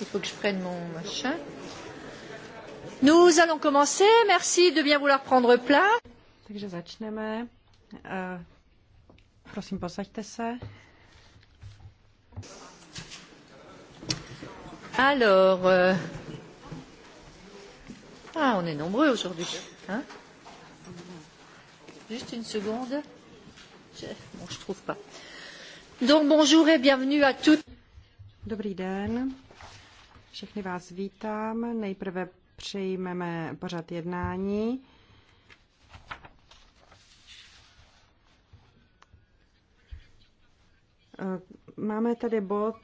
Il faut que je prenne mon machin. Nous allons commencer. Merci de bien vouloir prendre place. Takže začneme. Eh, prosím, posaďte se. Alors, uh, ah, on est nombreux aujourd'hui. Hein Juste une seconde. Dobrý den, všechny vás vítám. Nejprve přejmeme pořad jednání. Máme tady bod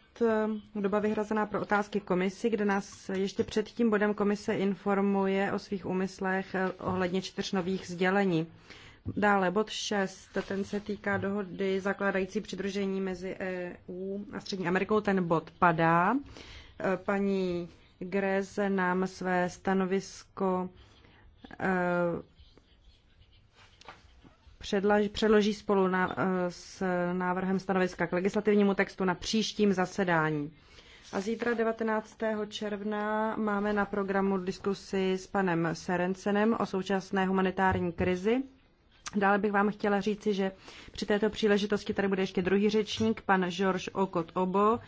doba vyhrazená pro otázky komisi, kde nás ještě před tím bodem komise informuje o svých úmyslech ohledně čtyř nových sdělení. Dále bod 6, ten se týká dohody zakládající přidružení mezi EU a Střední Amerikou. Ten bod padá. E, paní Greze nám své stanovisko e, předloží spolu na, e, s návrhem stanoviska k legislativnímu textu na příštím zasedání. A zítra 19. června máme na programu diskusi s panem Serencenem o současné humanitární krizi. Dále bych vám chtěla říci, že při této příležitosti tady bude ještě druhý řečník, pan George Okot Obo,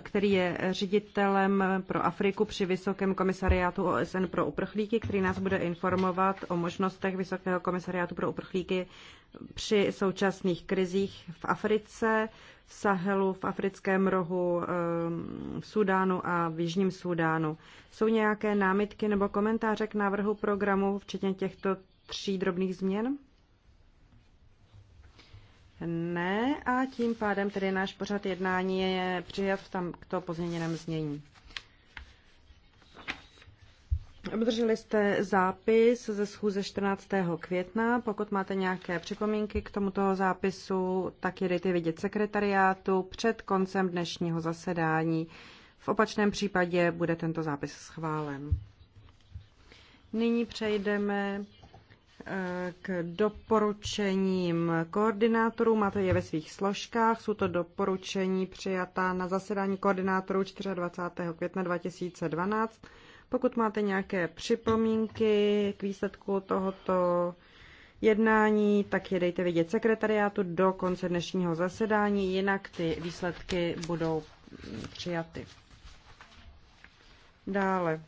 který je ředitelem pro Afriku při Vysokém komisariátu OSN pro uprchlíky, který nás bude informovat o možnostech Vysokého komisariátu pro uprchlíky při současných krizích v Africe, v Sahelu, v Africkém rohu, ehm, v Sudánu a v Jižním Sudánu. Jsou nějaké námitky nebo komentáře k návrhu programu, včetně těchto tří drobných změn? Ne, a tím pádem tedy náš pořad jednání je přijat v tomto pozměněném znění. Obdrželi jste zápis ze schůze 14. května. Pokud máte nějaké připomínky k tomuto zápisu, tak je dejte vidět sekretariátu před koncem dnešního zasedání. V opačném případě bude tento zápis schválen. Nyní přejdeme k doporučením koordinátorů. Máte je ve svých složkách. Jsou to doporučení přijatá na zasedání koordinátorů 24. května 2012. Pokud máte nějaké připomínky k výsledku tohoto jednání, tak je dejte vidět sekretariátu do konce dnešního zasedání, jinak ty výsledky budou přijaty. Dále.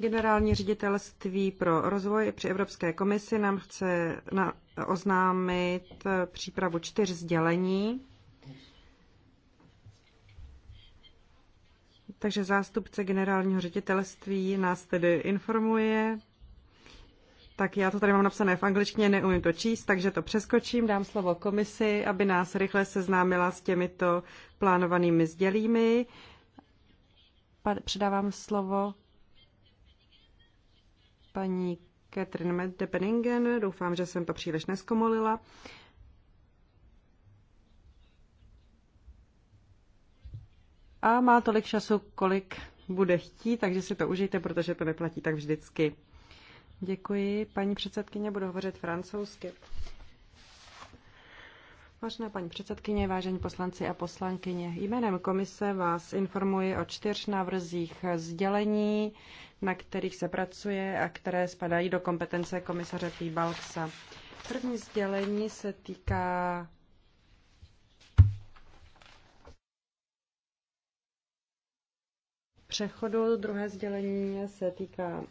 Generální ředitelství pro rozvoj při Evropské komisi nám chce na, oznámit přípravu čtyř sdělení. Takže zástupce generálního ředitelství nás tedy informuje. Tak já to tady mám napsané v angličtině, neumím to číst, takže to přeskočím, dám slovo komisi, aby nás rychle seznámila s těmito plánovanými sdělími. Předávám slovo paní Catherine Meddepenningen. Doufám, že jsem to příliš neskomolila. A má tolik času, kolik bude chtít, takže si to užijte, protože to neplatí tak vždycky. Děkuji. Paní předsedkyně, budu hovořit francouzsky. Vážená paní předsedkyně, vážení poslanci a poslankyně, jménem komise vás informuji o čtyř návrzích sdělení, na kterých se pracuje a které spadají do kompetence komisaře Píbalksa. První sdělení se týká přechodu, druhé sdělení se týká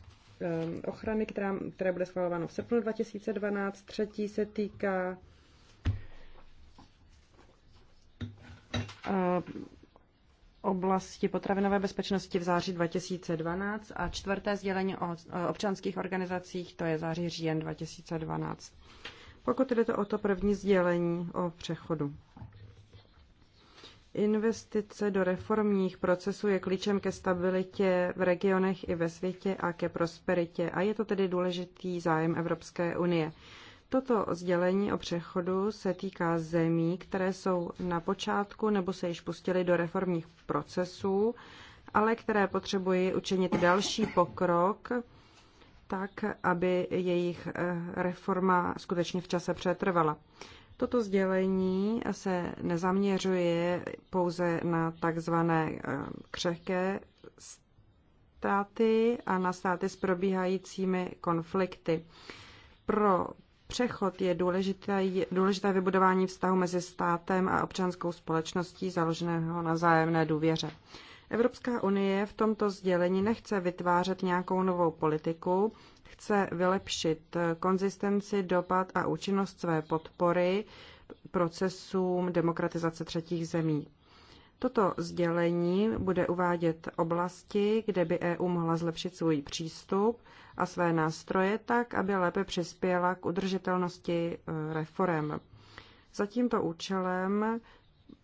ehm, ochrany, která, které bude schvalováno v srpnu 2012, třetí se týká ehm, oblasti potravinové bezpečnosti v září 2012 a čtvrté sdělení o občanských organizacích, to je září říjen 2012. Pokud jde to o to první sdělení o přechodu. Investice do reformních procesů je klíčem ke stabilitě v regionech i ve světě a ke prosperitě a je to tedy důležitý zájem Evropské unie. Toto sdělení o přechodu se týká zemí, které jsou na počátku nebo se již pustily do reformních procesů, ale které potřebují učinit další pokrok, tak aby jejich eh, reforma skutečně v čase přetrvala. Toto sdělení se nezaměřuje pouze na takzvané eh, křehké státy a na státy s probíhajícími konflikty. Pro přechod je důležité, důležité vybudování vztahu mezi státem a občanskou společností založeného na zájemné důvěře. Evropská unie v tomto sdělení nechce vytvářet nějakou novou politiku, chce vylepšit konzistenci, dopad a účinnost své podpory procesům demokratizace třetích zemí. Toto sdělení bude uvádět oblasti, kde by EU mohla zlepšit svůj přístup a své nástroje tak, aby lépe přispěla k udržitelnosti e, reform. Za tímto účelem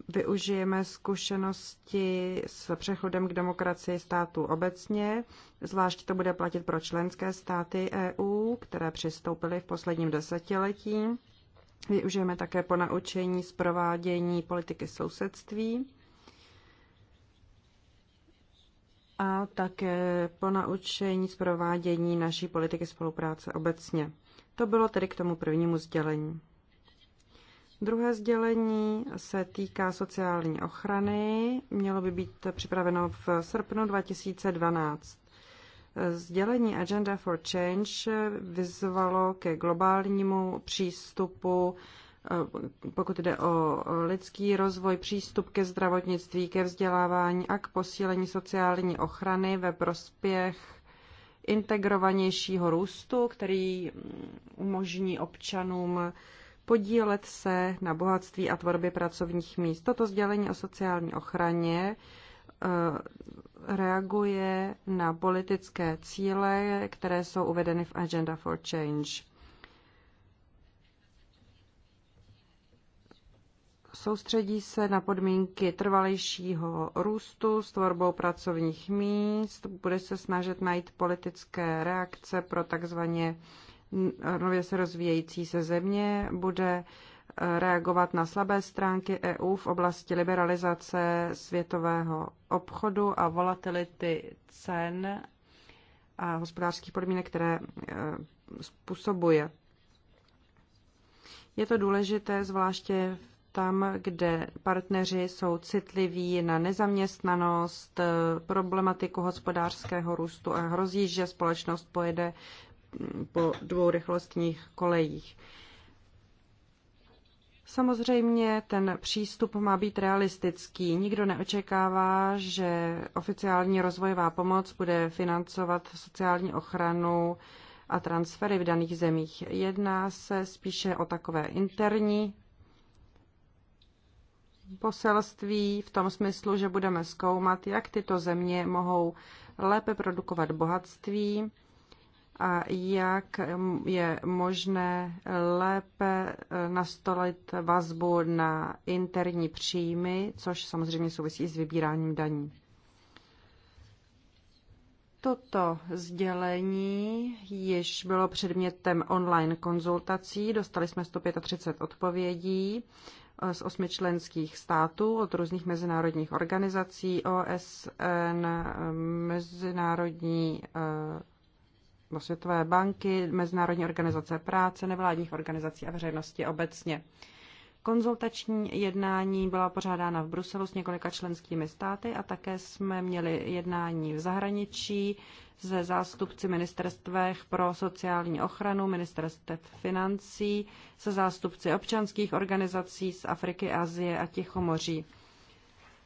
využijeme zkušenosti s přechodem k demokracii států obecně. Zvlášť to bude platit pro členské státy EU, které přistoupily v posledním desetiletí. Využijeme také po naučení z provádění politiky sousedství a také po naučení z provádění naší politiky spolupráce obecně. To bylo tedy k tomu prvnímu sdělení. Druhé sdělení se týká sociální ochrany. Mělo by být připraveno v srpnu 2012. Sdělení Agenda for Change vyzvalo ke globálnímu přístupu Eh, pokud jde o lidský rozvoj, přístup ke zdravotnictví, ke vzdělávání a k posílení sociální ochrany ve prospěch integrovanějšího růstu, který umožní občanům podílet se na bohatství a tvorbě pracovních míst. Toto sdělení o sociální ochraně eh, reaguje na politické cíle, které jsou uvedeny v Agenda for Change. soustředí se na podmínky trvalejšího růstu s tvorbou pracovních míst, bude se snažit najít politické reakce pro takzvaně nově se rozvíjející se země, bude eh, reagovat na slabé stránky EU v oblasti liberalizace světového obchodu a volatility cen a hospodářských podmínek, které eh, způsobuje. Je to důležité zvláště v tam, kde partneři jsou citliví na nezaměstnanost, problematiku hospodářského růstu a hrozí, že společnost pojede po dvou rychlostních kolejích. Samozřejmě ten přístup má být realistický. Nikdo neočekává, že oficiální rozvojová pomoc bude financovat sociální ochranu a transfery v daných zemích. Jedná se spíše o takové interní poselství v tom smyslu, že budeme zkoumat, jak tyto země mohou lépe produkovat bohatství a jak je možné lépe eh, nastolit vazbu na interní příjmy, což samozřejmě souvisí s vybíráním daní. Toto sdělení již bylo předmětem online konzultací, dostali jsme 135 odpovědí z osmi členských států, od různých mezinárodních organizací, OSN, Mezinárodní eh, no, Světové banky, Mezinárodní organizace práce, nevládních organizací a veřejnosti obecně. Konzultační jednání byla pořádána v Bruselu s několika členskými státy a také jsme měli jednání v zahraničí se zástupci ministerstvech pro sociální ochranu, ministerstev financí, se zástupci občanských organizací z Afriky, Asie a Tichomoří.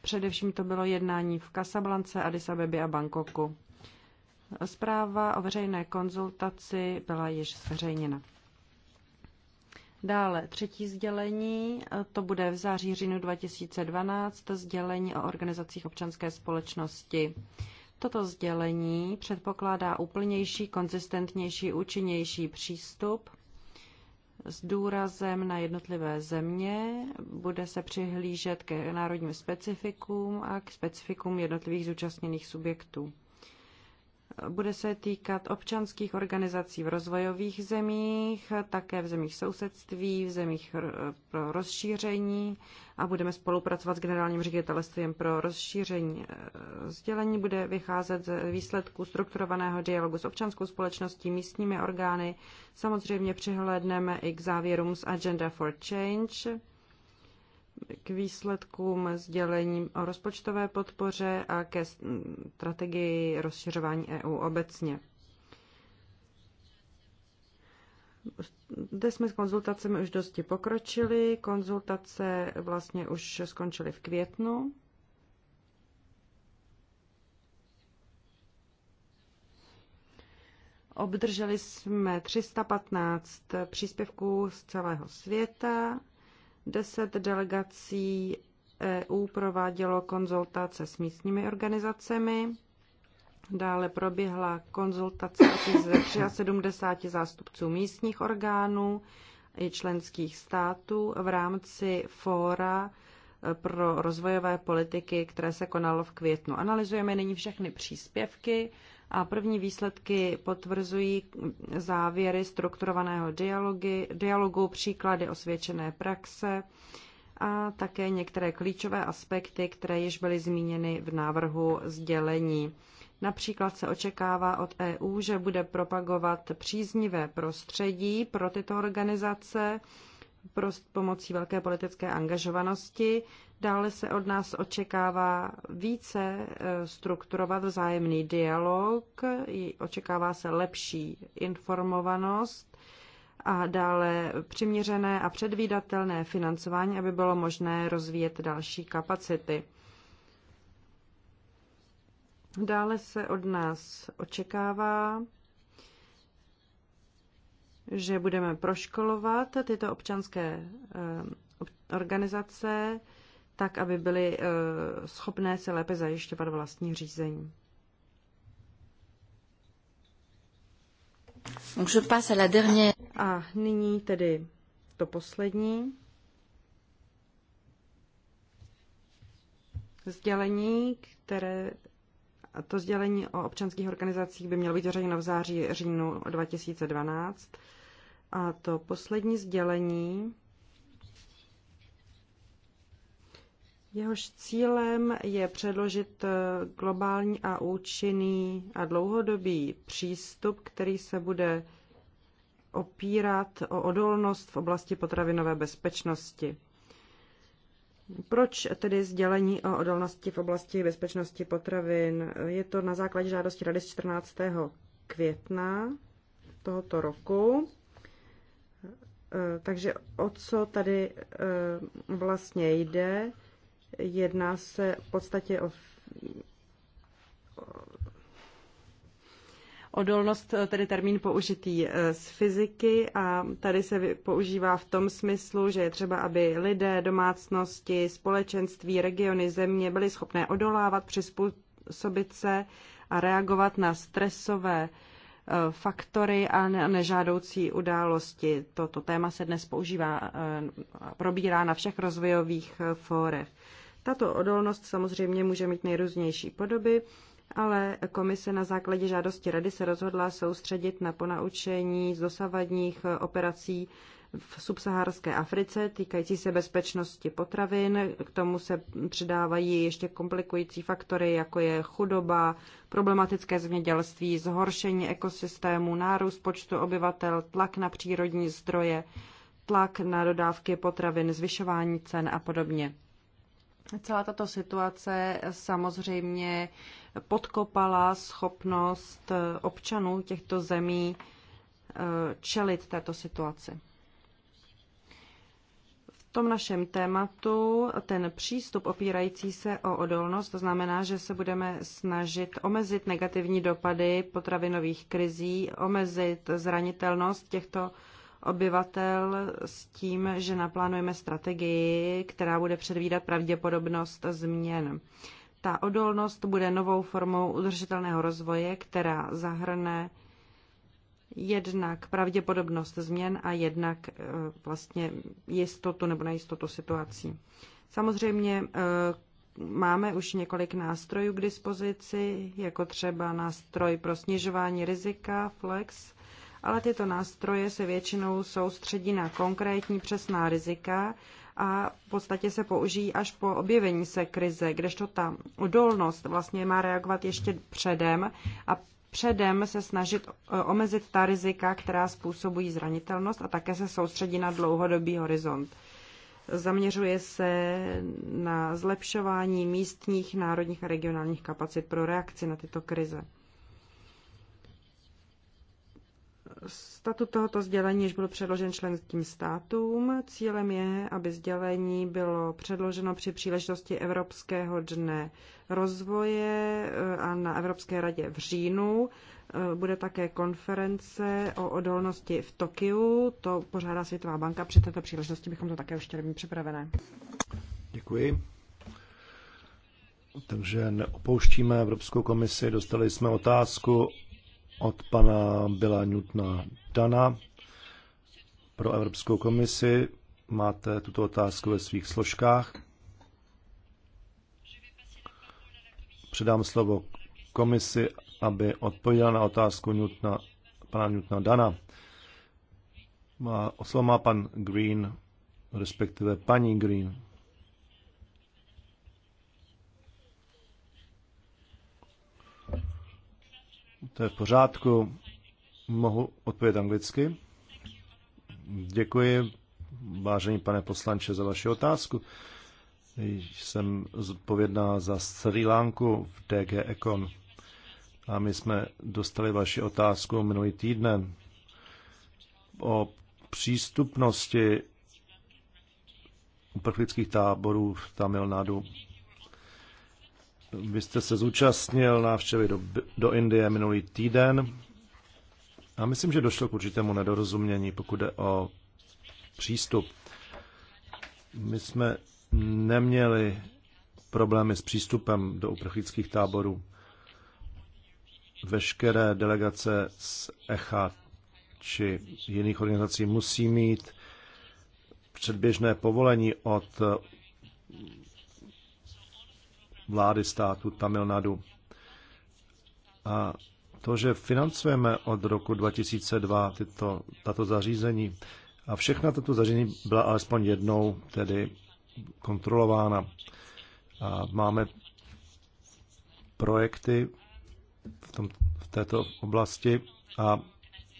Především to bylo jednání v Kasablance, Addis Abebě a Bangkoku. Zpráva o veřejné konzultaci byla již zveřejněna. Dále třetí sdělení, e, to bude v září říjnu 2012, sdělení o organizacích občanské společnosti. Toto sdělení předpokládá úplnější, konzistentnější, účinnější přístup s důrazem na jednotlivé země, bude se přihlížet ke národním specifikům a k specifikům jednotlivých zúčastněných subjektů. Bude se týkat občanských organizací v rozvojových zemích, také v zemích sousedství, v zemích pro rozšíření a budeme spolupracovat s generálním ředitelstvím pro rozšíření. E, sdělení bude vycházet z výsledků strukturovaného dialogu s občanskou společností, místními orgány. Samozřejmě přihlédneme i k závěrům z Agenda for Change k výsledkům sdělení o rozpočtové podpoře a ke strategii rozšiřování EU obecně. Zde jsme s konzultacemi už dosti pokročili. Konzultace vlastně už skončily v květnu. Obdrželi jsme 315 příspěvků z celého světa Deset delegací EU provádělo konzultace s místními organizacemi. Dále proběhla konzultace asi ze 73 zástupců místních orgánů i členských států v rámci fóra e, pro rozvojové politiky, které se konalo v květnu. Analyzujeme nyní všechny příspěvky a první výsledky potvrzují závěry strukturovaného dialogy, dialogu, příklady osvědčené praxe a také některé klíčové aspekty, které již byly zmíněny v návrhu sdělení. Například se očekává od EU, že bude propagovat příznivé prostředí pro tyto organizace, pomocí velké politické angažovanosti. Dále se od nás očekává více eh, strukturovat vzájemný dialog, očekává se lepší informovanost a dále přiměřené a předvídatelné financování, aby bylo možné rozvíjet další kapacity. Dále se od nás očekává že budeme proškolovat tyto občanské eh, organizace tak, aby byly eh, schopné se lépe zajišťovat vlastní řízení. A nyní tedy to poslední. Sdělení, které a to sdělení o občanských organizacích by mělo být zařazeno v září říjnu 2012. A to poslední sdělení, jehož cílem je předložit eh, globální a účinný a dlouhodobý přístup, který se bude opírat o odolnost v oblasti potravinové bezpečnosti. Proč tedy sdělení o odolnosti v oblasti bezpečnosti potravin? Je to na základě žádosti Rady z 14. května tohoto roku. Eh, takže o co tady eh, vlastně jde? Jedná se v podstatě o Odolnost, eh, tedy termín použitý z fyziky a tady se používá v tom smyslu, že je třeba, aby lidé, domácnosti, společenství, regiony, země byly schopné odolávat, přizpůsobit se a reagovat na stresové Eh, faktory a nežádoucí události. Toto téma se dnes používá, eh, probírá na všech rozvojových eh, fórech. Tato odolnost samozřejmě může mít nejrůznější podoby, ale komise na základě žádosti rady se rozhodla soustředit na ponaučení z dosavadních operací v subsaharské Africe týkající se bezpečnosti potravin. K tomu se přidávají ještě komplikující faktory, jako je chudoba, problematické zemědělství, zhoršení ekosystému, nárůst počtu obyvatel, tlak na přírodní zdroje, tlak na dodávky potravin, zvyšování cen a podobně. Celá tato situace samozřejmě podkopala schopnost občanů těchto zemí eh, čelit této situaci tom našem tématu ten přístup opírající se o odolnost, to znamená, že se budeme snažit omezit negativní dopady potravinových krizí, omezit zranitelnost těchto obyvatel s tím, že naplánujeme strategii, která bude předvídat pravděpodobnost změn. Ta odolnost bude novou formou udržitelného rozvoje, která zahrne jednak pravděpodobnost změn a jednak eh, vlastně jistotu nebo nejistotu situací. Samozřejmě eh, máme už několik nástrojů k dispozici, jako třeba nástroj pro snižování rizika Flex, ale tyto nástroje se většinou soustředí na konkrétní přesná rizika a v podstatě se použijí až po objevení se krize, kdežto ta odolnost vlastně má reagovat ještě předem a předem se snažit e, omezit ta rizika, která způsobují zranitelnost a také se soustředí na dlouhodobý horizont. Zaměřuje se na zlepšování místních, národních a regionálních kapacit pro reakci na tyto krize. Statut tohoto sdělení již byl předložen členským státům. Cílem je, aby sdělení bylo předloženo při příležitosti Evropského dne rozvoje eh, a na Evropské radě v říjnu. Eh, bude také konference o odolnosti v Tokiu. To pořádá Světová banka. Při této příležitosti bychom to také už chtěli mít připravené. Děkuji. Takže neopouštíme Evropskou komisi. Dostali jsme otázku od pana Byla Nutna Dana pro Evropskou komisi. Máte tuto otázku ve svých složkách. Předám slovo komisi, aby odpověděla na otázku Newtona, pana Newtona Dana. Má, slovo má pan Green, respektive paní Green. To je v pořádku. Mohu odpovědět anglicky? Děkuji, vážený pane poslanče, za vaši otázku. Jsem zodpovědná za Sri Lanku v DG Econ. A my jsme dostali vaši otázku minulý týden o přístupnosti uprchlických táborů v Tamil Nadu vy jste se zúčastnil návštěvy do, do Indie minulý týden a myslím, že došlo k určitému nedorozumění, pokud jde o přístup. My jsme neměli problémy s přístupem do uprchlických táborů. Veškeré delegace z ECHA či jiných organizací musí mít předběžné povolení od vlády státu Tamil Nadu. A to, že financujeme od roku 2002 tyto, tato zařízení a všechna tato zařízení byla alespoň jednou tedy kontrolována. A máme projekty v, tom, v této oblasti a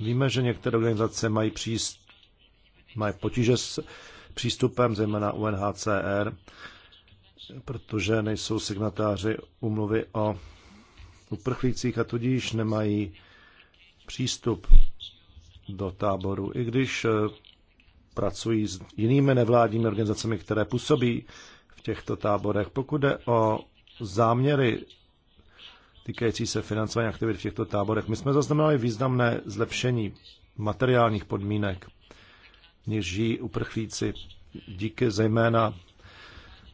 víme, že některé organizace mají, příst, mají potíže s přístupem, zejména UNHCR, protože nejsou signatáři umluvy o uprchlících a tudíž nemají přístup do táboru, i když eh, pracují s jinými nevládními organizacemi, které působí v těchto táborech. Pokud jde o záměry týkající se financování aktivit v těchto táborech, my jsme zaznamenali významné zlepšení materiálních podmínek, v nich žijí uprchlíci díky zejména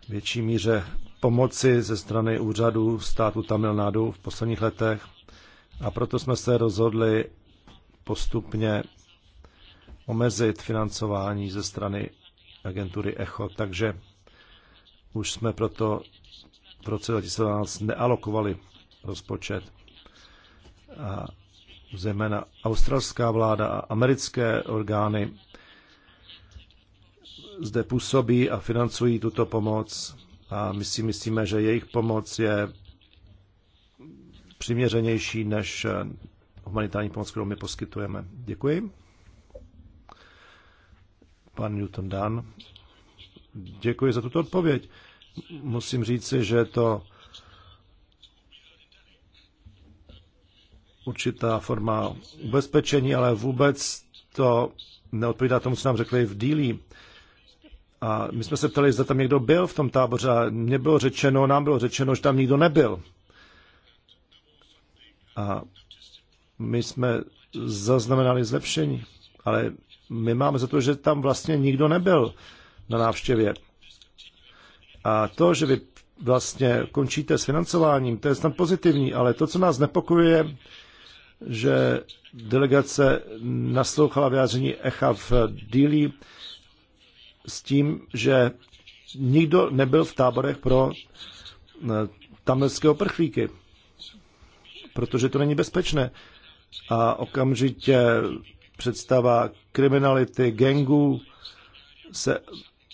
větší míře pomoci ze strany úřadu státu Tamil Nadu v posledních letech a proto jsme se rozhodli postupně omezit financování ze strany agentury ECHO, takže už jsme proto v roce 2012 nealokovali rozpočet. A zejména australská vláda a americké orgány zde působí a financují tuto pomoc a my si myslíme, že jejich pomoc je přiměřenější než humanitární pomoc, kterou my poskytujeme. Děkuji. Pan Newton Dan. Děkuji za tuto odpověď. Musím říci, že je to určitá forma ubezpečení, ale vůbec to neodpovídá tomu, co nám řekli v dílí. A my jsme se ptali, zda tam někdo byl v tom táboře a mně bylo řečeno, nám bylo řečeno, že tam nikdo nebyl. A my jsme zaznamenali zlepšení, ale my máme za to, že tam vlastně nikdo nebyl na návštěvě. A to, že vy vlastně končíte s financováním, to je snad pozitivní, ale to, co nás nepokojuje, že delegace naslouchala vyjádření ECHA v Dílí, s tím, že nikdo nebyl v táborech pro eh, tamilské oprchlíky, protože to není bezpečné. A okamžitě představa kriminality, gangů se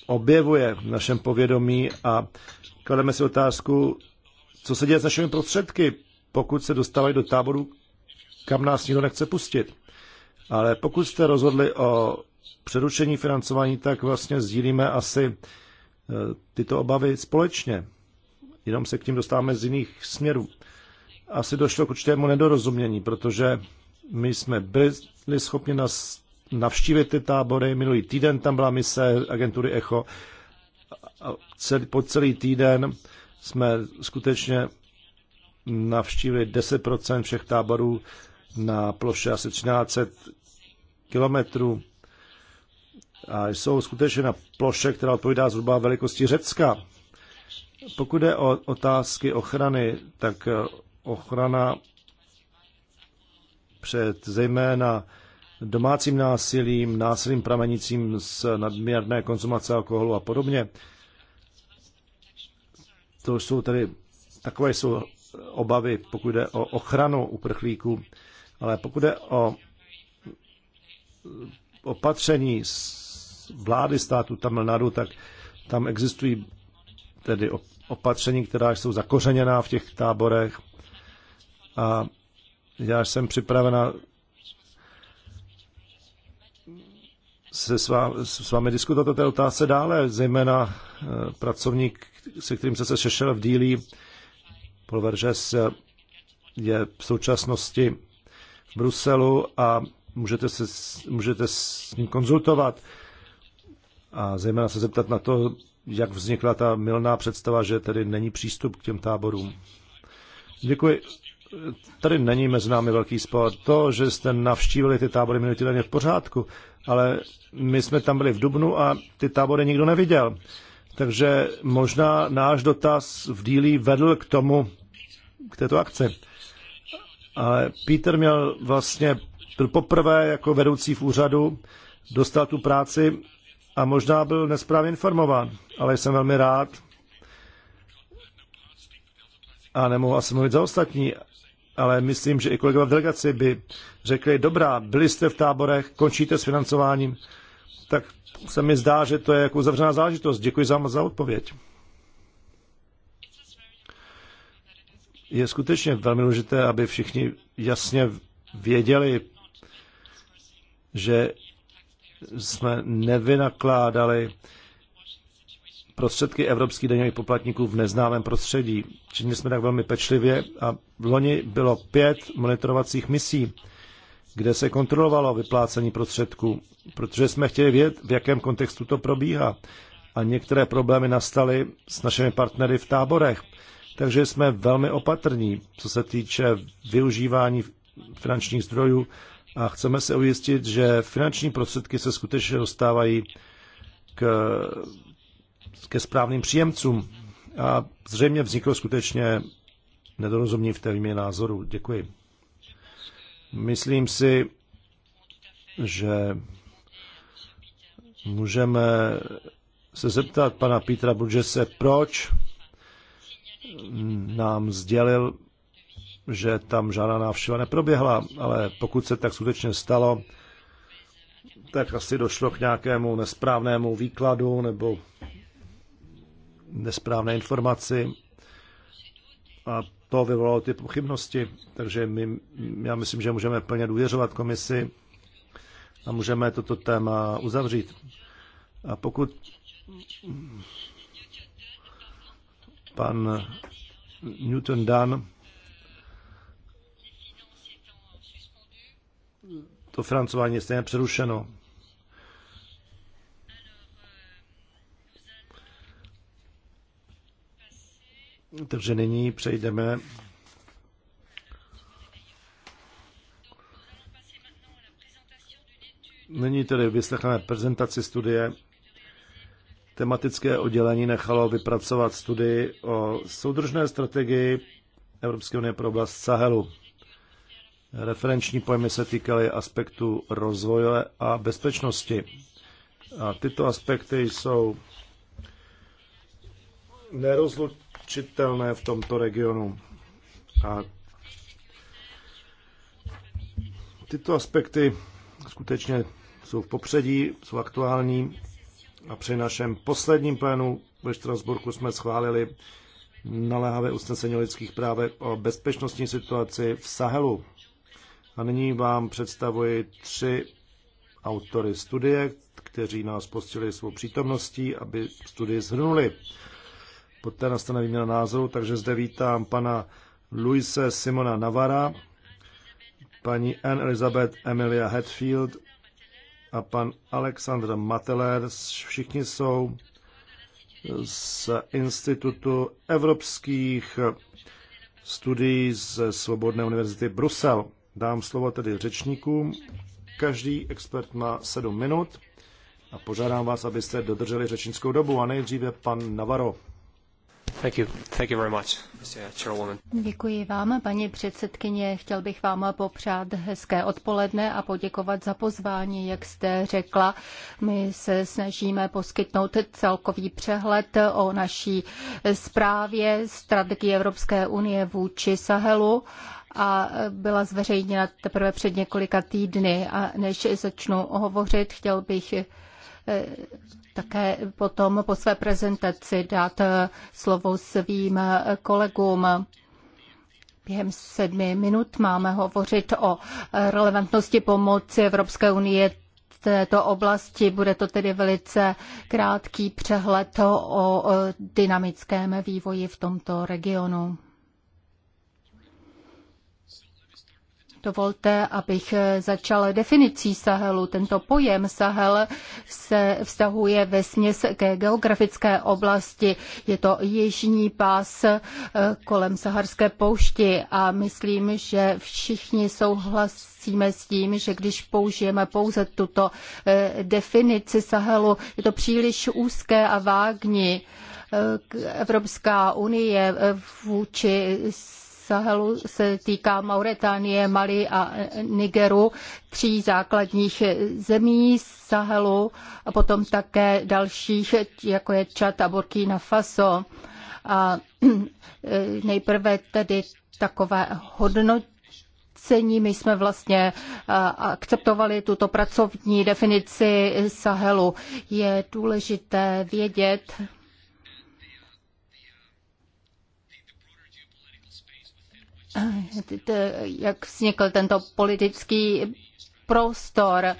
objevuje v našem povědomí a klademe si otázku, co se děje s našimi prostředky, pokud se dostávají do táboru, kam nás nikdo nechce pustit. Ale pokud jste rozhodli o přerušení financování, tak vlastně sdílíme asi eh, tyto obavy společně. Jenom se k tím dostáváme z jiných směrů. Asi došlo k určitému nedorozumění, protože my jsme byli schopni navštívit ty tábory. Minulý týden tam byla mise agentury ECHO. A celý, po celý týden jsme skutečně navštívili 10% všech táborů na ploše asi 1300 kilometrů a jsou skutečně na ploše, která odpovídá zhruba velikosti Řecka. Pokud jde o otázky ochrany, tak eh, ochrana před zejména domácím násilím, násilím pramenícím z nadměrné konzumace alkoholu a podobně. To jsou tedy, takové jsou obavy, pokud jde o ochranu uprchlíků, ale pokud jde o opatření vlády státu Tamil Nadu, tak tam existují tedy opatření, která jsou zakořeněná v těch táborech. A já jsem připravena se s, vámi, s vámi diskutovat o té otázce dále, zejména eh, pracovník, se kterým se sešel v dílí, Paul Verges, je v současnosti v Bruselu a můžete se můžete s ním konzultovat a zejména se zeptat na to, jak vznikla ta milná představa, že tady není přístup k těm táborům. Děkuji. Tady není mezi námi velký spor. To, že jste navštívili ty tábory minulý týden je v pořádku, ale my jsme tam byli v Dubnu a ty tábory nikdo neviděl. Takže možná náš dotaz v dílí vedl k tomu, k této akci. Ale Peter měl vlastně, byl poprvé jako vedoucí v úřadu, dostal tu práci a možná byl nesprávně informován, ale jsem velmi rád a nemohu asi mluvit za ostatní, ale myslím, že i kolegové v delegaci by řekli, dobrá, byli jste v táborech, končíte s financováním, tak se mi zdá, že to je jako uzavřená záležitost. Děkuji za, za odpověď. Je skutečně velmi důležité, aby všichni jasně věděli, že jsme nevynakládali prostředky evropských daňových poplatníků v neznámém prostředí. Činili jsme tak velmi pečlivě a v loni bylo pět monitorovacích misí, kde se kontrolovalo vyplácení prostředků, protože jsme chtěli vědět, v jakém kontextu to probíhá. A některé problémy nastaly s našimi partnery v táborech. Takže jsme velmi opatrní, co se týče využívání finančních zdrojů a chceme se ujistit, že finanční prostředky se skutečně dostávají k, ke správným příjemcům. A zřejmě vzniklo skutečně nedorozumění v té výměně názoru. Děkuji. Myslím si, že můžeme se zeptat pana Petra Budžese, proč nám sdělil že tam žádná návštěva neproběhla, ale pokud se tak skutečně stalo, tak asi došlo k nějakému nesprávnému výkladu nebo nesprávné informaci a to vyvolalo ty pochybnosti. Takže my, já myslím, že můžeme plně důvěřovat komisi a můžeme toto téma uzavřít. A pokud pan Newton Dunn to francování je stejně přerušeno. Takže nyní přejdeme Nyní tedy vyslechneme prezentaci studie. Tematické oddělení nechalo vypracovat studii o soudržné strategii Evropské unie pro oblast Sahelu. Referenční pojmy se týkaly aspektu rozvoje a bezpečnosti. A tyto aspekty jsou nerozlučitelné v tomto regionu. A tyto aspekty skutečně jsou v popředí, jsou aktuální a při našem posledním plénu ve Štrasburku jsme schválili naléhavé usnesení o lidských právech o bezpečnostní situaci v Sahelu. A nyní vám představuji tři autory studie, kteří nás postili svou přítomností, aby studii zhrnuli. Poté nastane výměna názoru, takže zde vítám pana Luise Simona Navara, paní Anne Elizabeth Emilia Hetfield a pan Alexander Mateler. Všichni jsou z Institutu evropských studií z Svobodné univerzity Brusel. Dám slovo tedy řečníkům. Každý expert má sedm minut a požádám vás, abyste dodrželi řečnickou dobu. A nejdříve pan Navarro. Thank you. Thank you very much, Děkuji vám, paní předsedkyně. Chtěl bych vám popřát hezké odpoledne a poděkovat za pozvání. Jak jste řekla, my se snažíme poskytnout celkový přehled o naší zprávě strategii Evropské unie vůči Sahelu a byla zveřejněna teprve před několika týdny. A než začnu hovořit, chtěl bych eh, také potom po své prezentaci dát eh, slovo svým eh, kolegům. Během sedmi minut máme hovořit o relevantnosti pomoci Evropské unie této oblasti. Bude to tedy velice krátký přehled o dynamickém vývoji v tomto regionu. Dovolte, abych začal definicí Sahelu. Tento pojem Sahel se vztahuje ve směs ke geografické oblasti. Je to jižní pás eh, kolem Saharské poušti a myslím, že všichni souhlasíme s tím, že když použijeme pouze tuto eh, definici Sahelu, je to příliš úzké a vágní. Eh, Evropská unie vůči Sahelu se týká Mauretánie, Mali a Nigeru, tří základních zemí Sahelu a potom také dalších, jako je Čad a Burkina Faso. A nejprve tedy takové hodnocení. My jsme vlastně akceptovali tuto pracovní definici Sahelu. Je důležité vědět, jak vznikl tento politický prostor,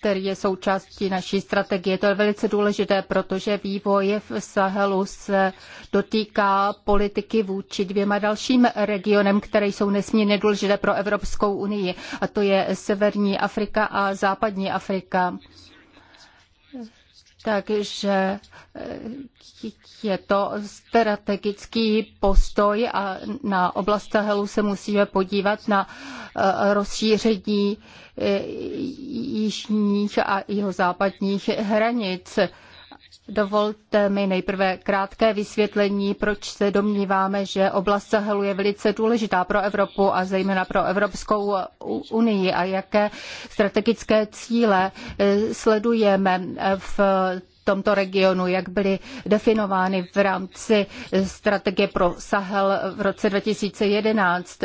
který je součástí naší strategie. To je velice důležité, protože vývoj v Sahelu se dotýká politiky vůči dvěma dalším regionem, které jsou nesmírně důležité pro Evropskou unii, a to je Severní Afrika a Západní Afrika. Takže eh, je to strategický postoj a na oblast Sahelu se musíme podívat na eh, rozšíření eh, jižních a jihozápadních hranic. Dovolte mi nejprve krátké vysvětlení, proč se domníváme, že oblast Sahelu je velice důležitá pro Evropu a zejména pro Evropskou unii a jaké strategické cíle eh, sledujeme v tomto regionu, jak byly definovány v rámci strategie pro Sahel v roce 2011.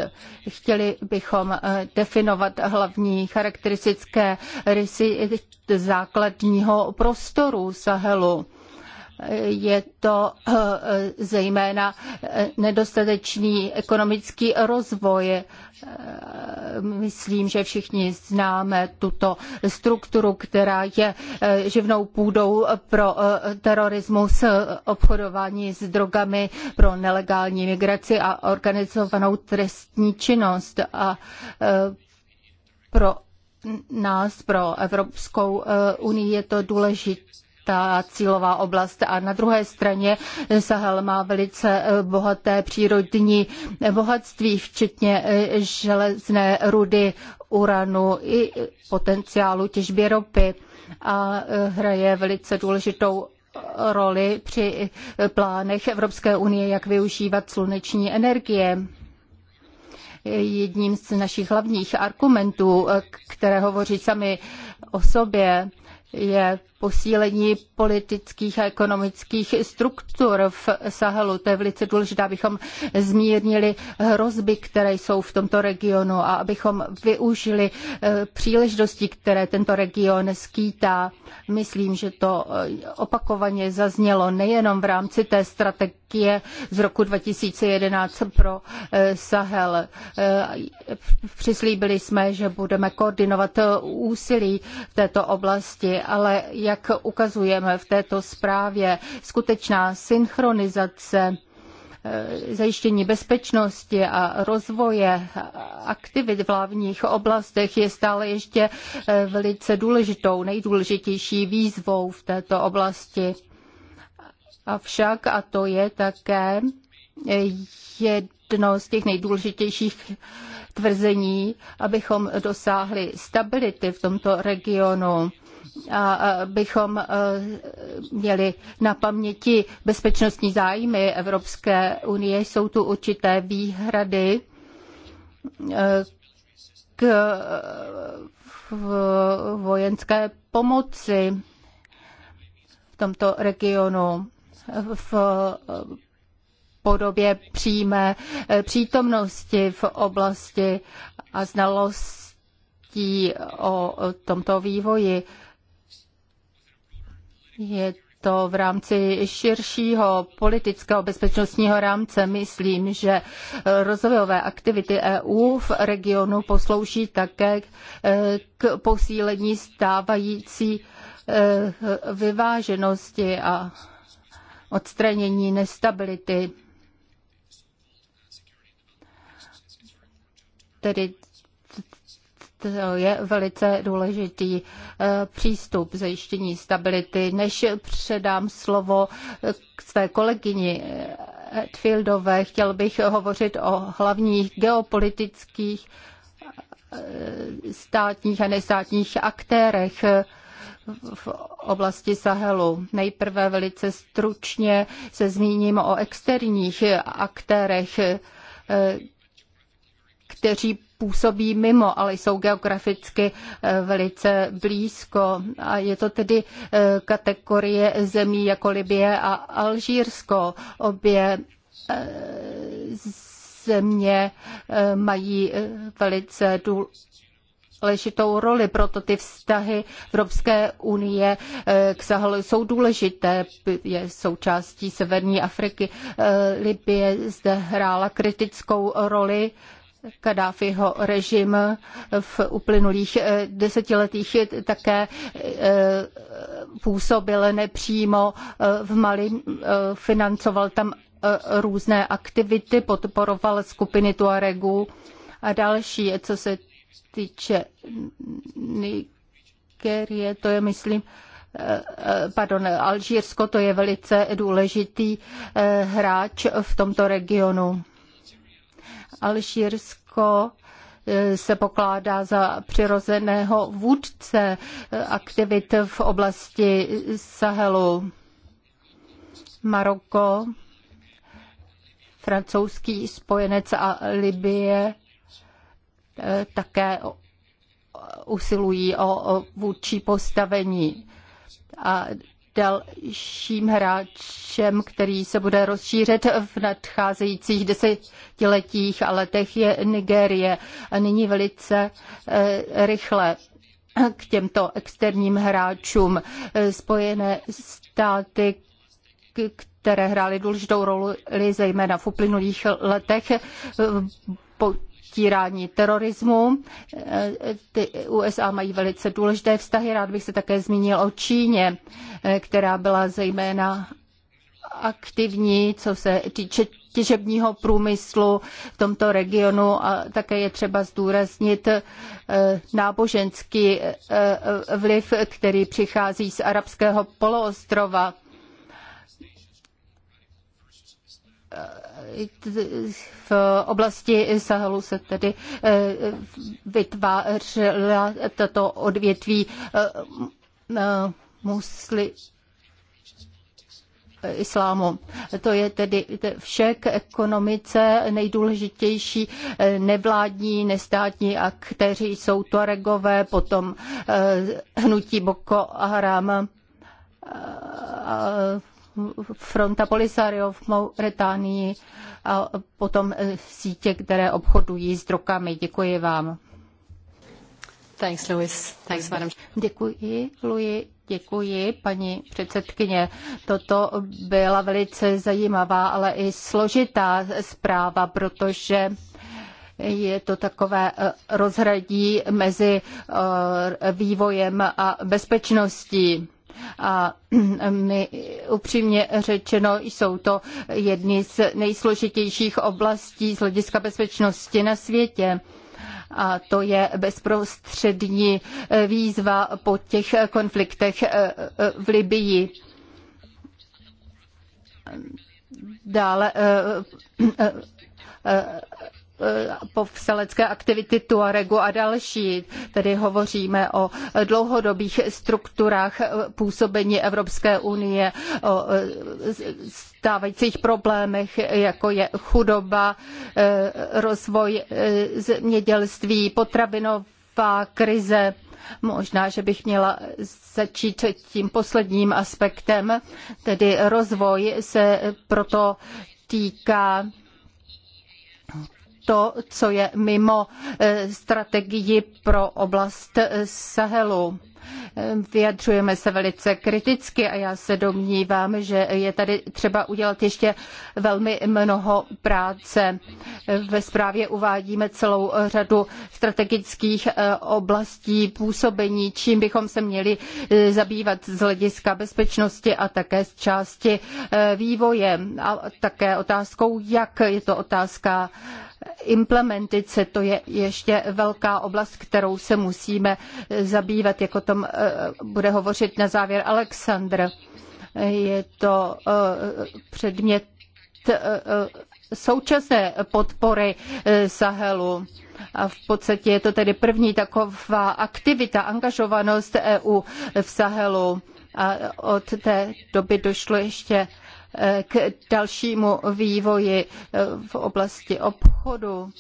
Chtěli bychom eh, definovat hlavní charakteristické rysy základního prostoru Sahelu je to eh, zejména eh, nedostatečný ekonomický rozvoj. Eh, myslím, že všichni známe tuto strukturu, která je živnou půdou pro terorismus, obchodování s drogami, pro nelegální migraci a organizovanou trestní činnost. A pro nás, pro Evropskou unii je to důležité ta cílová oblast. A na druhé straně Sahel má velice eh, bohaté přírodní bohatství, včetně eh, železné rudy, uranu i potenciálu těžby ropy a eh, hraje velice důležitou roli při plánech Evropské unie, jak využívat sluneční energie jedním z našich hlavních argumentů, které hovoří sami o sobě, je posílení politických a ekonomických struktur v Sahelu. To je velice důležité, abychom zmírnili hrozby, které jsou v tomto regionu a abychom využili eh, příležitosti, které tento region skýtá. Myslím, že to eh, opakovaně zaznělo nejenom v rámci té strategie z roku 2011 pro eh, Sahel. Přislíbili jsme, že budeme koordinovat úsilí v této oblasti, ale já jak ukazujeme v této zprávě, skutečná synchronizace eh, zajištění bezpečnosti a rozvoje aktivit v hlavních oblastech je stále ještě eh, velice důležitou, nejdůležitější výzvou v této oblasti. Avšak, a to je také eh, jedno z těch nejdůležitějších tvrzení, abychom dosáhli stability v tomto regionu a bychom e, měli na paměti bezpečnostní zájmy Evropské unie. Jsou tu určité výhrady e, k vojenské pomoci v tomto regionu v podobě přímé e, přítomnosti v oblasti a znalostí o tomto vývoji. Je to v rámci širšího politického bezpečnostního rámce. Myslím, že rozvojové aktivity EU v regionu poslouží také eh, k posílení stávající eh, vyváženosti a odstranění nestability. Tedy to je velice důležitý eh, přístup zajištění stability. Než předám slovo k eh, své kolegyni eh, Edfieldové, chtěl bych hovořit o hlavních geopolitických státních a nestátních aktérech v oblasti Sahelu. Nejprve velice stručně se zmíním o externích aktérech, kteří působí mimo, ale jsou geograficky eh, velice blízko. A je to tedy eh, kategorie zemí jako Libie a Alžírsko. Obě eh, země mají velice důležitou roli, proto ty vztahy Evropské unie k Sahelu jsou důležité, je součástí Severní Afriky. Libie zde hrála kritickou roli Kadáfiho režim v uplynulých eh, desetiletích také eh, působil nepřímo eh, v Mali, financoval tam různé aktivity, podporoval skupiny Tuaregu a další, co se týče Nigerie, to je, myslím, pardon, Alžírsko, to je velice důležitý hráč v tomto regionu. Alžírsko e, se pokládá za přirozeného vůdce e, aktivit v oblasti Sahelu. Maroko, francouzský spojenec a Libie e, také usilují o vůdčí postavení. A dalším hráčem, který se bude rozšířit v nadcházejících desetiletích a letech, je Nigérie. A nyní velice eh, rychle k těmto externím hráčům. Spojené státy, které hrály důležitou roli zejména v uplynulých letech, týrání terorismu. Ty USA mají velice důležité vztahy. Rád bych se také zmínil o Číně, která byla zejména aktivní, co se týče těžebního průmyslu v tomto regionu a také je třeba zdůraznit eh, náboženský eh, vliv, který přichází z arabského poloostrova v oblasti Sahelu se tedy eh, vytvářela tato odvětví eh, eh, musli islámu. To je tedy vše k ekonomice nejdůležitější nevládní, nestátní aktéři jsou Tuaregové, potom hnutí Boko Haram, fronta Polisario v Mauritánii a potom eh, sítě, které obchodují s drogami. Děkuji vám. Thanks, Louis. Thanks, madam. Děkuji, Louis. Děkuji, paní předsedkyně. Toto byla velice zajímavá, ale i složitá zpráva, protože je to takové eh, rozhradí mezi eh, vývojem a bezpečností. A my upřímně řečeno jsou to jedny z nejsložitějších oblastí z hlediska bezpečnosti na světě a to je bezprostřední eh, výzva po těch konfliktech eh, eh, v Libyi. Dále Eh, povstalecké aktivity Tuaregu a další. Tedy hovoříme o dlouhodobých strukturách působení Evropské unie, o eh, stávajících problémech, jako je chudoba, eh, rozvoj zemědělství, potravinová krize. Možná, že bych měla začít tím posledním aspektem, tedy rozvoj se proto týká to, co je mimo eh, strategii pro oblast eh, Sahelu. Eh, vyjadřujeme se velice kriticky a já se domnívám, že je tady třeba udělat ještě velmi mnoho práce. Ve zprávě uvádíme celou řadu strategických oblastí působení, čím bychom se měli zabývat z hlediska bezpečnosti a také z části vývoje a také otázkou, jak je to otázka implementace, to je ještě velká oblast, kterou se musíme zabývat, jako tom eh, bude hovořit na závěr Alexandr. Je to eh, předmět eh, současné podpory Sahelu. A v podstatě je to tedy první taková aktivita, angažovanost EU v Sahelu. A od té doby došlo ještě Eh, k dalšímu vývoji eh, v oblasti obchodu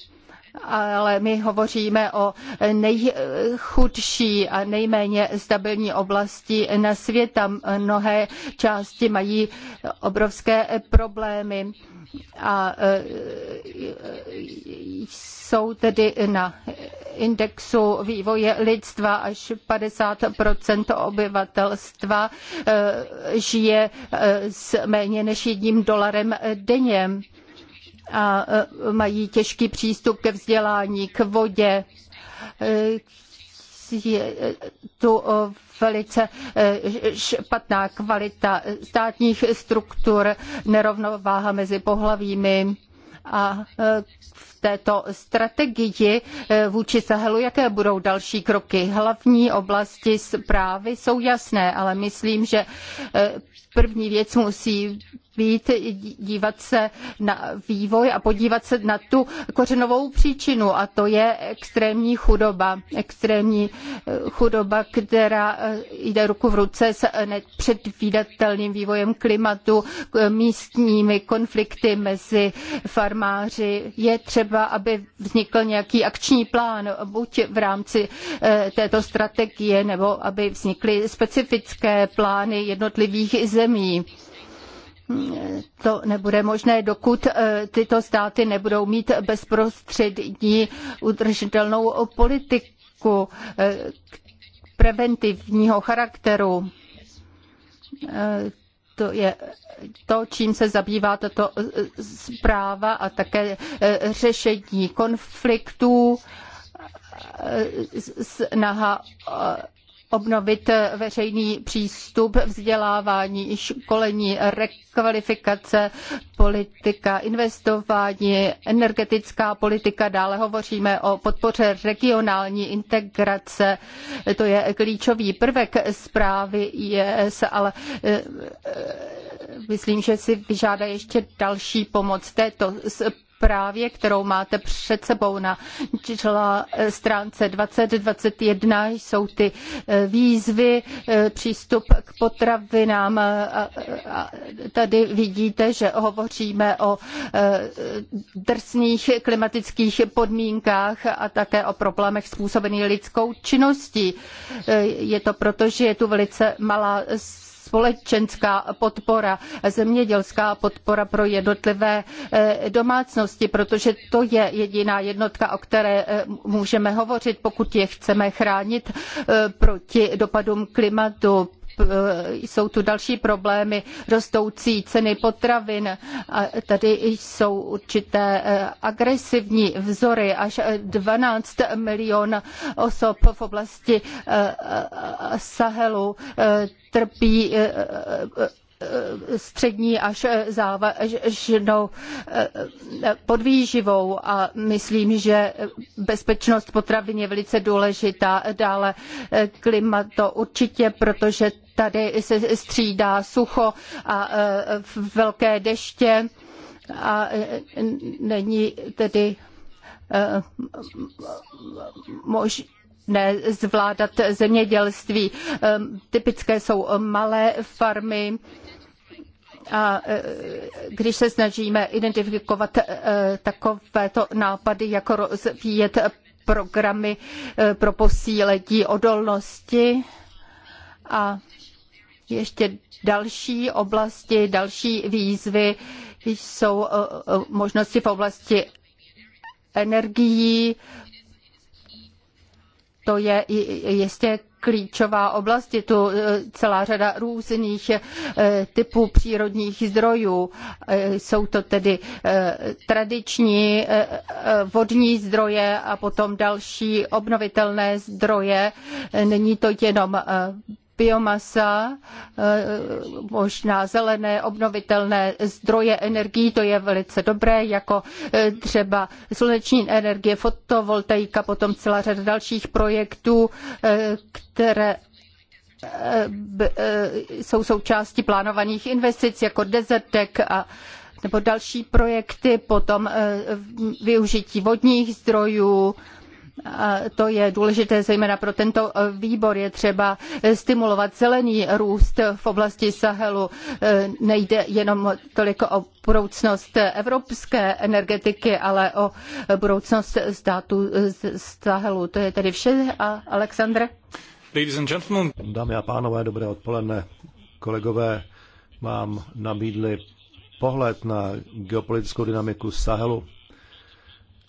ale my hovoříme o nejchudší a nejméně stabilní oblasti na Tam Mnohé části mají obrovské problémy a e, jsou tedy na indexu vývoje lidstva až 50 obyvatelstva e, žije e, s méně než jedním dolarem denně a e, mají těžký přístup ke vzdělání, k vodě. E, je e, tu velice špatná kvalita státních struktur, nerovnováha mezi pohlavími a v této strategii vůči Sahelu, jaké budou další kroky. Hlavní oblasti zprávy jsou jasné, ale myslím, že První věc musí být dívat se na vývoj a podívat se na tu kořenovou příčinu a to je extrémní chudoba. Extrémní eh, chudoba, která eh, jde ruku v ruce s eh, nepředvídatelným vývojem klimatu, místními konflikty mezi farmáři. Je třeba, aby vznikl nějaký akční plán, buď v rámci této strategie, nebo aby vznikly specifické plány jednotlivých zemí zemí. To nebude možné, dokud eh, tyto státy nebudou mít bezprostřední udržitelnou politiku eh, preventivního charakteru. Eh, to je to, čím se zabývá tato zpráva a také řešení konfliktů, snaha obnovit veřejný přístup, vzdělávání, školení, rekvalifikace, politika, investování, energetická politika. Dále hovoříme o podpoře regionální integrace. To je klíčový prvek zprávy IES, ale eh, eh, myslím, že si vyžádá ještě další pomoc této zprávě, kterou máte před sebou na eh, stránce 2021, jsou ty eh, výzvy, eh, přístup k potravinám. Tady vidíte, že hovoříme o drsných klimatických podmínkách a také o problémech způsobených lidskou činností. Je to proto, že je tu velice malá společenská podpora, zemědělská podpora pro jednotlivé eh, domácnosti, protože to je jediná jednotka, o které eh, můžeme hovořit, pokud je chceme chránit eh, proti dopadům klimatu, Eh, jsou tu další problémy, rostoucí ceny potravin. A tady jsou určité eh, agresivní vzory, až 12 eh, milion osob v oblasti Sahelu trpí střední až závažnou eh, podvýživou a myslím, že bezpečnost potravin je velice důležitá. Dále eh, klima to určitě, protože tady se střídá sucho a eh, velké deště a není tedy možné možné zvládat zemědělství. Ehm, typické jsou malé farmy, a e, když se snažíme identifikovat e, takovéto nápady, jako rozvíjet programy e, pro posílení odolnosti a ještě další oblasti, další výzvy jsou možnosti v oblasti energií, to je jistě klíčová oblast. Je tu e, celá řada různých e, typů přírodních zdrojů. E, jsou to tedy tradiční vodní zdroje a potom další obnovitelné zdroje. Není to jenom biomasa, eh, možná zelené obnovitelné zdroje energií, to je velice dobré, jako eh, třeba sluneční energie, fotovoltaika, potom celá řada dalších projektů, eh, které jsou součástí plánovaných investic jako Desertec a nebo další projekty, potom využití vodních zdrojů, a to je důležité zejména pro tento e, výbor. Je třeba e, stimulovat zelený růst v oblasti Sahelu. E, nejde jenom toliko o budoucnost evropské energetiky, ale o budoucnost státu Sahelu. To je tedy vše. A Aleksandr? Dámy a pánové, dobré odpoledne. Kolegové, mám nabídli pohled na geopolitickou dynamiku Sahelu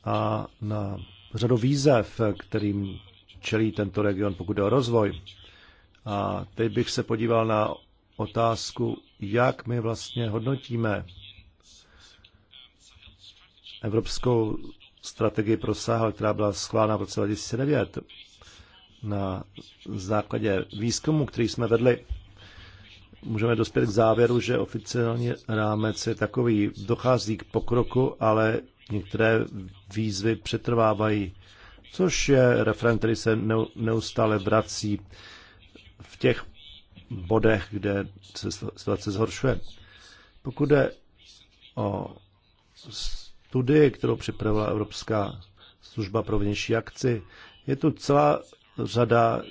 a na řadu výzev, kterým čelí tento region, pokud jde o rozvoj. A teď bych se podíval na otázku, jak my vlastně hodnotíme evropskou strategii pro Sahel, která byla schválena v roce 2009 na základě výzkumu, který jsme vedli, můžeme dospět k závěru, že oficiální rámec je takový, dochází k pokroku, ale některé výzvy přetrvávají, což je referent, který se neustále vrací v těch bodech, kde se situace zhoršuje. Pokud jde o studii, kterou připravila Evropská služba pro vnější akci, je tu celá řada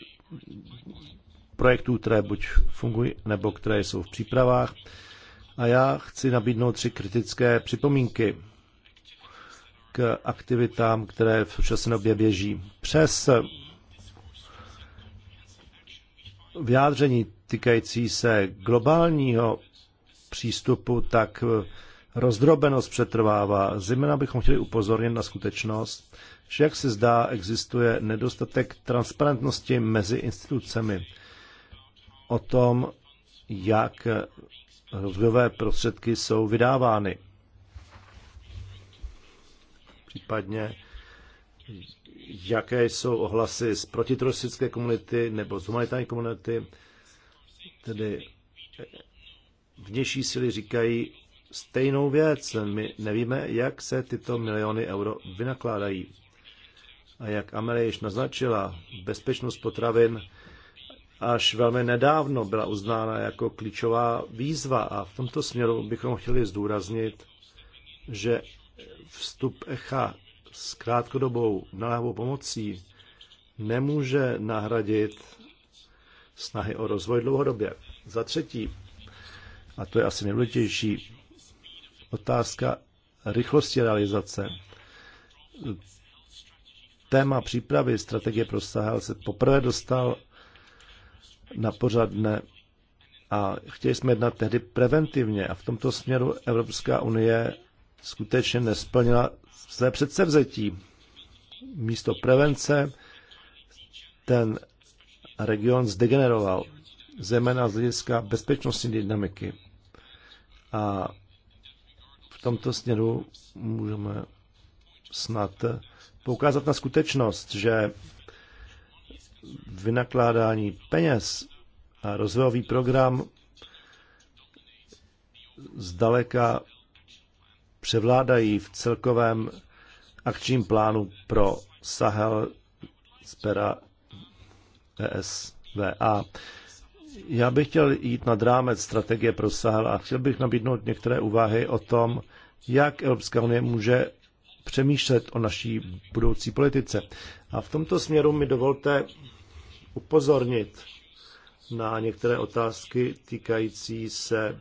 projektů, které buď fungují, nebo které jsou v přípravách. A já chci nabídnout tři kritické připomínky k aktivitám, které v současné době běží. Přes vyjádření týkající se globálního přístupu, tak rozdrobenost přetrvává. Zejména bychom chtěli upozornit na skutečnost, že jak se zdá, existuje nedostatek transparentnosti mezi institucemi o tom, jak rozvojové prostředky jsou vydávány případně jaké jsou ohlasy z protiteroristické komunity nebo z humanitární komunity. Tedy vnější síly říkají stejnou věc. My nevíme, jak se tyto miliony euro vynakládají. A jak Amelie již naznačila, bezpečnost potravin až velmi nedávno byla uznána jako klíčová výzva a v tomto směru bychom chtěli zdůraznit, že vstup ECHA s krátkodobou naléhavou pomocí nemůže nahradit snahy o rozvoj dlouhodobě. Za třetí, a to je asi nejdůležitější, otázka rychlosti realizace. Téma přípravy strategie pro Sahel se poprvé dostal na pořad dne a chtěli jsme jednat tehdy preventivně a v tomto směru Evropská unie skutečně nesplnila své předsevzetí. Místo prevence ten region zdegeneroval, zejména z hlediska bezpečnostní dynamiky. A v tomto směru můžeme snad poukázat na skutečnost, že vynakládání peněz a rozvojový program zdaleka převládají v celkovém akčním plánu pro Sahel z pera ESVA. Já bych chtěl jít nad rámec strategie pro Sahel a chtěl bych nabídnout některé úvahy o tom, jak Evropská unie může přemýšlet o naší budoucí politice. A v tomto směru mi dovolte upozornit na některé otázky týkající se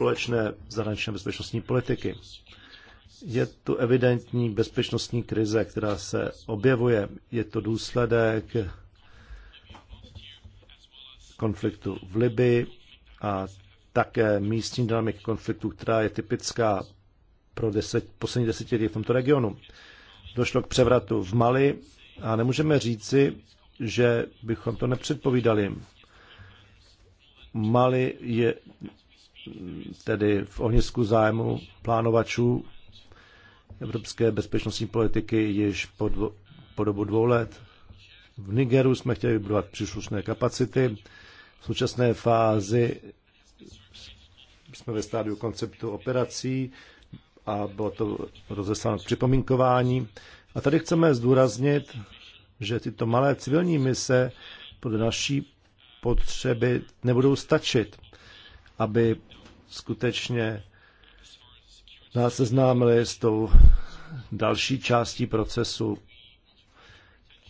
společné zahraničně bezpečnostní politiky. Je tu evidentní bezpečnostní krize, která se objevuje. Je to důsledek konfliktu v Libii a také místní dynamik konfliktu, která je typická pro deset, poslední desetiletí v tomto regionu. Došlo k převratu v Mali a nemůžeme říci, že bychom to nepředpovídali. Mali je tedy v ohnisku zájmu plánovačů evropské bezpečnostní politiky již po, dvo, po dobu dvou let. V Nigeru jsme chtěli vybudovat příslušné kapacity. V současné fázi jsme ve stádiu konceptu operací a bylo to rozesláno k připomínkování. A tady chceme zdůraznit, že tyto malé civilní mise pod naší potřeby nebudou stačit, aby skutečně nás seznámili s tou další částí procesu.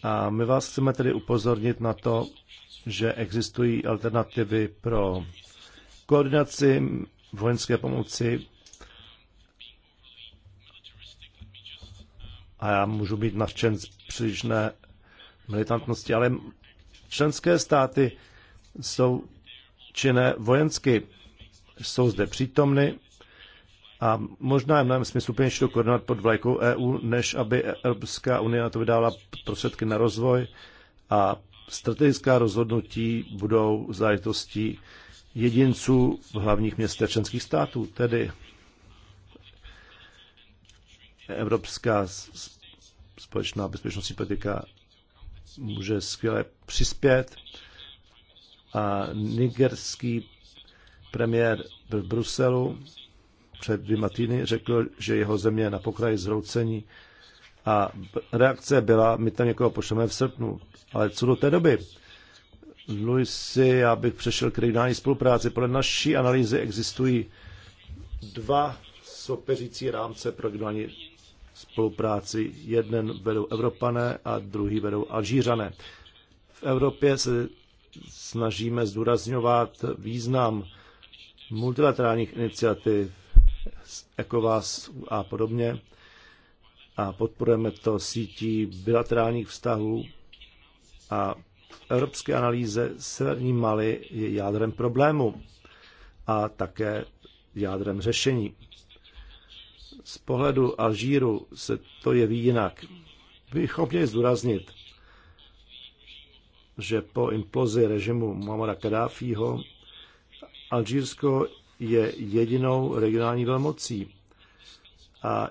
A my vás chceme tedy upozornit na to, že existují alternativy pro koordinaci vojenské pomoci. A já můžu být navčen z přílišné militantnosti, ale členské státy jsou činné vojensky jsou zde přítomny a možná je mnohem smysluplnější to koordinovat pod vlajkou EU, než aby Evropská unie na to vydala prostředky na rozvoj a strategická rozhodnutí budou zájitostí jedinců v hlavních městech členských států, tedy Evropská společná bezpečnostní politika může skvěle přispět a nigerský Premiér byl v Bruselu před dvěma týdny, řekl, že jeho země je na pokraji zhroucení. a reakce byla, my tam někoho pošleme v srpnu. Ale co do té doby? Luisi, já bych přešel k regionální spolupráci. Podle naší analýzy existují dva sopeřící rámce pro regionální spolupráci. Jeden vedou Evropané a druhý vedou Alžířané. V Evropě se snažíme zdůrazňovat význam multilaterálních iniciativ, ECOWAS a podobně. A podporujeme to sítí bilaterálních vztahů a evropské analýze severní Mali je jádrem problému a také jádrem řešení. Z pohledu Alžíru se to jeví jinak. Bychom měli zdůraznit, že po implozi režimu Muamara Kadáfího Alžírsko je jedinou regionální velmocí a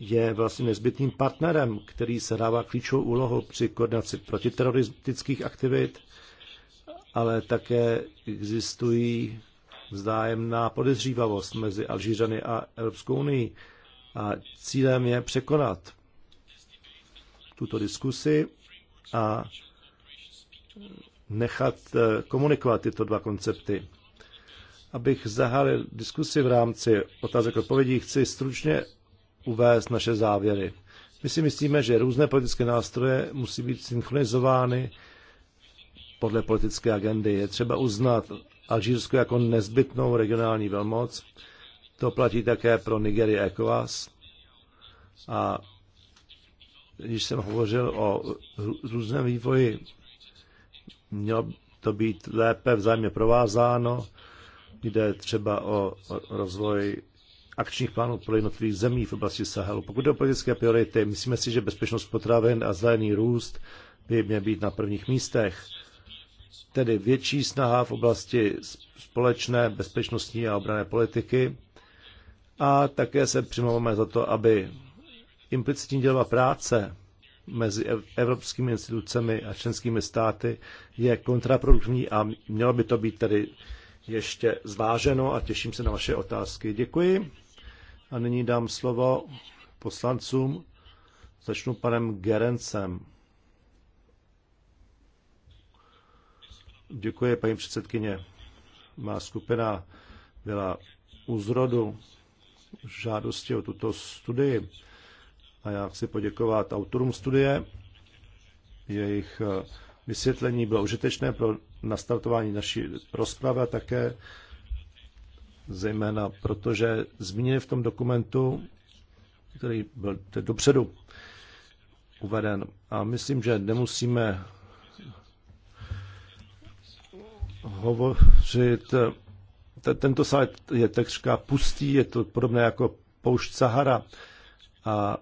je vlastně nezbytným partnerem, který se dává klíčovou úlohu při koordinaci protiteroristických aktivit, ale také existují vzájemná podezřívavost mezi Alžířany a Evropskou unii a cílem je překonat tuto diskusi a nechat eh, komunikovat tyto dva koncepty. Abych zahájil diskusi v rámci otázek odpovědí, chci stručně uvést naše závěry. My si myslíme, že různé politické nástroje musí být synchronizovány podle politické agendy. Je třeba uznat Alžírsko jako nezbytnou regionální velmoc. To platí také pro Nigerii ECOWAS. A když jsem hovořil o různém vývoji, mělo to být lépe vzájemně provázáno jde třeba o rozvoj akčních plánů pro jednotlivých zemí v oblasti Sahelu. Pokud jde o politické priority, myslíme si, že bezpečnost potravin a zelený růst by měl být na prvních místech. Tedy větší snaha v oblasti společné bezpečnostní a obrané politiky. A také se přimlouváme za to, aby implicitní dělová práce mezi evropskými institucemi a členskými státy je kontraproduktivní a mělo by to být tedy ještě zváženo a těším se na vaše otázky. Děkuji. A nyní dám slovo poslancům. Začnu panem Gerencem. Děkuji, paní předsedkyně. Má skupina byla u zrodu žádosti o tuto studii. A já chci poděkovat autorům studie. Jejich eh, vysvětlení bylo užitečné pro nastartování naší rozpravy a také zejména, protože zmíněny v tom dokumentu, který byl dopředu uveden. A myslím, že nemusíme hovořit. Tento sajt je takřka pustý, je to podobné jako poušť Sahara. A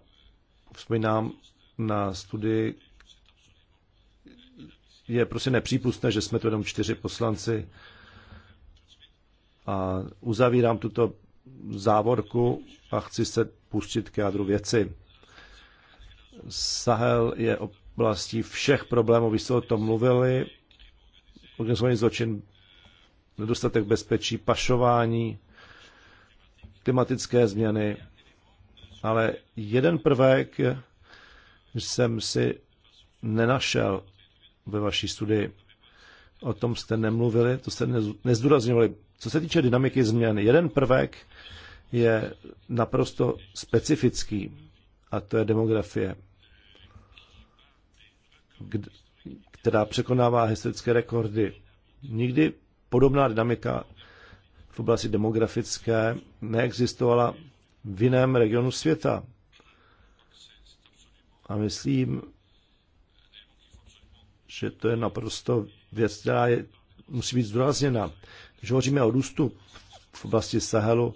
vzpomínám na studii, je prostě nepřípustné, že jsme tu jenom čtyři poslanci. A uzavírám tuto závorku a chci se pustit k jádru věci. Sahel je oblastí všech problémů, vy jste o tom mluvili, organizovaný zločin, nedostatek bezpečí, pašování, klimatické změny, ale jeden prvek jsem si nenašel ve vaší studii. O tom jste nemluvili, to jste nezdůrazňovali. Co se týče dynamiky změn, jeden prvek je naprosto specifický a to je demografie, která překonává historické rekordy. Nikdy podobná dynamika v oblasti demografické neexistovala v jiném regionu světa. A myslím, že to je naprosto věc, která je, musí být zdůrazněna. Když hovoříme o růstu v oblasti Sahelu,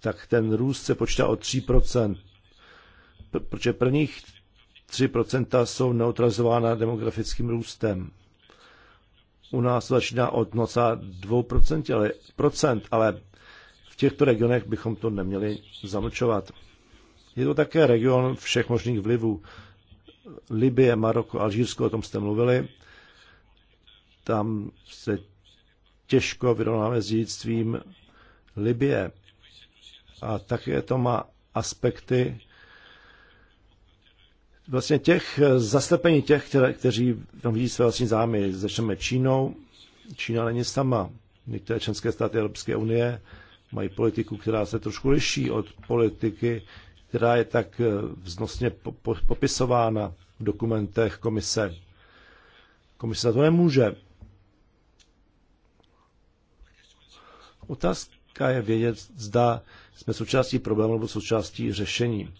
tak ten růst se počítá o 3%, protože prvních 3% jsou neutralizována demografickým růstem. U nás začíná od 0,2%, ale, procent, ale v těchto regionech bychom to neměli zamlčovat. Je to také region všech možných vlivů. Libie, Maroko, Alžírsko, o tom jste mluvili. Tam se těžko vyrovnáme s dědictvím Libie. A také to má aspekty vlastně těch zaslepení těch, které, kteří tam vidí své vlastní zájmy. Začneme Čínou. Čína není sama. Některé členské státy Evropské unie mají politiku, která se trošku liší od politiky která je tak eh, vznosně popisována v dokumentech komise. Komise za to nemůže. Otázka je vědět, zda jsme součástí problému nebo součástí řešení.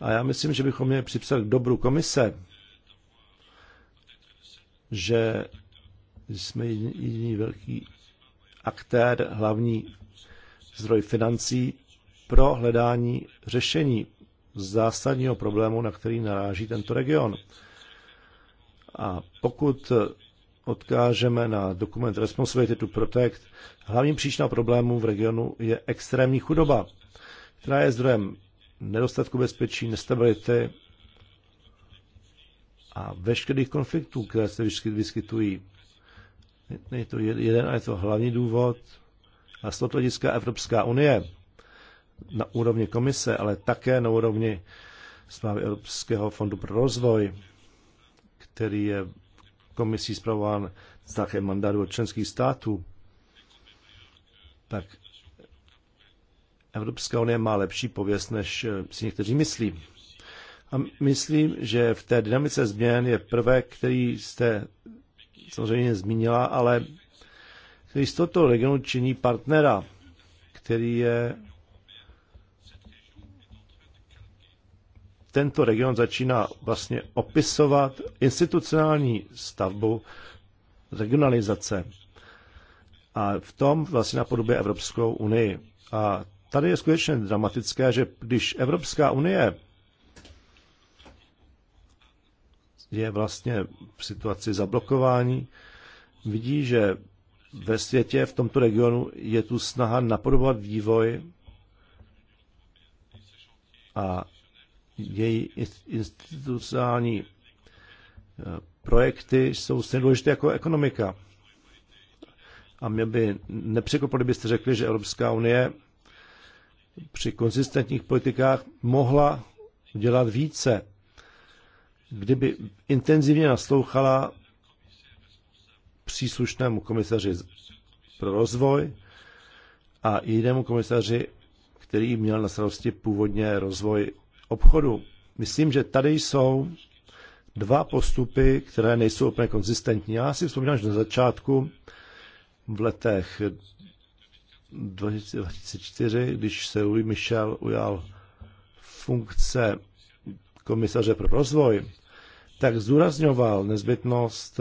A já myslím, že bychom měli připsat k dobru komise, že jsme jediný velký aktér, hlavní zdroj financí, pro hledání řešení zásadního problému, na který naráží tento region. A pokud odkážeme na dokument Responsibility to Protect, hlavní příčina problému v regionu je extrémní chudoba, která je zdrojem nedostatku bezpečí, nestability a veškerých konfliktů, které se vyskytují. Je to jeden a je to hlavní důvod. A z toho hlediska Evropská unie na úrovni komise, ale také na úrovni zprávy Evropského fondu pro rozvoj, který je komisí zpravován s také mandátu od členských států, tak Evropská unie má lepší pověst, než si někteří myslí. A myslím, že v té dynamice změn je prvek, který jste samozřejmě zmínila, ale který z tohoto regionu činí partnera, který je tento region začíná vlastně opisovat institucionální stavbu regionalizace. A v tom vlastně napodobuje Evropskou unii. A tady je skutečně dramatické, že když Evropská unie je vlastně v situaci zablokování, vidí, že ve světě, v tomto regionu je tu snaha napodobovat vývoj a její institucionální eh, projekty jsou stejně důležité jako ekonomika. A mě by nepřekvapilo, kdybyste řekli, že Evropská unie při konzistentních politikách mohla dělat více, kdyby intenzivně naslouchala příslušnému komisaři pro rozvoj a jinému komisaři, který měl na starosti původně rozvoj obchodu. Myslím, že tady jsou dva postupy, které nejsou úplně konzistentní. Já si vzpomínám, že na začátku v letech 2004, když se Louis Michel ujal funkce komisaře pro rozvoj, tak zdůrazňoval nezbytnost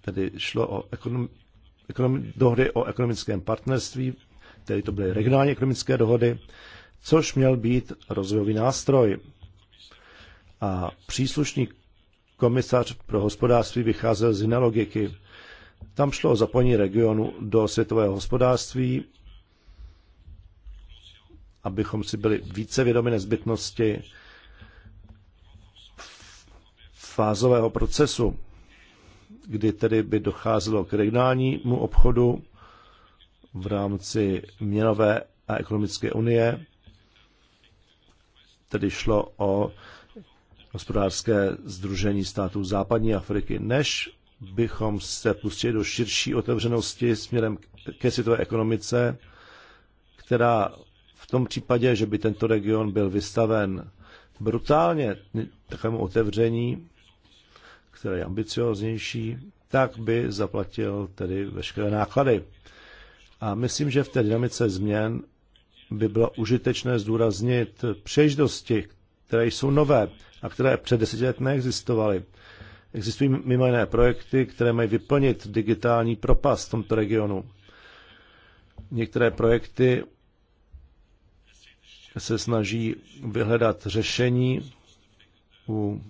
tedy šlo o ekonomi- ekonomi- dohody o ekonomickém partnerství tedy to byly regionální ekonomické dohody, což měl být rozvojový nástroj. A příslušný komisař pro hospodářství vycházel z jiné logiky. Tam šlo o zapojení regionu do světového hospodářství, abychom si byli více vědomi nezbytnosti fázového procesu, kdy tedy by docházelo k regionálnímu obchodu v rámci měnové a ekonomické unie, tedy šlo o hospodářské združení států západní Afriky, než bychom se pustili do širší otevřenosti směrem ke světové ekonomice, která v tom případě, že by tento region byl vystaven brutálně takovému otevření, které je ambicioznější, tak by zaplatil tedy veškeré náklady. A myslím, že v té dynamice změn by bylo užitečné zdůraznit příležitosti, které jsou nové a které před deseti let neexistovaly. Existují mimo jiné projekty, které mají vyplnit digitální propast v tomto regionu. Některé projekty se snaží vyhledat řešení u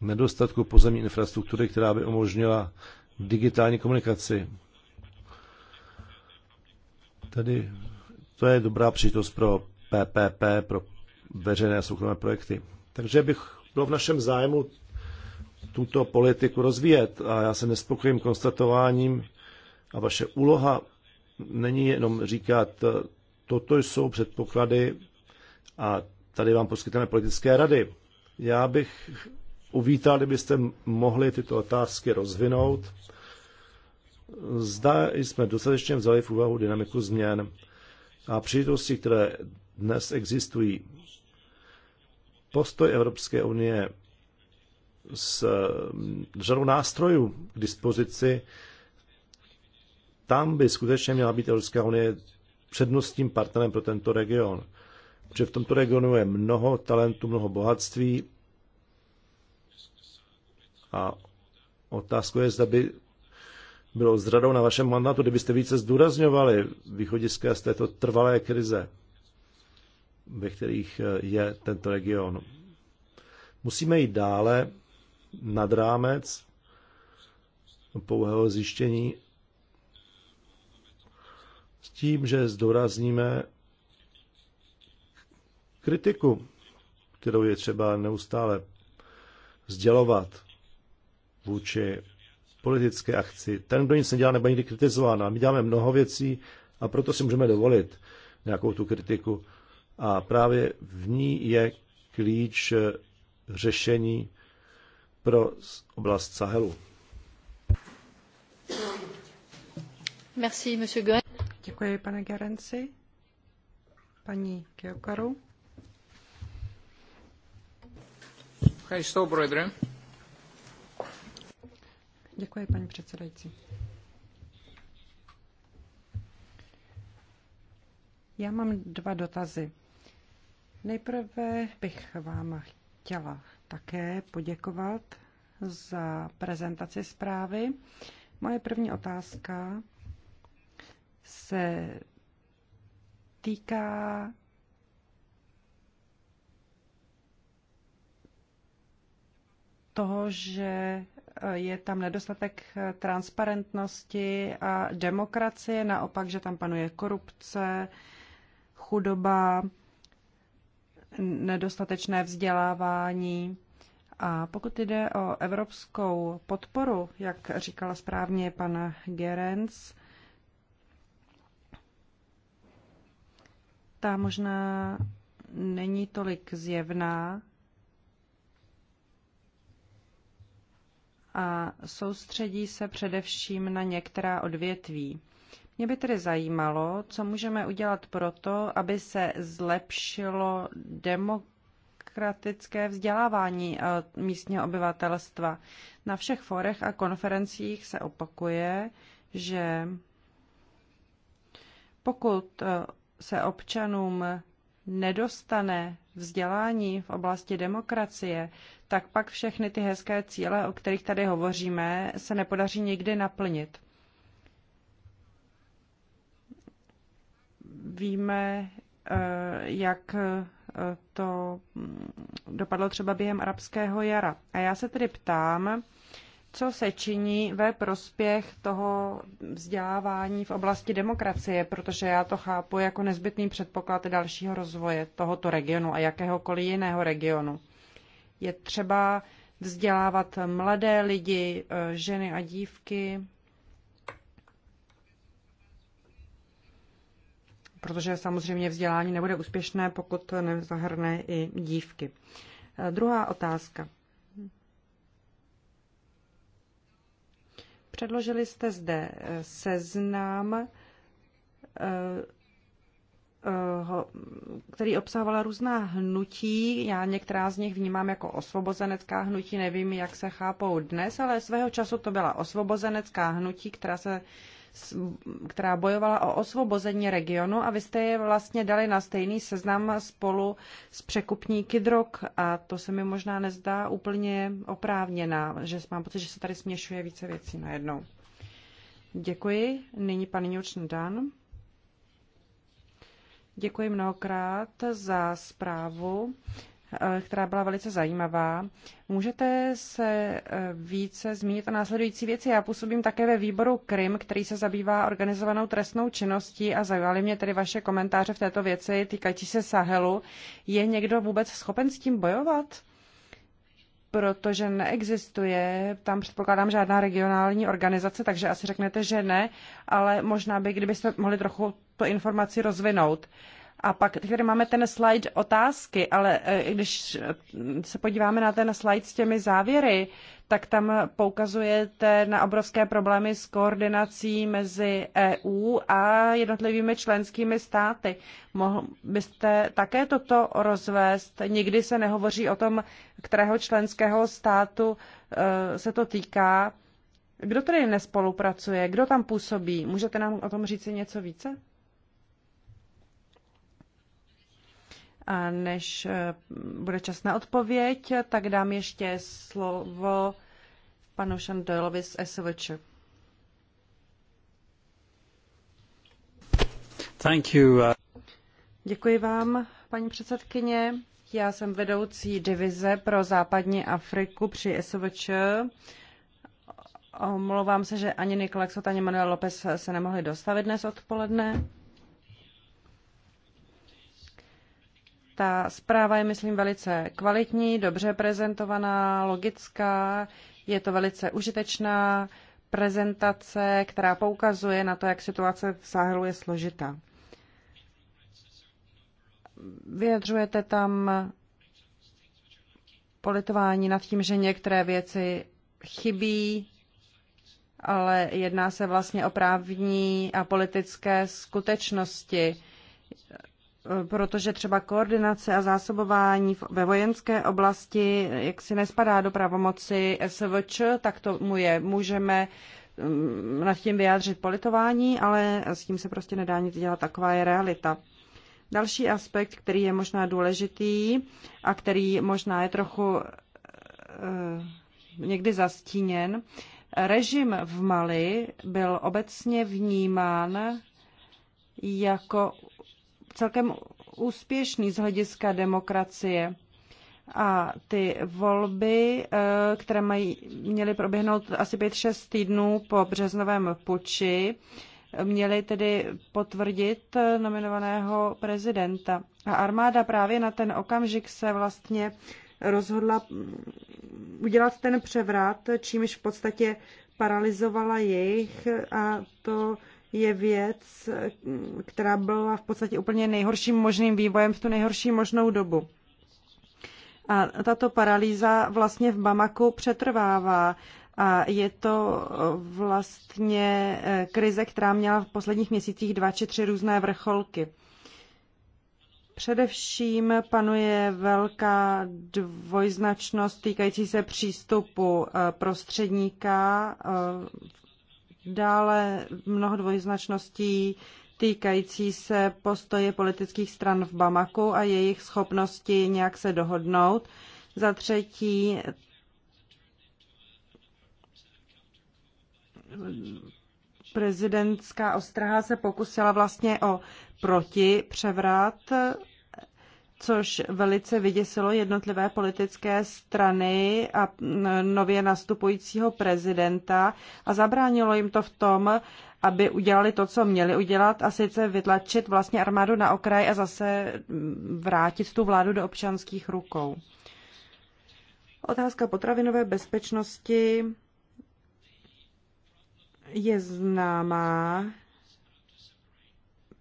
nedostatku pozemní infrastruktury, která by umožnila digitální komunikaci. Tady to je dobrá přítost pro PPP, pro veřejné a soukromé projekty. Takže bych bylo v našem zájmu tuto politiku rozvíjet a já se nespokojím konstatováním a vaše úloha není jenom říkat, toto jsou předpoklady a tady vám poskytneme politické rady. Já bych uvítal, kdybyste mohli tyto otázky rozvinout zda jsme dostatečně vzali v úvahu dynamiku změn a příležitosti, které dnes existují. Postoj Evropské unie s mm, řadou nástrojů k dispozici, tam by skutečně měla být Evropská unie přednostním partnerem pro tento region. Protože v tomto regionu je mnoho talentu, mnoho bohatství a otázka je, zda by bylo zradou na vašem mandátu, kdybyste více zdůrazňovali východiska z této trvalé krize, ve kterých eh, je tento region. Musíme jít dále nad rámec pouhého zjištění s tím, že zdůrazníme kritiku, kterou je třeba neustále sdělovat vůči politické akci. Ten, kdo nic nedělá, nebo nikdy kritizován. A my děláme mnoho věcí a proto si můžeme dovolit nějakou tu kritiku. A právě v ní je klíč řešení pro oblast Sahelu. Merci, monsieur Děkuji, pane Garenci. Paní Kiokaru. Ευχαριστώ, Πρόεδρε. Děkuji, paní předsedající. Já mám dva dotazy. Nejprve bych vám chtěla také poděkovat za prezentaci zprávy. Moje první otázka se týká toho, že je tam nedostatek eh, transparentnosti a demokracie, naopak, že tam panuje korupce, chudoba, nedostatečné vzdělávání. A pokud jde o evropskou podporu, jak říkala správně pan Gerenc, ta možná není tolik zjevná, a soustředí se především na některá odvětví. Mě by tedy zajímalo, co můžeme udělat proto, aby se zlepšilo demokratické vzdělávání eh, místního obyvatelstva. Na všech forech a konferencích se opakuje, že pokud eh, se občanům nedostane vzdělání v oblasti demokracie, tak pak všechny ty hezké cíle, o kterých tady hovoříme, se nepodaří nikdy naplnit. Víme, eh, jak eh, to mm, dopadlo třeba během arabského jara. A já se tedy ptám, co se činí ve prospěch toho vzdělávání v oblasti demokracie, protože já to chápu jako nezbytný předpoklad dalšího rozvoje tohoto regionu a jakéhokoliv jiného regionu. Je třeba vzdělávat mladé lidi, eh, ženy a dívky, protože samozřejmě vzdělání nebude úspěšné, pokud nezahrne i dívky. Eh, druhá otázka. Předložili jste zde eh, seznam Eh, který obsahovala různá hnutí. Já některá z nich vnímám jako osvobozenecká hnutí, nevím, jak se chápou dnes, ale svého času to byla osvobozenecká hnutí, která se která bojovala o osvobození regionu a vy jste je vlastně dali na stejný seznam spolu s překupníky drog a to se mi možná nezdá úplně oprávněná, že mám pocit, že se tady směšuje více věcí najednou. Děkuji. Nyní pan Newton Dan. Děkuji mnohokrát za zprávu, eh, která byla velice zajímavá. Můžete se eh, více zmínit o následující věci? Já působím také ve výboru Krim, který se zabývá organizovanou trestnou činností a zajímaly mě tedy vaše komentáře v této věci týkající se Sahelu. Je někdo vůbec schopen s tím bojovat? protože neexistuje, tam předpokládám žádná regionální organizace, takže asi řeknete, že ne, ale možná by, kdybyste mohli trochu tuto informaci rozvinout. A pak tady máme ten slide otázky, ale e, když se podíváme na ten slide s těmi závěry, tak tam poukazujete na obrovské problémy s koordinací mezi EU a jednotlivými členskými státy. Mohl byste také toto rozvést? Nikdy se nehovoří o tom, kterého členského státu e, se to týká. Kdo tedy nespolupracuje? Kdo tam působí? Můžete nám o tom říct něco více? A než eh, bude čas na odpověď, tak dám ještě slovo panu Šandojlovi z SVČ. Thank you. Uh, Děkuji vám, paní předsedkyně. Já jsem vedoucí divize pro západní Afriku při SVČ. Omlouvám se, že ani Nikolaxot, ani Manuel López se nemohli dostavit dnes odpoledne. Ta zpráva je, myslím, velice kvalitní, dobře prezentovaná, logická, je to velice užitečná prezentace, která poukazuje na to, jak situace v Sahelu je složitá. Vyjadřujete tam politování nad tím, že některé věci chybí, ale jedná se vlastně o právní a politické skutečnosti. Eh, protože třeba koordinace a zásobování ve vojenské oblasti, jak si nespadá do pravomoci SVČ, tak tomu je. Můžeme mm, nad tím vyjádřit politování, ale s tím se prostě nedá nic dělat, taková je realita. Další aspekt, který je možná důležitý a který možná je trochu eh, někdy zastíněn, režim v Mali byl obecně vnímán jako celkem úspěšný z hlediska demokracie. A ty volby, eh, které mají, měly proběhnout asi 5-6 týdnů po březnovém puči, měly tedy potvrdit eh, nominovaného prezidenta. A armáda právě na ten okamžik se vlastně rozhodla mm, udělat ten převrat, čímž v podstatě paralizovala jejich a to je věc, která byla v podstatě úplně nejhorším možným vývojem v tu nejhorší možnou dobu. A tato paralýza vlastně v Bamaku přetrvává. A je to vlastně eh, krize, která měla v posledních měsících dva či tři různé vrcholky. Především panuje velká dvojznačnost týkající se přístupu eh, prostředníka eh, Dále mnoho dvojznačností týkající se postoje politických stran v Bamaku a jejich schopnosti nějak se dohodnout. Za třetí prezidentská ostraha se pokusila vlastně o protipřevrat což velice vyděsilo jednotlivé politické strany a nově nastupujícího prezidenta a zabránilo jim to v tom, aby udělali to, co měli udělat a sice vytlačit vlastně armádu na okraj a zase vrátit tu vládu do občanských rukou. Otázka potravinové bezpečnosti je známá.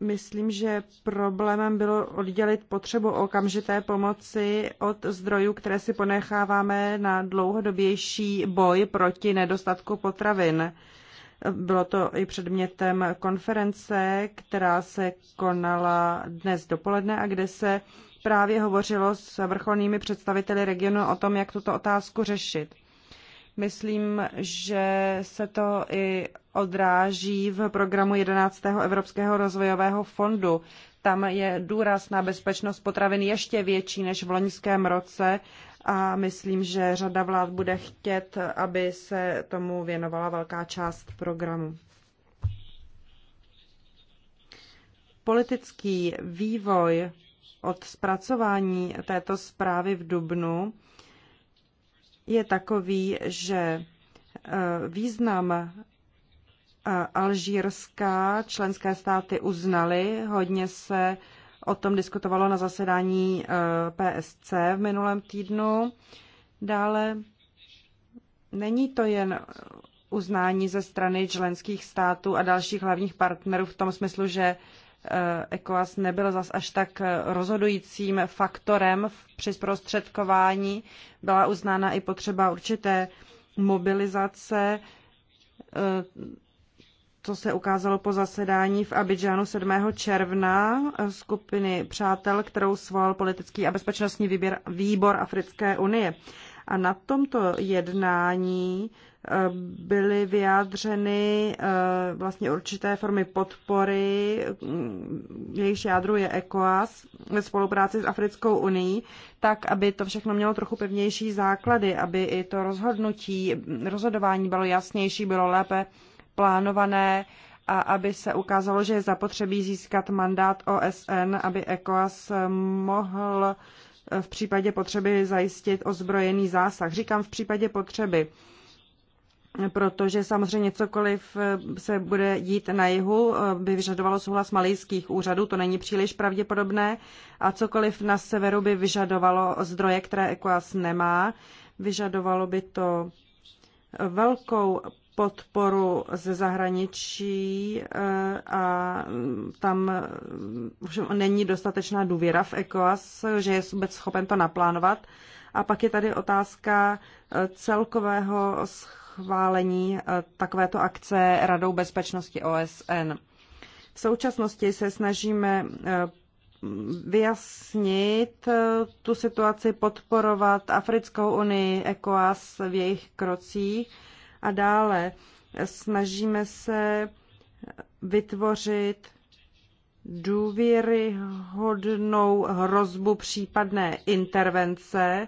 Myslím, že problémem bylo oddělit potřebu okamžité pomoci od zdrojů, které si ponecháváme na dlouhodobější boj proti nedostatku potravin. Bylo to i předmětem konference, která se konala dnes dopoledne a kde se právě hovořilo s vrcholnými představiteli regionu o tom, jak tuto otázku řešit. Myslím, že se to i odráží v programu 11. Evropského rozvojového fondu. Tam je důraz na bezpečnost potravin ještě větší než v loňském roce a myslím, že řada vlád bude chtět, aby se tomu věnovala velká část programu. Politický vývoj od zpracování této zprávy v Dubnu je takový, že eh, význam eh, Alžírská členské státy uznaly, hodně se o tom diskutovalo na zasedání eh, PSC v minulém týdnu. Dále není to jen uznání ze strany členských států a dalších hlavních partnerů v tom smyslu, že Eh, ECOWAS nebyl zas až tak eh, rozhodujícím faktorem při zprostředkování. Byla uznána i potřeba určité mobilizace. Eh, to se ukázalo po zasedání v Abidžanu 7. června skupiny přátel, kterou svolal politický a bezpečnostní výběr, výbor Africké unie. A na tomto jednání byly vyjádřeny eh, vlastně určité formy podpory, mm, jejichž jádru je ECOAS ve spolupráci s Africkou unii, tak, aby to všechno mělo trochu pevnější základy, aby i to rozhodnutí, rozhodování bylo jasnější, bylo lépe plánované a aby se ukázalo, že je zapotřebí získat mandát OSN, aby ECOAS mohl eh, v případě potřeby zajistit ozbrojený zásah. Říkám v případě potřeby protože samozřejmě cokoliv eh, se bude dít na jihu, eh, by vyžadovalo souhlas malijských úřadů, to není příliš pravděpodobné, a cokoliv na severu by vyžadovalo zdroje, které ECOAS nemá, vyžadovalo by to velkou podporu ze zahraničí eh, a tam není dostatečná důvěra v ECOAS, že je vůbec schopen to naplánovat. A pak je tady otázka celkového schválení schválení eh, takovéto akce Radou bezpečnosti OSN. V současnosti se snažíme eh, vyjasnit eh, tu situaci, podporovat Africkou unii, ECOAS v jejich krocích a dále snažíme se vytvořit důvěryhodnou hrozbu případné intervence,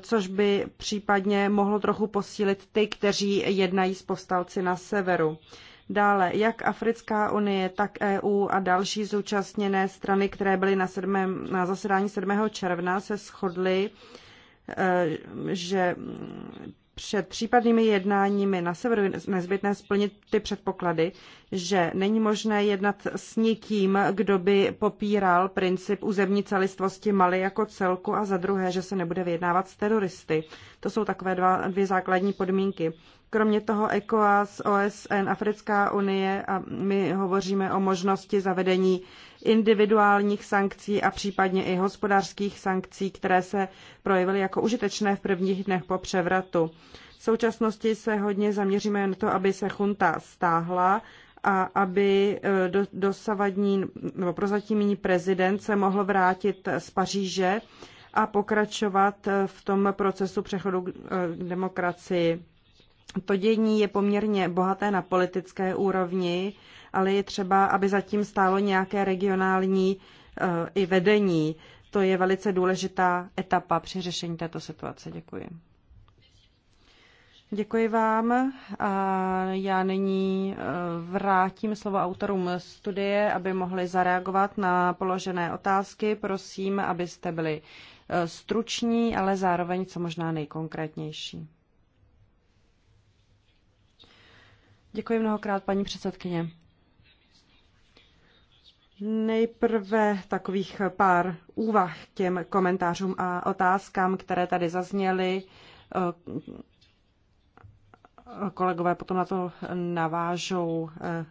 což by případně mohlo trochu posílit ty, kteří jednají s povstalci na severu. Dále, jak Africká unie, tak EU a další zúčastněné strany, které byly na, sedmém, na zasedání 7. června, se shodly, eh, že před případnými jednáními na severu nezbytné splnit ty předpoklady, že není možné jednat s nikým, kdo by popíral princip územní celistvosti Mali jako celku a za druhé, že se nebude vyjednávat s teroristy. To jsou takové dva, dvě základní podmínky. Kromě toho ECOAS, OSN, Africká unie a my hovoříme o možnosti zavedení individuálních sankcí a případně i hospodářských sankcí, které se projevily jako užitečné v prvních dnech po převratu. V současnosti se hodně zaměříme na to, aby se chunta stáhla a aby e, do, dosavadní nebo prozatímní prezident se mohl vrátit z Paříže a pokračovat v tom procesu přechodu k e, demokracii. To dění je poměrně bohaté na politické úrovni ale je třeba, aby zatím stálo nějaké regionální eh, i vedení. To je velice důležitá etapa při řešení této situace. Děkuji. Děkuji vám. A já nyní eh, vrátím slovo autorům studie, aby mohli zareagovat na položené otázky. Prosím, abyste byli eh, struční, ale zároveň co možná nejkonkrétnější. Děkuji mnohokrát, paní předsedkyně. Nejprve takových pár úvah k těm komentářům a otázkám, které tady zazněly. Kolegové potom na to navážou eh,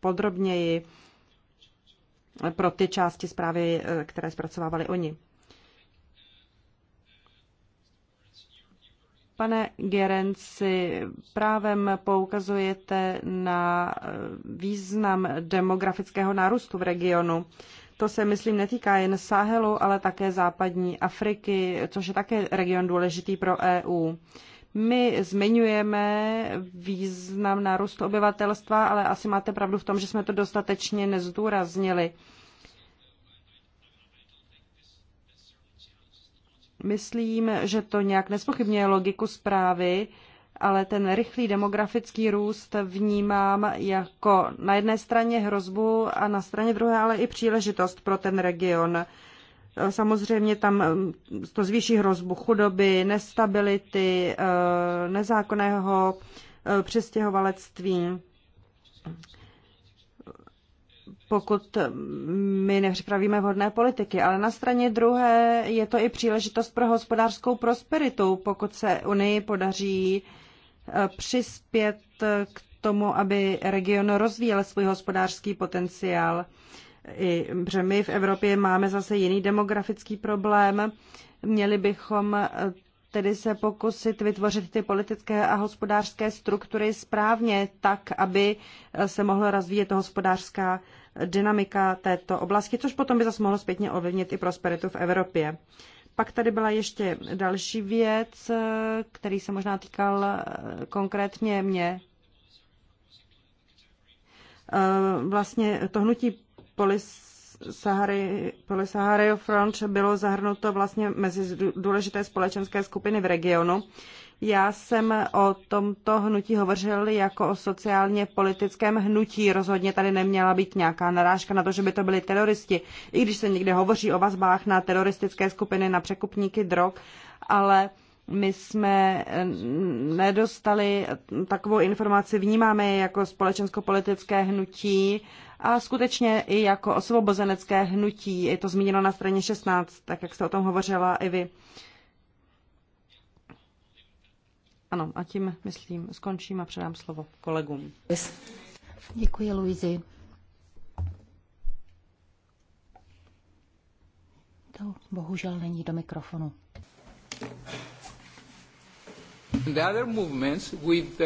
podrobněji pro ty části zprávy, eh, které zpracovávali oni. Pane Gerenci, právem poukazujete na význam demografického nárůstu v regionu. To se, myslím, netýká jen Sahelu, ale také západní Afriky, což je také region důležitý pro EU. My zmiňujeme význam nárůstu obyvatelstva, ale asi máte pravdu v tom, že jsme to dostatečně nezdůraznili. Myslím, že to nějak nespochybňuje logiku zprávy, ale ten rychlý demografický růst vnímám jako na jedné straně hrozbu a na straně druhé ale i příležitost pro ten region. Samozřejmě tam mm, to zvýší hrozbu chudoby, nestability, eh, nezákonného eh, přestěhovalectví pokud my nepřipravíme vhodné politiky. Ale na straně druhé je to i příležitost pro hospodářskou prosperitu, pokud se Unii podaří eh, přispět k tomu, aby region rozvíjel svůj hospodářský potenciál. I, že my v Evropě máme zase jiný demografický problém. Měli bychom eh, tedy se pokusit vytvořit ty politické a hospodářské struktury správně tak, aby eh, se mohla rozvíjet hospodářská dynamika této oblasti, což potom by zase mohlo zpětně ovlivnit i prosperitu v Evropě. Pak tady byla ještě další věc, který se možná týkal eh, konkrétně mě. Eh, vlastně to hnutí Polisahario Front bylo zahrnuto vlastně mezi důležité společenské skupiny v regionu já jsem o tomto hnutí hovořil jako o sociálně politickém hnutí. Rozhodně tady neměla být nějaká narážka na to, že by to byli teroristi. I když se někde hovoří o vazbách na teroristické skupiny, na překupníky drog, ale my jsme eh, nedostali takovou informaci, vnímáme je jako společensko-politické hnutí a skutečně i jako osvobozenecké hnutí. Je to zmíněno na straně 16, tak jak jste o tom hovořila i vy. Uh, ano, a tím, myslím, skončím a předám slovo kolegům. Děkuji, Luizi. To bohužel není do mikrofonu. movements with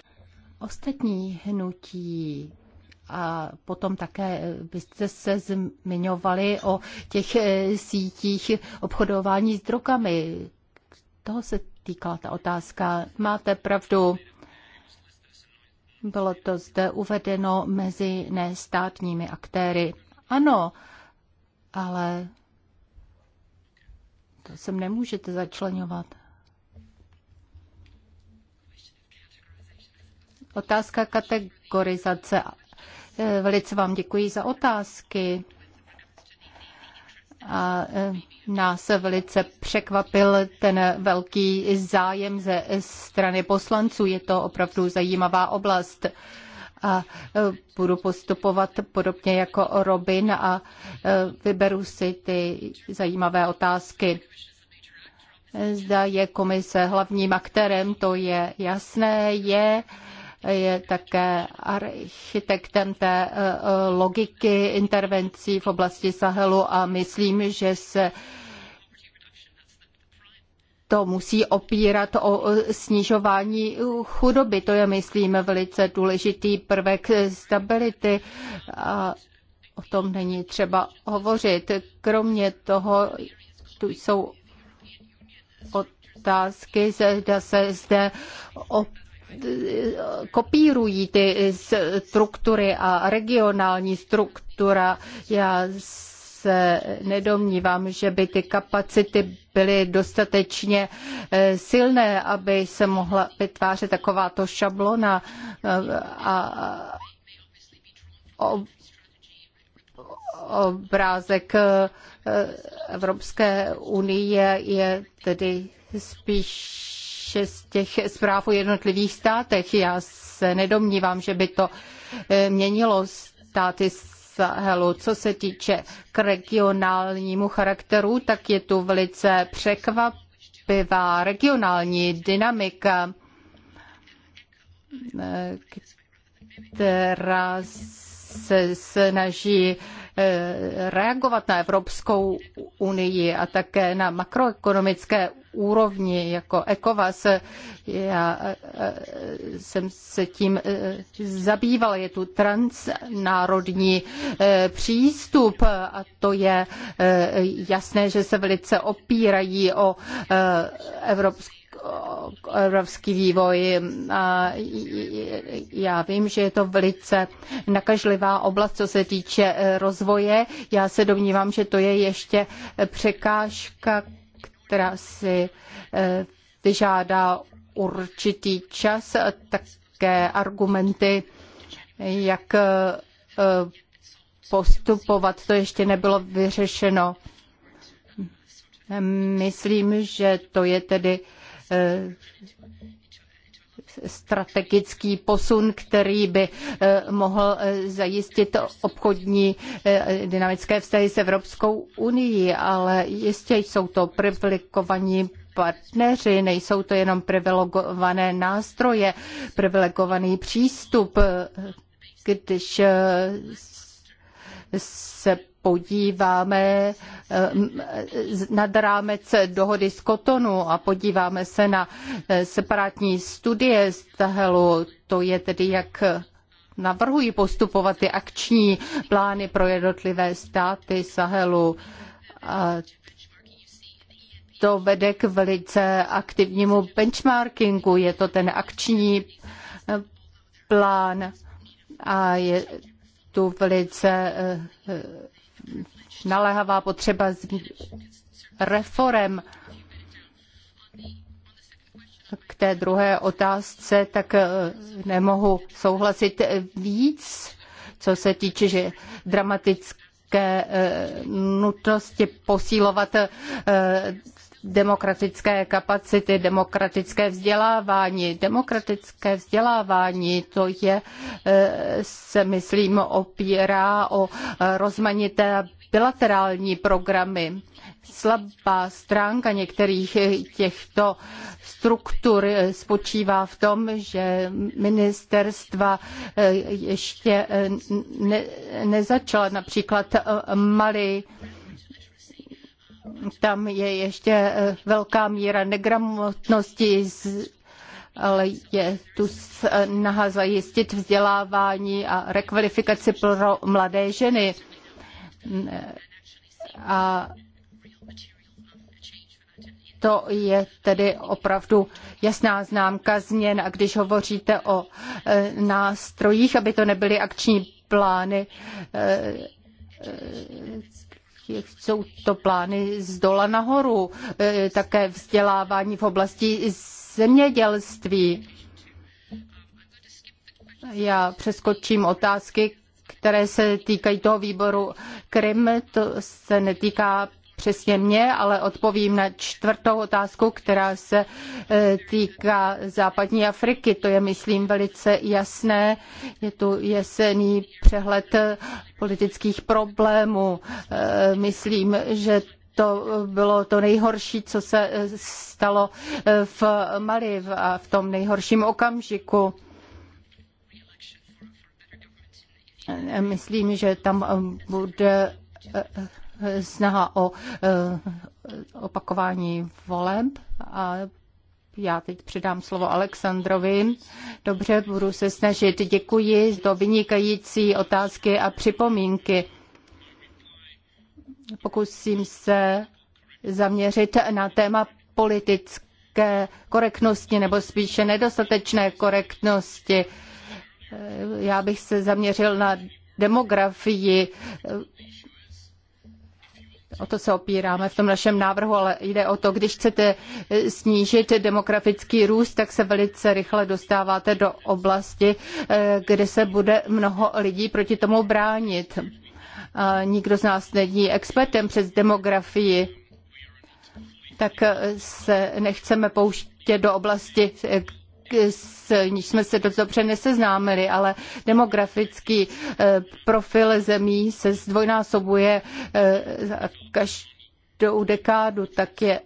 Ostatní hnutí a potom také byste eh, se zmiňovali o těch eh, sítích obchodování s drogami. Toho se týkala ta otázka. Máte pravdu, bylo to zde uvedeno mezi nestátními aktéry. Ano, ale to sem nemůžete začlenovat. Otázka kategorizace. Velice vám děkuji za otázky a e, nás velice překvapil ten velký zájem ze strany poslanců. Je to opravdu zajímavá oblast a e, budu postupovat podobně jako Robin a e, vyberu si ty zajímavé otázky. Zda je komise hlavním aktérem, to je jasné, je je také architektem té e, e, logiky intervencí v oblasti Sahelu a myslím, že se to musí opírat o snižování chudoby. To je, myslím, velice důležitý prvek stability. A o tom není třeba hovořit. Kromě toho tu jsou otázky, zda se zde opět kopírují ty struktury a regionální struktura. Já se nedomnívám, že by ty kapacity byly dostatečně eh, silné, aby se mohla vytvářet takováto šablona eh, a obrázek eh, Evropské unie je tedy spíš z těch zpráv o jednotlivých státech. Já se nedomnívám, že by to eh, měnilo státy Sahelu. Co se týče k regionálnímu charakteru, tak je tu velice překvapivá regionální dynamika, eh, která se snaží Eh, reagovat na Evropskou unii a také na makroekonomické úrovni jako ECOVAS. Já eh, jsem se tím eh, zabýval. Je tu transnárodní přístup a to je jasné, že se velice opírají o Evropskou evropský vývoj. A já vím, že je to velice nakažlivá oblast, co se týče e, rozvoje. Já se domnívám, že to je ještě překážka, která si e, vyžádá určitý čas, také argumenty, jak e, postupovat. To ještě nebylo vyřešeno. Myslím, že to je tedy Eh, strategický posun, který by eh, mohl eh, zajistit obchodní dynamické vztahy s Evropskou unii, ale jistě jsou to privilegovaní partneři, nejsou to jenom privilegované nástroje, privilegovaný přístup, když se podíváme eh, nad rámec dohody z Kotonu a podíváme se na eh, separátní studie z Tahelu, to je tedy jak navrhují postupovat ty akční plány pro jednotlivé státy Sahelu. A to vede k velice aktivnímu benchmarkingu. Je to ten akční eh, plán a je tu velice naléhavá potřeba reform. K té druhé otázce tak eh, nemohu souhlasit víc, co se týče že dramatické eh, nutnosti posílovat eh, demokratické kapacity, demokratické vzdělávání. Demokratické vzdělávání to je, eh, se myslím, opírá o eh, rozmanité bilaterální programy. Slabá stránka některých eh, těchto struktur spočívá v tom, že ministerstva ještě ne, nezačala například Mali tam je ještě eh, velká míra negramotnosti, ale je tu snaha zajistit vzdělávání a rekvalifikaci pro mladé ženy. Mm, a to je tedy opravdu jasná známka změn. A když hovoříte o eh, nástrojích, aby to nebyly akční plány, eh, jsou to plány z dola nahoru, e, také vzdělávání v oblasti zemědělství. Já přeskočím otázky, které se týkají toho výboru Krym, to se netýká přesně mě, ale odpovím na čtvrtou otázku, která se e, týká západní Afriky. To je, myslím, velice jasné. Je tu jesený přehled politických problémů. E, myslím, že to bylo to nejhorší, co se e, stalo v Mali a v tom nejhorším okamžiku. Myslím, že tam bude snaha o eh, opakování voleb a já teď předám slovo Alexandrovi. Dobře, budu se snažit. Děkuji za vynikající otázky a připomínky. Pokusím se zaměřit na téma politické korektnosti nebo spíše nedostatečné korektnosti. Eh, já bych se zaměřil na demografii O to se opíráme v tom našem návrhu, ale jde o to, když chcete snížit demografický růst, tak se velice rychle dostáváte do oblasti, eh, kde se bude mnoho lidí proti tomu bránit. A nikdo z nás není expertem přes demografii, tak se nechceme pouštět do oblasti, s níž jsme se dost dobře neseznámili, ale demografický eh, profil zemí se zdvojnásobuje eh, za každou dekádu, tak je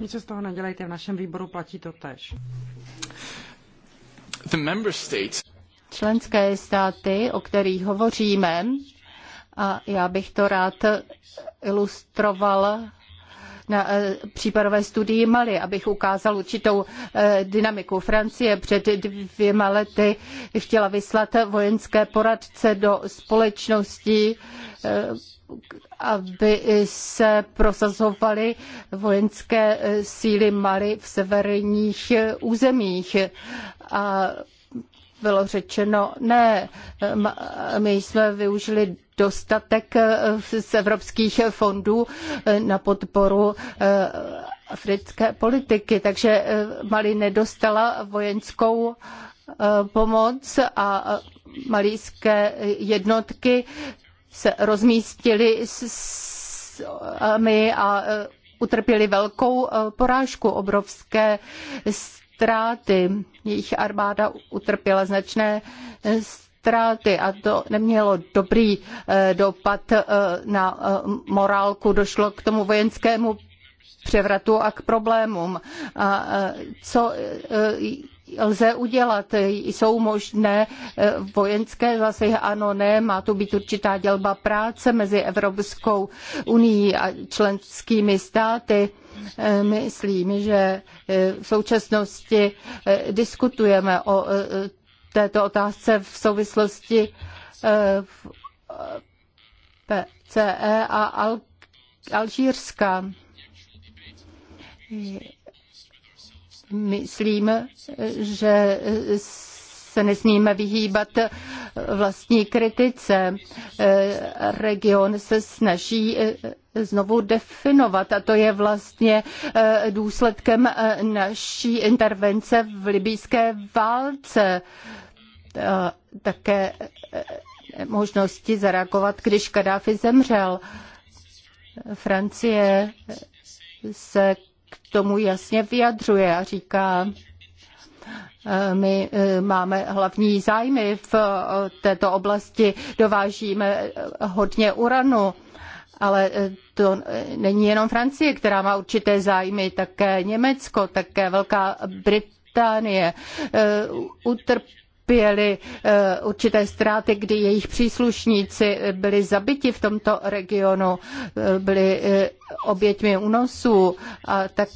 nic z toho nedělejte, v našem výboru platí to tež. The member states. Členské státy, o kterých hovoříme, a já bych to rád ilustroval na eh, případové studii Mali, abych ukázal určitou eh, dynamiku. Francie před dvěma lety chtěla vyslat vojenské poradce do společnosti eh, aby se prosazovaly vojenské síly Mali v severních územích. A bylo řečeno, ne, my jsme využili dostatek eh, z evropských fondů eh, na podporu eh, africké politiky, takže Mali nedostala vojenskou pomoc a malijské jednotky se rozmístily s my a utrpěli velkou porážku, obrovské ztráty. Jejich armáda utrpěla značné eh, ztráty a to nemělo dobrý eh, dopad eh, na morálku. Došlo k tomu vojenskému převratu a k problémům. A co lze udělat? Jsou možné vojenské zásahy? Ano, ne, má tu být určitá dělba práce mezi Evropskou unii a členskými státy Eh, myslím, že eh, v současnosti eh, diskutujeme o této otázce v souvislosti PCE a Al- Alžírska. Myslím, že se nesmíme vyhýbat vlastní kritice. Region se snaží znovu definovat a to je vlastně důsledkem naší intervence v libijské válce. Také možnosti zareagovat, když Kadáfi zemřel. Francie se k tomu jasně vyjadřuje a říká, Eh, my eh, máme hlavní zájmy v eh, této oblasti, dovážíme hodně uranu, ale to není jenom Francie, která má určité zájmy, také Německo, také Velká Británie utrpěly určité ztráty, kdy jejich příslušníci byli zabiti v tomto regionu, byli oběťmi únosů a tak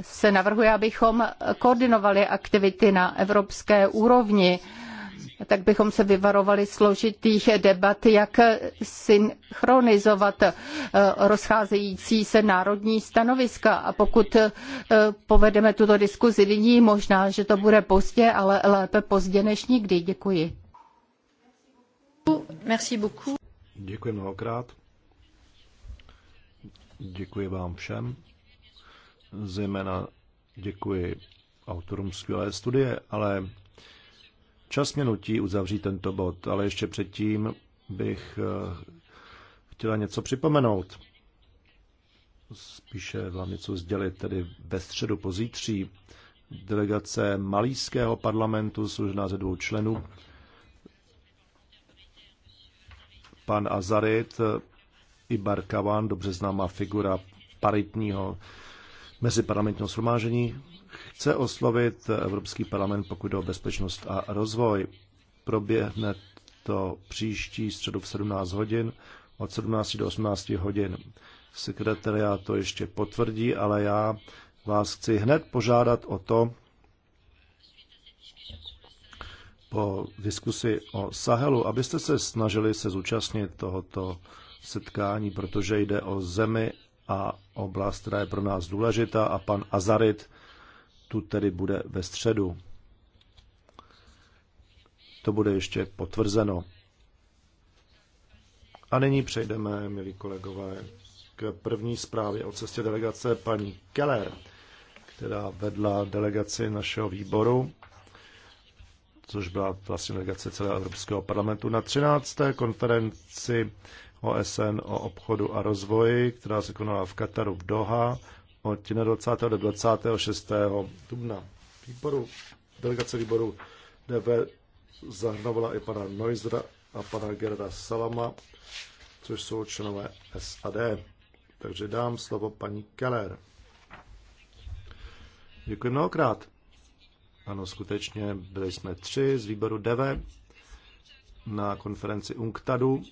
se navrhuje, abychom koordinovali aktivity na evropské úrovni, tak bychom se vyvarovali složitých debat, jak synchronizovat eh, rozcházející se národní stanoviska. A pokud eh, povedeme tuto diskuzi nyní, možná, že to bude pozdě, ale lépe pozdě než nikdy. Děkuji. Děkuji mnohokrát. Děkuji vám všem zejména děkuji autorům skvělé studie, ale čas mě nutí uzavřít tento bod, ale ještě předtím bych eh, chtěla něco připomenout. Spíše vám něco sdělit, tedy ve středu pozítří delegace malýského parlamentu, složená ze dvou členů, pan Azarit Ibarkavan, dobře známá figura paritního Mezi parlamentního shromážení chce oslovit Evropský parlament, pokud jde o bezpečnost a rozvoj. Proběhne to příští středu v 17 hodin, od 17 do 18 hodin. Sekretariát to ještě potvrdí, ale já vás chci hned požádat o to, po diskusi o Sahelu, abyste se snažili se zúčastnit tohoto setkání, protože jde o zemi a oblast, která je pro nás důležitá a pan Azarit tu tedy bude ve středu. To bude ještě potvrzeno. A nyní přejdeme, milí kolegové, k první zprávě o cestě delegace paní Keller, která vedla delegaci našeho výboru, což byla vlastně delegace celého Evropského parlamentu na 13. konferenci OSN o obchodu a rozvoji, která se konala v Kataru v Doha od 20. do 26. dubna. Výboru, delegace výboru DV zahrnovala i pana Noizra a pana Gerda Salama, což jsou členové SAD. Takže dám slovo paní Keller. Děkuji mnohokrát. Ano, skutečně byli jsme tři z výboru DV na konferenci UNCTADu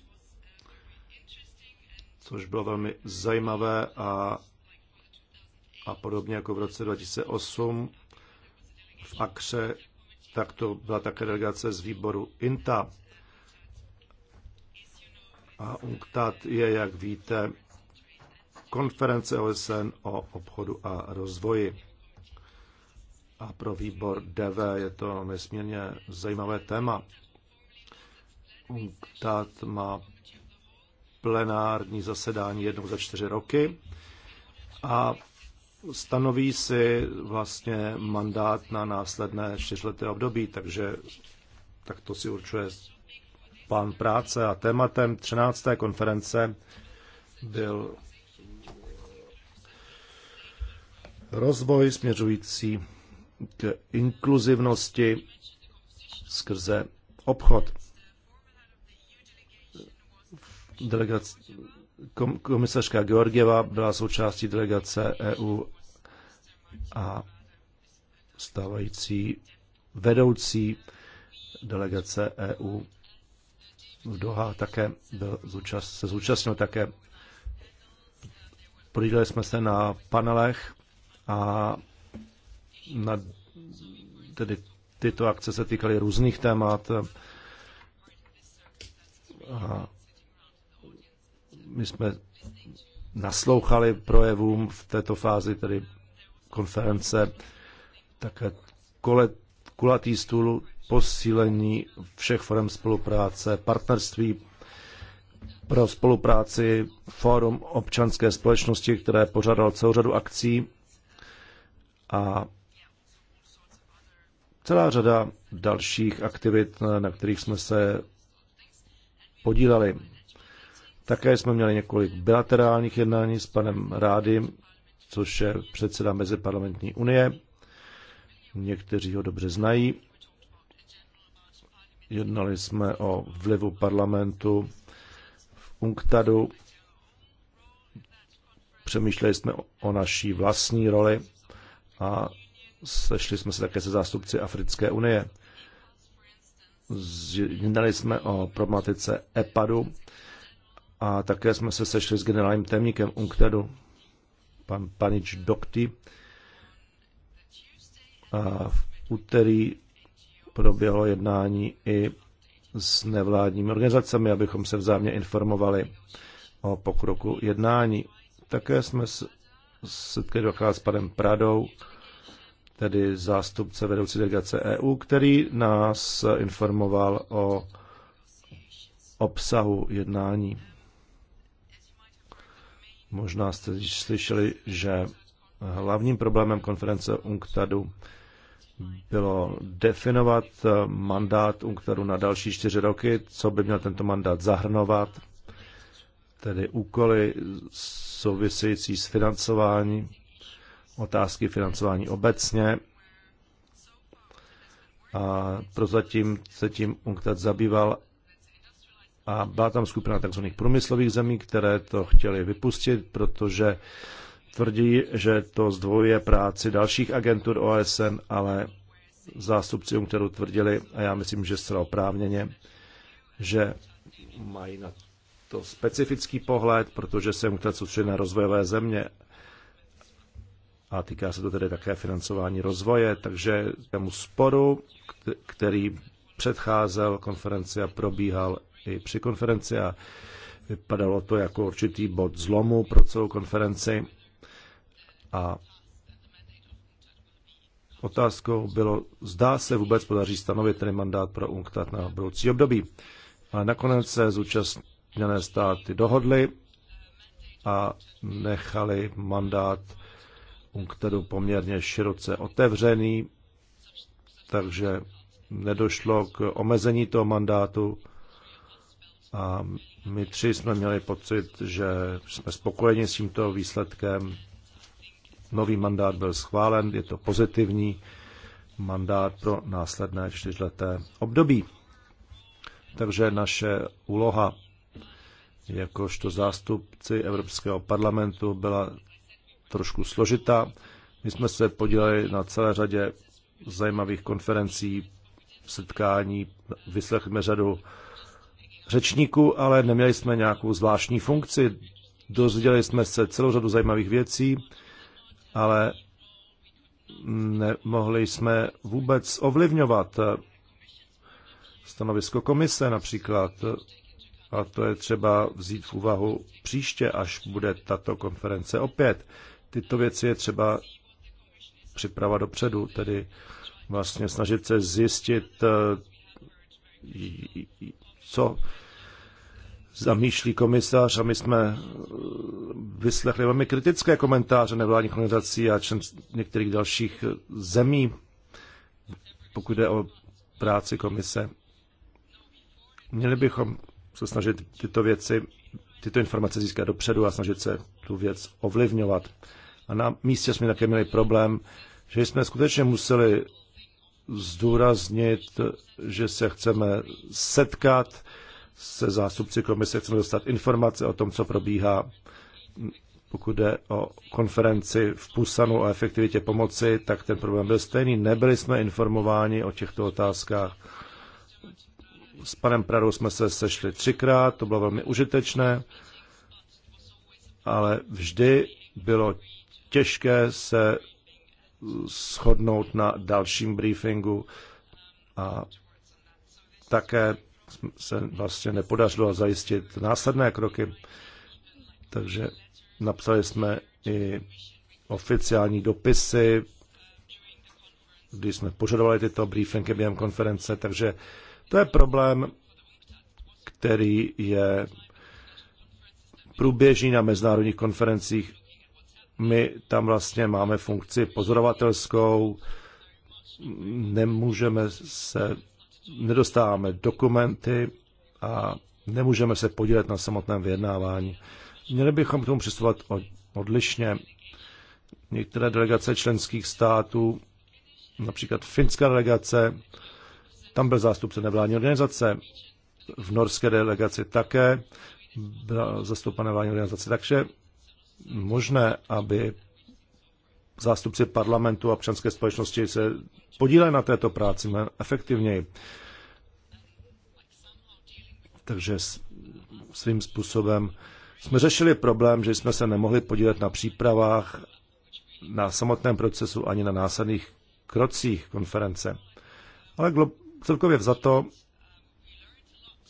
což bylo velmi zajímavé a, a podobně jako v roce 2008 v Akře, tak to byla také delegace z výboru INTA. A UNCTAD je, jak víte, konference OSN o obchodu a rozvoji. A pro výbor DV je to nesmírně zajímavé téma. UNCTAD má plenární zasedání jednou za čtyři roky a stanoví si vlastně mandát na následné čtyřleté období, takže tak to si určuje plán práce a tématem 13. konference byl rozvoj směřující k inkluzivnosti skrze obchod delegace, komisařka Georgieva byla součástí delegace EU a stávající vedoucí delegace EU v Doha také byl, zúčast, se zúčastnil také. Podíleli jsme se na panelech a na, tedy tyto akce se týkaly různých témat. A my jsme naslouchali projevům v této fázi, tedy konference, také kole, kulatý stůl, posílení všech forem spolupráce, partnerství pro spolupráci, fórum občanské společnosti, které pořádal celou řadu akcí a celá řada dalších aktivit, na kterých jsme se podíleli. Také jsme měli několik bilaterálních jednání s panem Rádym, což je předseda Meziparlamentní unie. Někteří ho dobře znají. Jednali jsme o vlivu parlamentu v UNCTADu. Přemýšleli jsme o naší vlastní roli a sešli jsme se také se zástupci Africké unie. Jednali jsme o problematice EPADu, a také jsme se sešli s generálním témníkem UNCTADu, pan Panič Dokty. A v úterý proběhlo jednání i s nevládními organizacemi, abychom se vzájemně informovali o pokroku jednání. Také jsme setkali dvakrát s panem Pradou, tedy zástupce vedoucí delegace EU, který nás informoval o obsahu jednání. Možná jste slyšeli, že hlavním problémem konference UNCTADu bylo definovat mandát UNCTADu na další čtyři roky, co by měl tento mandát zahrnovat, tedy úkoly související s financováním, otázky financování obecně. A prozatím se tím UNCTAD zabýval a byla tam skupina tzv. průmyslových zemí, které to chtěly vypustit, protože tvrdí, že to zdvojuje práci dalších agentur OSN, ale zástupcům, kterou tvrdili, a já myslím, že zcela oprávněně, že mají na to specifický pohled, protože se UNCTAD e soustředí na rozvojové země a týká se to tedy také financování rozvoje, takže tomu sporu, který předcházel konferenci a probíhal i při konferenci a vypadalo to jako určitý bod zlomu pro celou konferenci. A otázkou bylo, zdá se vůbec podaří stanovit ten mandát pro UNCTAD na budoucí období. A nakonec se zúčastněné státy dohodly a nechali mandát UNCTADu poměrně široce otevřený, takže nedošlo k omezení toho mandátu a my tři jsme měli pocit, že jsme spokojeni s tímto výsledkem. Nový mandát byl schválen, je to pozitivní mandát pro následné čtyřleté období. Takže naše úloha jakožto zástupci Evropského parlamentu byla trošku složitá. My jsme se podíleli na celé řadě zajímavých konferencí, setkání, vyslechli řadu řečníků, ale neměli jsme nějakou zvláštní funkci. Dozvěděli jsme se celou řadu zajímavých věcí, ale nemohli jsme vůbec ovlivňovat stanovisko komise například. A to je třeba vzít v úvahu příště, až bude tato konference opět. Tyto věci je třeba připravovat dopředu, tedy vlastně snažit se zjistit, co zamýšlí komisař a my jsme vyslechli velmi kritické komentáře nevládních organizací a člen některých dalších zemí, pokud jde o práci komise. Měli bychom se snažit tyto věci, tyto informace získat dopředu a snažit se tu věc ovlivňovat. A na místě jsme také měli problém, že jsme skutečně museli zdůraznit, že se chceme setkat se zástupci komise, chceme dostat informace o tom, co probíhá, pokud jde o konferenci v Pusanu o efektivitě pomoci, tak ten problém byl stejný. Nebyli jsme informováni o těchto otázkách. S panem Pradou jsme se sešli třikrát, to bylo velmi užitečné, ale vždy bylo těžké se shodnout na dalším briefingu a také se vlastně nepodařilo zajistit následné kroky. Takže napsali jsme i oficiální dopisy, když jsme požadovali tyto briefingy během konference, takže to je problém, který je průběžný na mezinárodních konferencích my tam vlastně máme funkci pozorovatelskou, nemůžeme se, nedostáváme dokumenty a nemůžeme se podílet na samotném vyjednávání. Měli bychom k tomu přistupovat odlišně. Některé delegace členských států, například finská delegace, tam byl zástupce nevládní organizace, v norské delegaci také byla zastoupena vládní organizace. Takže možné, aby zástupci parlamentu a občanské společnosti se podíleli na této práci efektivněji. Takže svým způsobem jsme řešili problém, že jsme se nemohli podílet na přípravách, na samotném procesu ani na následných krocích konference. Ale celkově vzato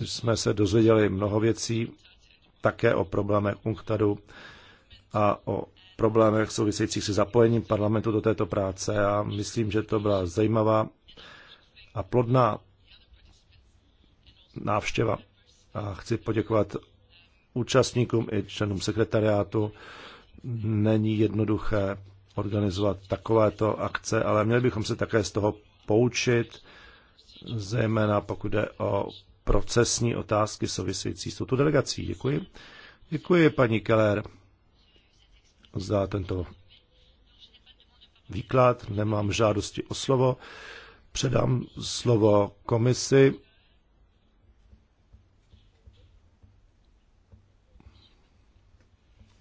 jsme se dozvěděli mnoho věcí, také o problémech UNCTADu a o problémech souvisejících se zapojením parlamentu do této práce a myslím, že to byla zajímavá a plodná návštěva. A chci poděkovat účastníkům i členům sekretariátu. Není jednoduché organizovat takovéto akce, ale měli bychom se také z toho poučit, zejména pokud jde o procesní otázky související s touto delegací. Děkuji. Děkuji, paní Keller za tento výklad. Nemám žádosti o slovo. Předám slovo komisi.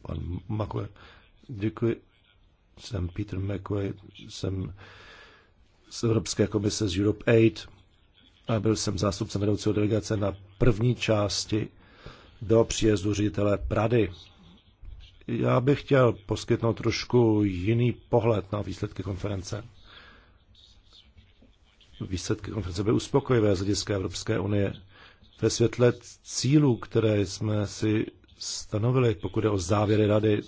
Pan Makové, děkuji. Jsem Peter McWay, jsem z Evropské komise z Europe Aid a byl jsem zástupcem vedoucího delegace na první části do příjezdu ředitele Prady já bych chtěl poskytnout trošku jiný pohled na výsledky konference. Výsledky konference byly uspokojivé z hlediska Evropské unie ve světle cílů, které jsme si stanovili, pokud je o závěry rady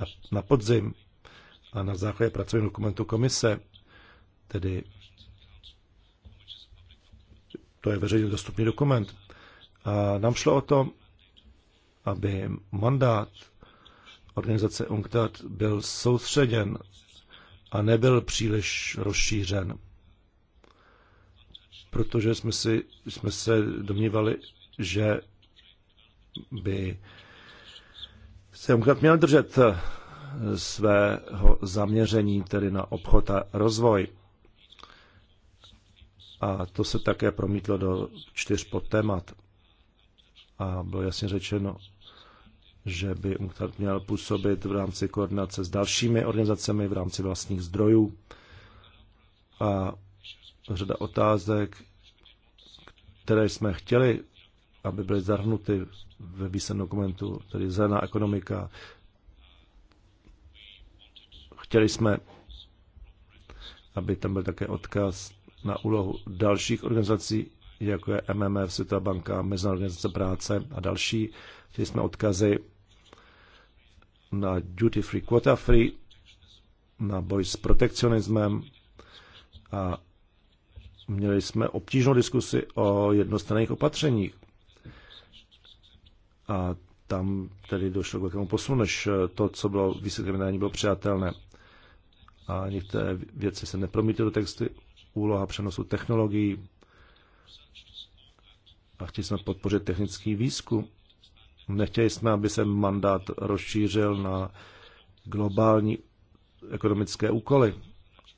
na, na podzim a na základě pracovního dokumentu komise, tedy to je veřejně dostupný dokument. A nám šlo o to, aby mandát organizace UNCTAD byl soustředěn a nebyl příliš rozšířen. Protože jsme, si, jsme se domnívali, že by se UNCTAD měl držet eh, svého zaměření, tedy na obchod a rozvoj. A to se také promítlo do čtyř podtémat. A bylo jasně řečeno, že by UNCTAD měl působit v rámci koordinace s dalšími organizacemi v rámci vlastních zdrojů. A řada otázek, které jsme chtěli, aby byly zahrnuty ve výsledném dokumentu, tedy zelená ekonomika. Chtěli jsme, aby tam byl také odkaz na úlohu dalších organizací, jako je MMF, Světová banka, Mezinárodní organizace práce a další. Chtěli jsme odkazy na duty free, quota free, na boj s protekcionismem a měli jsme obtížnou diskusi o jednostranných opatřeních. A tam tedy došlo k velkému posunu, než eh, to, co bylo výsledkem jednání, bylo přijatelné. A některé věci se nepromítly do texty, úloha přenosu technologií a chtěli jsme podpořit technický výzkum Nechtěli jsme, aby se mandát rozšířil na globální ekonomické úkoly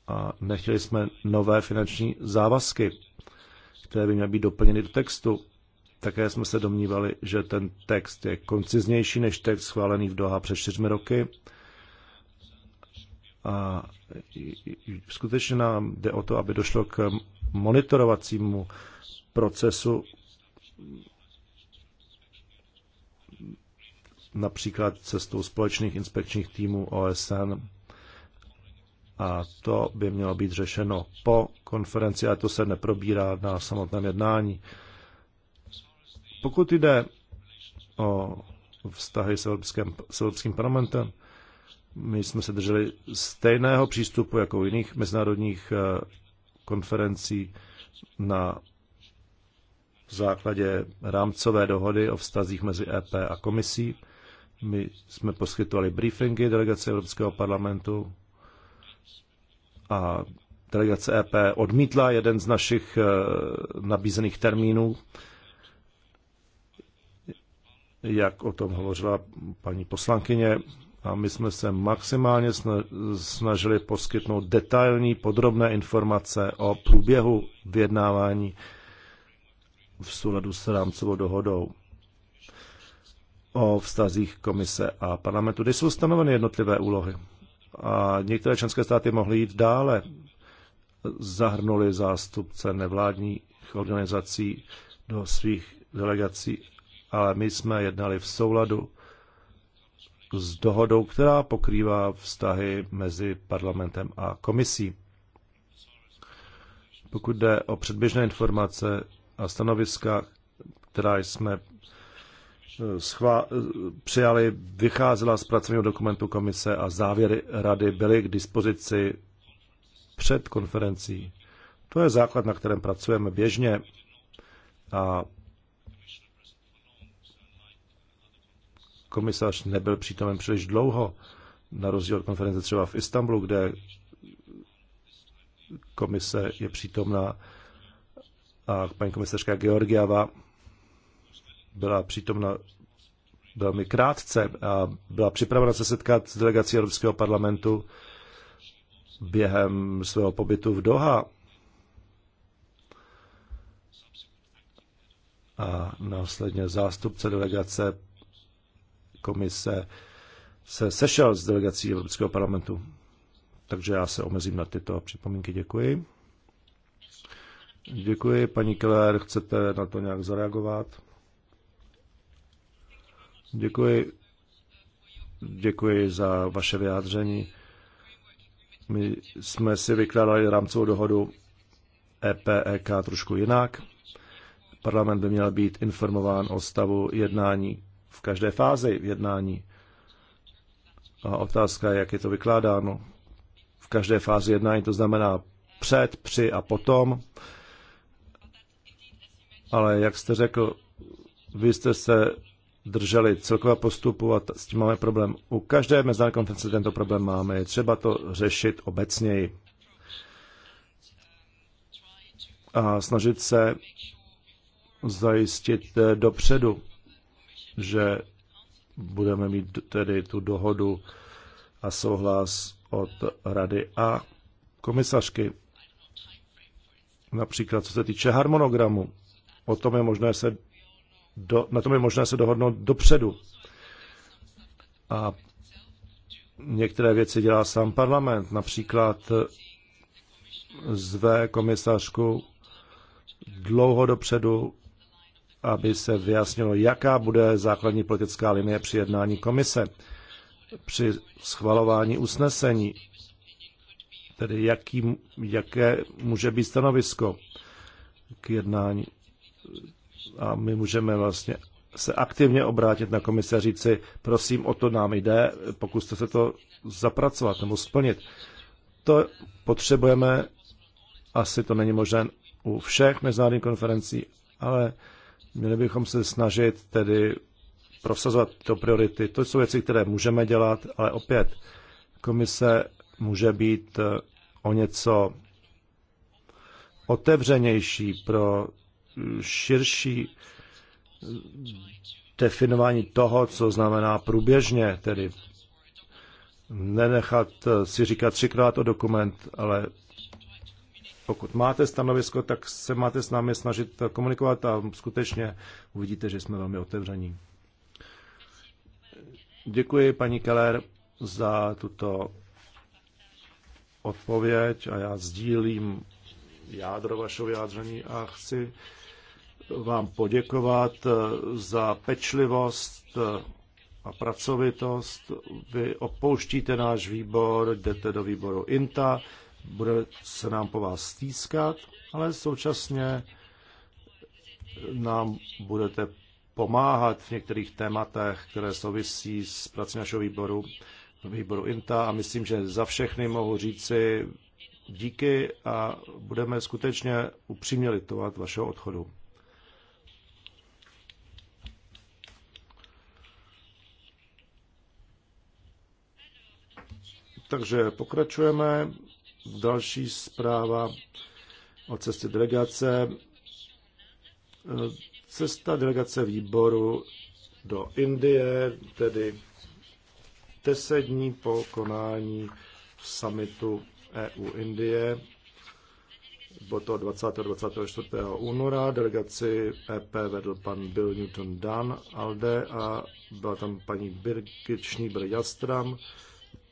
a nechtěli jsme nové finanční závazky, které by měly být doplněny do textu. Také jsme se domnívali, že ten text je konciznější než text schválený v Doha před čtyřmi roky. A skutečně nám jde o to, aby došlo k monitorovacímu procesu například cestou společných inspekčních týmů OSN. A to by mělo být řešeno po konferenci, ale to se neprobírá na samotném jednání. Pokud jde o vztahy s Evropským, s Evropským parlamentem, my jsme se drželi stejného přístupu jako u jiných mezinárodních eh, konferencí na základě rámcové dohody o vztazích mezi EP a komisí. My jsme poskytovali briefingy delegace Evropského parlamentu a delegace EP odmítla jeden z našich eh, nabízených termínů, jak o tom hovořila paní poslankyně. A my jsme se maximálně snažili poskytnout detailní, podrobné informace o průběhu vyjednávání v souladu s rámcovou dohodou o vztazích komise a parlamentu, kde jsou stanoveny jednotlivé úlohy. A některé členské státy mohly jít dále. Zahrnuli zástupce nevládních organizací do svých delegací, ale my jsme jednali v souladu s dohodou, která pokrývá vztahy mezi parlamentem a komisí. Pokud jde o předběžné informace a stanoviska, která jsme schvá- přijali, vycházela z pracovního dokumentu komise a závěry rady byly k dispozici před konferencí. To je základ, na kterém pracujeme běžně a komisař nebyl přítomen příliš dlouho, na rozdíl od konference třeba v Istanbulu, kde komise je přítomná a paní komisařka Georgiava byla přítomna velmi krátce a byla připravena se setkat s delegací Evropského parlamentu během svého pobytu v Doha. A následně zástupce delegace komise se sešel s delegací Evropského parlamentu. Takže já se omezím na tyto připomínky. Děkuji. Děkuji. Paní Keller, chcete na to nějak zareagovat? Děkuji. Děkuji za vaše vyjádření. My jsme si vykládali rámcovou dohodu EPEK trošku jinak. Parlament by měl být informován o stavu jednání v každé fázi jednání. A otázka je, jak je to vykládáno. V každé fázi jednání to znamená před, při a potom. Ale jak jste řekl, vy jste se drželi celkově postupovat, s tím máme problém. U každé mezinárodní konference tento problém máme, je třeba to řešit obecněji. A snažit se zajistit eh, dopředu, že budeme mít tedy tu dohodu a souhlas od rady a komisařky. Například co se týče harmonogramu. O tom je možné se do, na tom je možné se dohodnout dopředu. A některé věci dělá sám parlament, například zve komisařku dlouho dopředu, aby se vyjasnilo, jaká bude základní politická linie při jednání komise, při schvalování usnesení, tedy jaký, jaké může být stanovisko k jednání a my můžeme vlastně se aktivně obrátit na komise a si, prosím, o to nám jde, pokuste se to zapracovat nebo splnit. To potřebujeme, asi to není možné u všech mezinárodních konferencí, ale měli bychom se snažit tedy prosazovat to priority. To jsou věci, které můžeme dělat, ale opět komise může být eh, o něco otevřenější pro širší definování toho, co znamená průběžně, tedy nenechat si říkat třikrát o dokument, ale pokud máte stanovisko, tak se máte s námi snažit komunikovat a skutečně uvidíte, že jsme velmi otevření. Děkuji paní Keller za tuto odpověď a já sdílím jádro vašeho vyjádření a chci vám poděkovat eh, za pečlivost eh, a pracovitost. Vy opouštíte náš výbor, jdete do výboru INTA, bude se nám po vás stýskat, ale současně nám budete pomáhat v některých tématech, které souvisí s prací našeho výboru, výboru INTA a myslím, že za všechny mohu říci díky a budeme skutečně upřímně litovat vašeho odchodu. Takže pokračujeme. Další zpráva o cestě delegace. Cesta delegace výboru do Indie, tedy 10 dní po konání summitu EU-Indie. Bylo to 20. 24. února. Delegaci EP vedl pan Bill Newton Dunn, Alde, a byla tam paní Birgit Schnieber-Jastram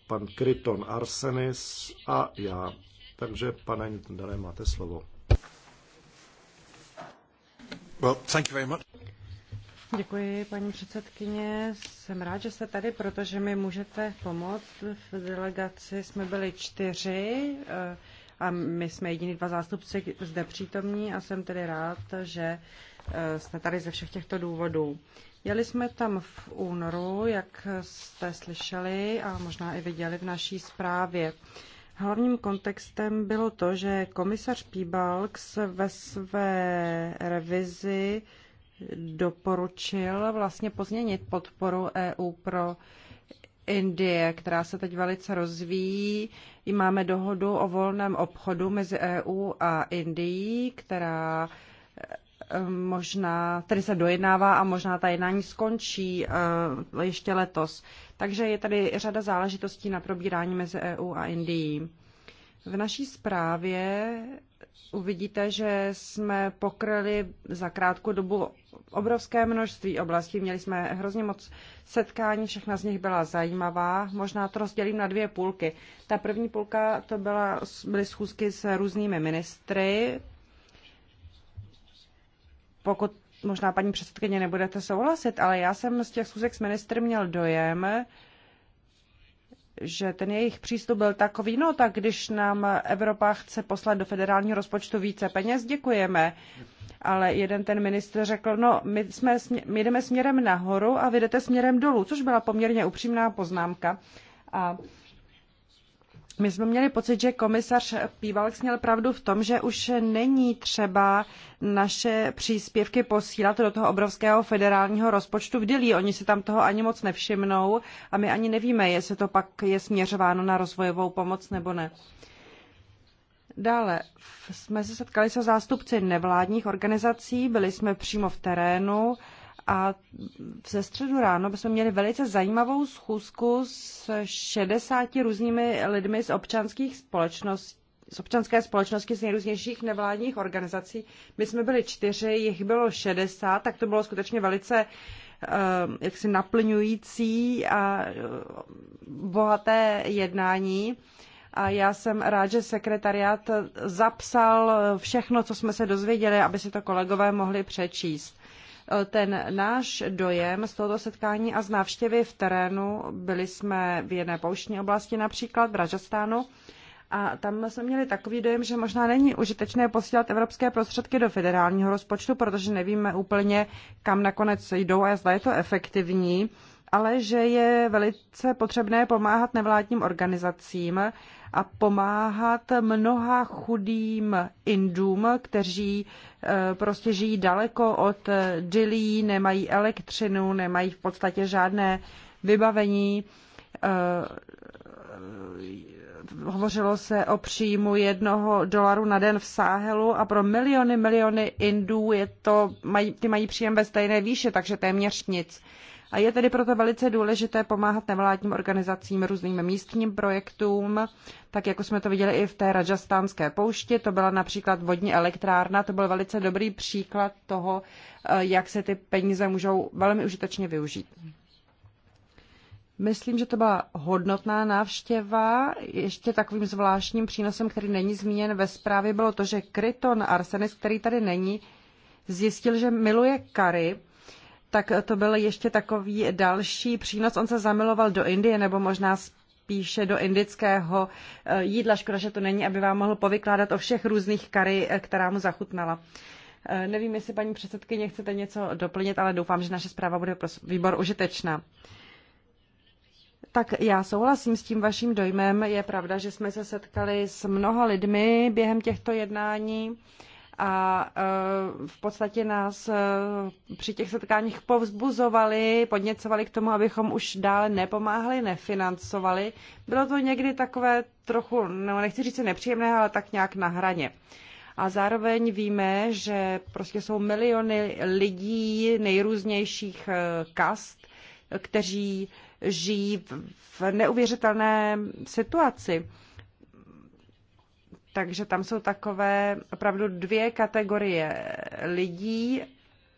pan Kryton Arsenis a já. Takže, pane Nitendale, máte slovo. Well, thank you very much. Děkuji, paní předsedkyně. Jsem rád, že jste tady, protože mi můžete pomoct. V delegaci jsme byli čtyři eh, a my jsme jediní dva zástupci zde přítomní a jsem tedy rád, že eh, jste tady ze všech těchto důvodů. Jeli jsme tam v únoru, jak jste slyšeli a možná i viděli v naší zprávě. Hlavním kontextem bylo to, že komisař Píbalks ve své revizi doporučil vlastně pozměnit podporu EU pro Indie, která se teď velice rozvíjí. I máme dohodu o volném obchodu mezi EU a Indií, která možná, tedy se dojednává a možná ta jednání skončí eh, ještě letos. Takže je tady řada záležitostí na probírání mezi EU a Indií. V naší zprávě uvidíte, že jsme pokryli za krátkou dobu obrovské množství oblastí. Měli jsme hrozně moc setkání, všechna z nich byla zajímavá. Možná to rozdělím na dvě půlky. Ta první půlka to byla, byly schůzky s různými ministry pokud možná paní předsedkyně nebudete souhlasit, ale já jsem z těch schůzek s ministrem měl dojem, že ten jejich přístup byl takový, no tak když nám Evropa chce poslat do federálního rozpočtu více peněz, děkujeme. Ale jeden ten ministr řekl, no my, jsme, my jdeme směrem nahoru a vy jdete směrem dolů, což byla poměrně upřímná poznámka. A my jsme měli pocit, že komisař Pívalx měl pravdu v tom, že už není třeba naše příspěvky posílat do toho obrovského federálního rozpočtu v Dilí. Oni si tam toho ani moc nevšimnou a my ani nevíme, jestli to pak je směřováno na rozvojovou pomoc nebo ne. Dále jsme se setkali se zástupci nevládních organizací, byli jsme přímo v terénu a ze středu ráno bychom měli velice zajímavou schůzku s 60 různými lidmi z občanských společností z občanské společnosti z nejrůznějších nevládních organizací. My jsme byli čtyři, jich bylo 60, tak to bylo skutečně velice eh, jaksi naplňující a eh, bohaté jednání. A já jsem rád, že sekretariát zapsal všechno, co jsme se dozvěděli, aby si to kolegové mohli přečíst. Eh, ten náš dojem z tohoto setkání a z návštěvy v terénu, byli jsme v jedné pouštní oblasti například v Rajastánu, a tam jsme měli takový dojem, že možná není užitečné posílat evropské prostředky do federálního rozpočtu, protože nevíme úplně, kam nakonec jdou a zda je to efektivní, ale že je velice potřebné pomáhat nevládním organizacím, a pomáhat mnoha chudým Indům, kteří eh, prostě žijí daleko od Dili, nemají elektřinu, nemají v podstatě žádné vybavení. Eh, hovořilo se o příjmu jednoho dolaru na den v Sáhelu a pro miliony, miliony Indů je to, mají, ty mají příjem ve stejné výše, takže téměř nic. A je tedy proto velice důležité pomáhat nevládním organizacím, různým místním projektům, tak jako jsme to viděli i v té rajastánské poušti. To byla například vodní elektrárna, to byl velice dobrý příklad toho, eh, jak se ty peníze můžou velmi užitečně využít. Myslím, že to byla hodnotná návštěva. Ještě takovým zvláštním přínosem, který není zmíněn ve zprávě, bylo to, že Kryton Arsenis, který tady není, zjistil, že miluje kary tak to byl ještě takový další přínos. On se zamiloval do Indie nebo možná spíše do indického eh, jídla. Škoda, že to není, aby vám mohl povykládat o všech různých kary, eh, která mu zachutnala. Eh, nevím, jestli paní předsedkyně chcete něco doplnit, ale doufám, že naše zpráva bude pro výbor užitečná. Tak já souhlasím s tím vaším dojmem. Je pravda, že jsme se setkali s mnoha lidmi během těchto jednání a e, v podstatě nás e, při těch setkáních povzbuzovali, podněcovali k tomu, abychom už dále nepomáhali, nefinancovali. Bylo to někdy takové trochu, no nechci říct nepříjemné, ale tak nějak na hraně. A zároveň víme, že prostě jsou miliony lidí nejrůznějších e, kast, kteří žijí v neuvěřitelné situaci takže tam jsou takové opravdu dvě kategorie lidí.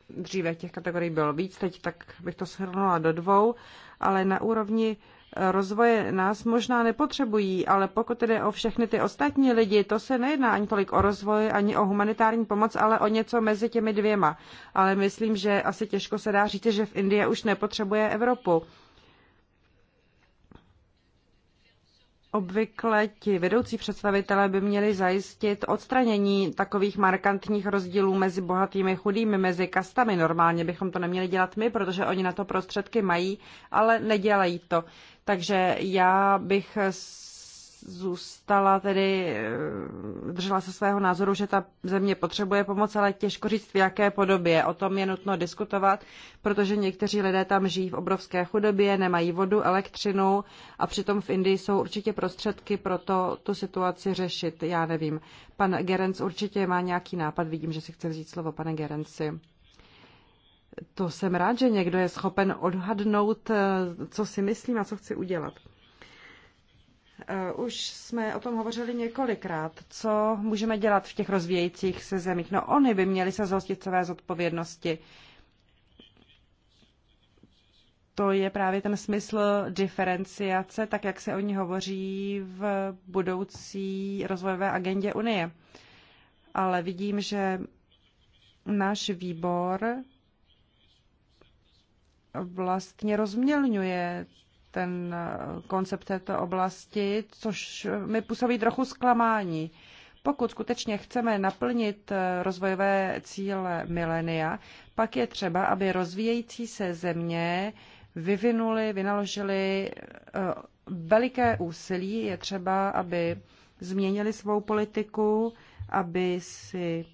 Dříve těch kategorií bylo víc, teď tak bych to shrnula do dvou, ale na úrovni eh, rozvoje nás možná nepotřebují, ale pokud jde o všechny ty ostatní lidi, to se nejedná ani tolik o rozvoj, ani o humanitární pomoc, ale o něco mezi těmi dvěma. Ale myslím, že asi těžko se dá říct, že v Indii už nepotřebuje Evropu. Obvykle ti vedoucí představitelé by měli zajistit odstranění takových markantních rozdílů mezi bohatými chudými, mezi kastami. Normálně bychom to neměli dělat my, protože oni na to prostředky mají, ale nedělají to. Takže já bych zůstala tedy, eh, držela se svého názoru, že ta země potřebuje pomoc, ale těžko říct v jaké podobě. O tom je nutno diskutovat, protože někteří lidé tam žijí v obrovské chudobě, nemají vodu, elektřinu a přitom v Indii jsou určitě prostředky pro to tu situaci řešit. Já nevím. Pan Gerenc určitě má nějaký nápad, vidím, že si chce vzít slovo, pane Gerenci. To jsem rád, že někdo je schopen odhadnout, eh, co si myslím a co chci udělat. Eh, už jsme o tom hovořili několikrát, co můžeme dělat v těch rozvíjejících se zemích. No oni by měli se zhostit své zodpovědnosti. To je právě ten smysl diferenciace, tak jak se o ní hovoří v budoucí rozvojové agendě Unie. Ale vidím, že náš výbor vlastně rozmělňuje ten eh, koncept této oblasti, což eh, mi působí trochu zklamání. Pokud skutečně chceme naplnit eh, rozvojové cíle milenia, pak je třeba, aby rozvíjející se země vyvinuli, vynaložili veliké úsilí. Je třeba, aby změnili svou politiku, aby si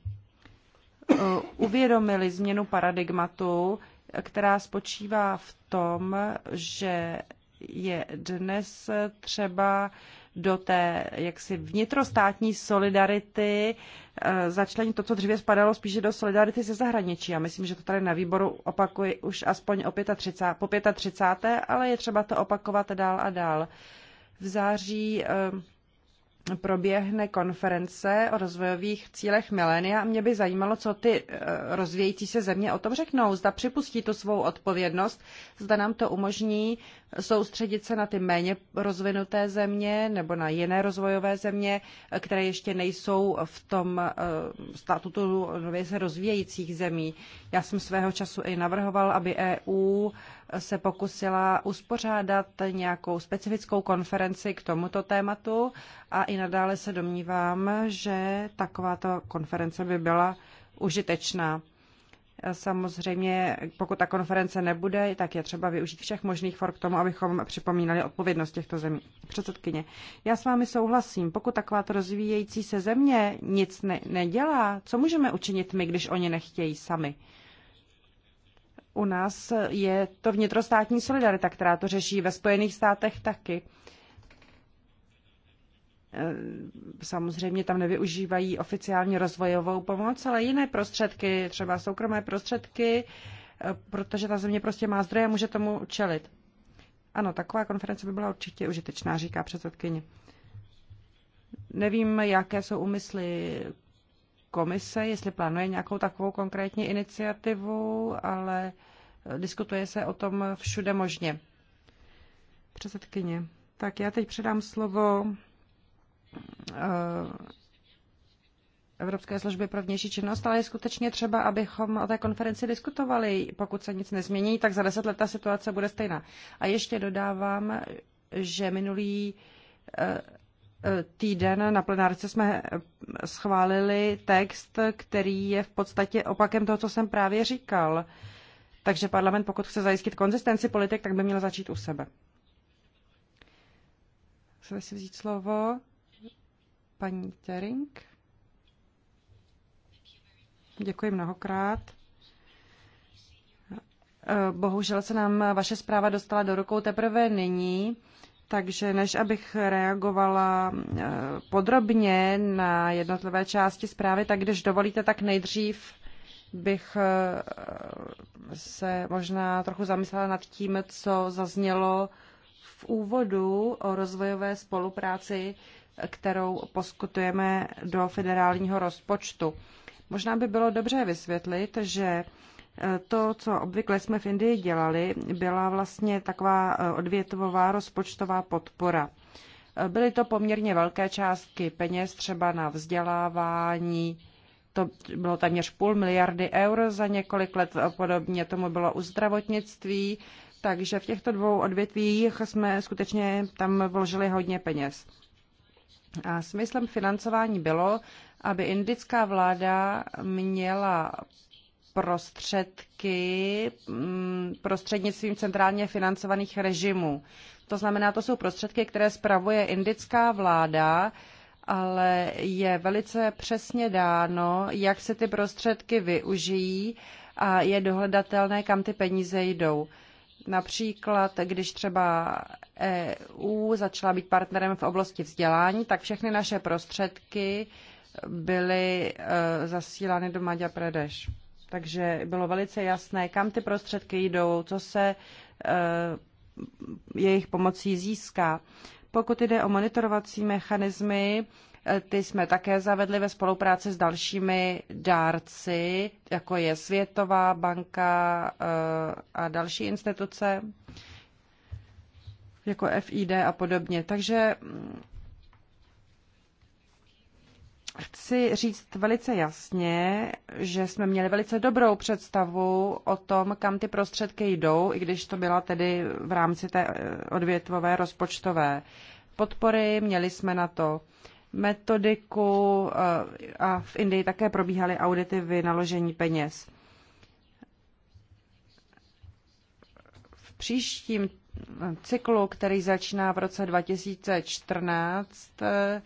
uvědomili změnu paradigmatu, která spočívá v tom, že je dnes třeba do té jaksi vnitrostátní solidarity eh, začlenit to, co dříve spadalo spíše do solidarity se zahraničí. Já myslím, že to tady na výboru opakuji už aspoň o 35, po 35, ale je třeba to opakovat dál a dál. V září eh, proběhne konference o rozvojových cílech milénia a mě by zajímalo, co ty eh, rozvějící se země o tom řeknou. Zda připustí tu svou odpovědnost, zda nám to umožní soustředit se na ty méně rozvinuté země nebo na jiné rozvojové země, které ještě nejsou v tom eh, statutu nově se rozvíjejících zemí. Já jsem svého času i navrhoval, aby EU se pokusila uspořádat nějakou specifickou konferenci k tomuto tématu a i nadále se domnívám, že takováto konference by byla užitečná. Samozřejmě, pokud ta konference nebude, tak je třeba využít všech možných for k tomu, abychom připomínali odpovědnost těchto zemí. Předsedkyně, já s vámi souhlasím. Pokud takováto rozvíjející se země nic ne- nedělá, co můžeme učinit my, když oni nechtějí sami? U nás je to vnitrostátní solidarita, která to řeší ve Spojených státech taky. Eh, samozřejmě tam nevyužívají oficiální rozvojovou pomoc, ale jiné prostředky, třeba soukromé prostředky, eh, protože ta země prostě má zdroje a může tomu čelit. Ano, taková konference by byla určitě užitečná, říká předsedkyně. Nevím, jaké jsou úmysly komise, jestli plánuje nějakou takovou konkrétní iniciativu, ale eh, diskutuje se o tom všude možně. Předsedkyně, tak já teď předám slovo Eh, Evropské služby pro vnější činnost, ale je skutečně třeba, abychom o té konferenci diskutovali. Pokud se nic nezmění, tak za deset let ta situace bude stejná. A ještě dodávám, že minulý eh, eh, týden na plenárce jsme schválili text, který je v podstatě opakem toho, co jsem právě říkal. Takže parlament, pokud chce zajistit konzistenci politik, tak by měl začít u sebe. Chcete si vzít slovo? Paní Tering. Děkuji mnohokrát. Bohužel se nám vaše zpráva dostala do rukou teprve nyní, takže než abych reagovala eh, podrobně na jednotlivé části zprávy, tak když dovolíte, tak nejdřív bych eh, se možná trochu zamyslela nad tím, co zaznělo v úvodu o rozvojové spolupráci kterou poskutujeme do federálního rozpočtu. Možná by bylo dobře vysvětlit, že e, to, co obvykle jsme v Indii dělali, byla vlastně taková e, odvětvová rozpočtová podpora. E, byly to poměrně velké částky peněz třeba na vzdělávání, to bylo téměř půl miliardy eur za několik let, podobně tomu bylo u zdravotnictví, takže v těchto dvou odvětvích jsme skutečně tam vložili hodně peněz. A smyslem financování bylo, aby indická vláda měla prostředky mm, prostřednictvím centrálně financovaných režimů. To znamená, to jsou prostředky, které spravuje indická vláda, ale je velice přesně dáno, jak se ty prostředky využijí a je dohledatelné, kam ty peníze jdou. Například, když třeba EU začala být partnerem v oblasti vzdělání, tak všechny naše prostředky byly eh, zasílány do Maďa Predeš. Takže bylo velice jasné, kam ty prostředky jdou, co se eh, jejich pomocí získá. Pokud jde o monitorovací mechanismy, ty jsme také zavedli ve spolupráci s dalšími dárci, jako je Světová banka eh, a další instituce, jako FID a podobně. Takže mm, chci říct velice jasně, že jsme měli velice dobrou představu o tom, kam ty prostředky jdou, i když to byla tedy v rámci té eh, odvětvové rozpočtové podpory. Měli jsme na to metodiku eh, a v Indii také probíhaly audity vynaložení peněz. V příštím cyklu, který začíná v roce 2014, eh,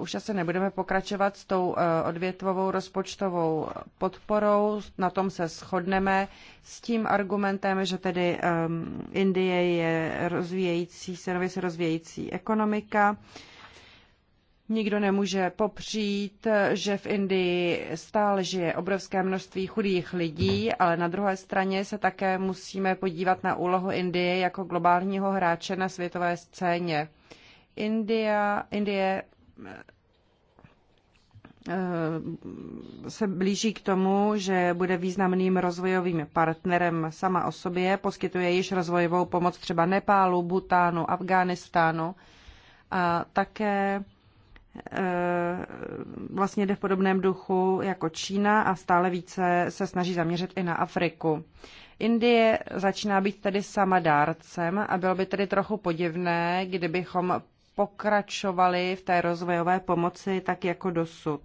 už asi nebudeme pokračovat s tou eh, odvětvovou rozpočtovou podporou, na tom se shodneme s tím argumentem, že tedy Indie je rozvíjející, se se rozvíjející ekonomika Nikdo nemůže popřít, že v Indii stále žije obrovské množství chudých lidí, ale na druhé straně se také musíme podívat na úlohu Indie jako globálního hráče na světové scéně. India, Indie eh, se blíží k tomu, že bude významným rozvojovým partnerem sama o sobě, poskytuje již rozvojovou pomoc třeba Nepálu, Butánu, Afghánistánu a také Eh, vlastně jde v podobném duchu jako Čína a stále více se snaží zaměřit i na Afriku. Indie začíná být tedy sama dárcem a bylo by tedy trochu podivné, kdybychom pokračovali v té rozvojové pomoci tak jako dosud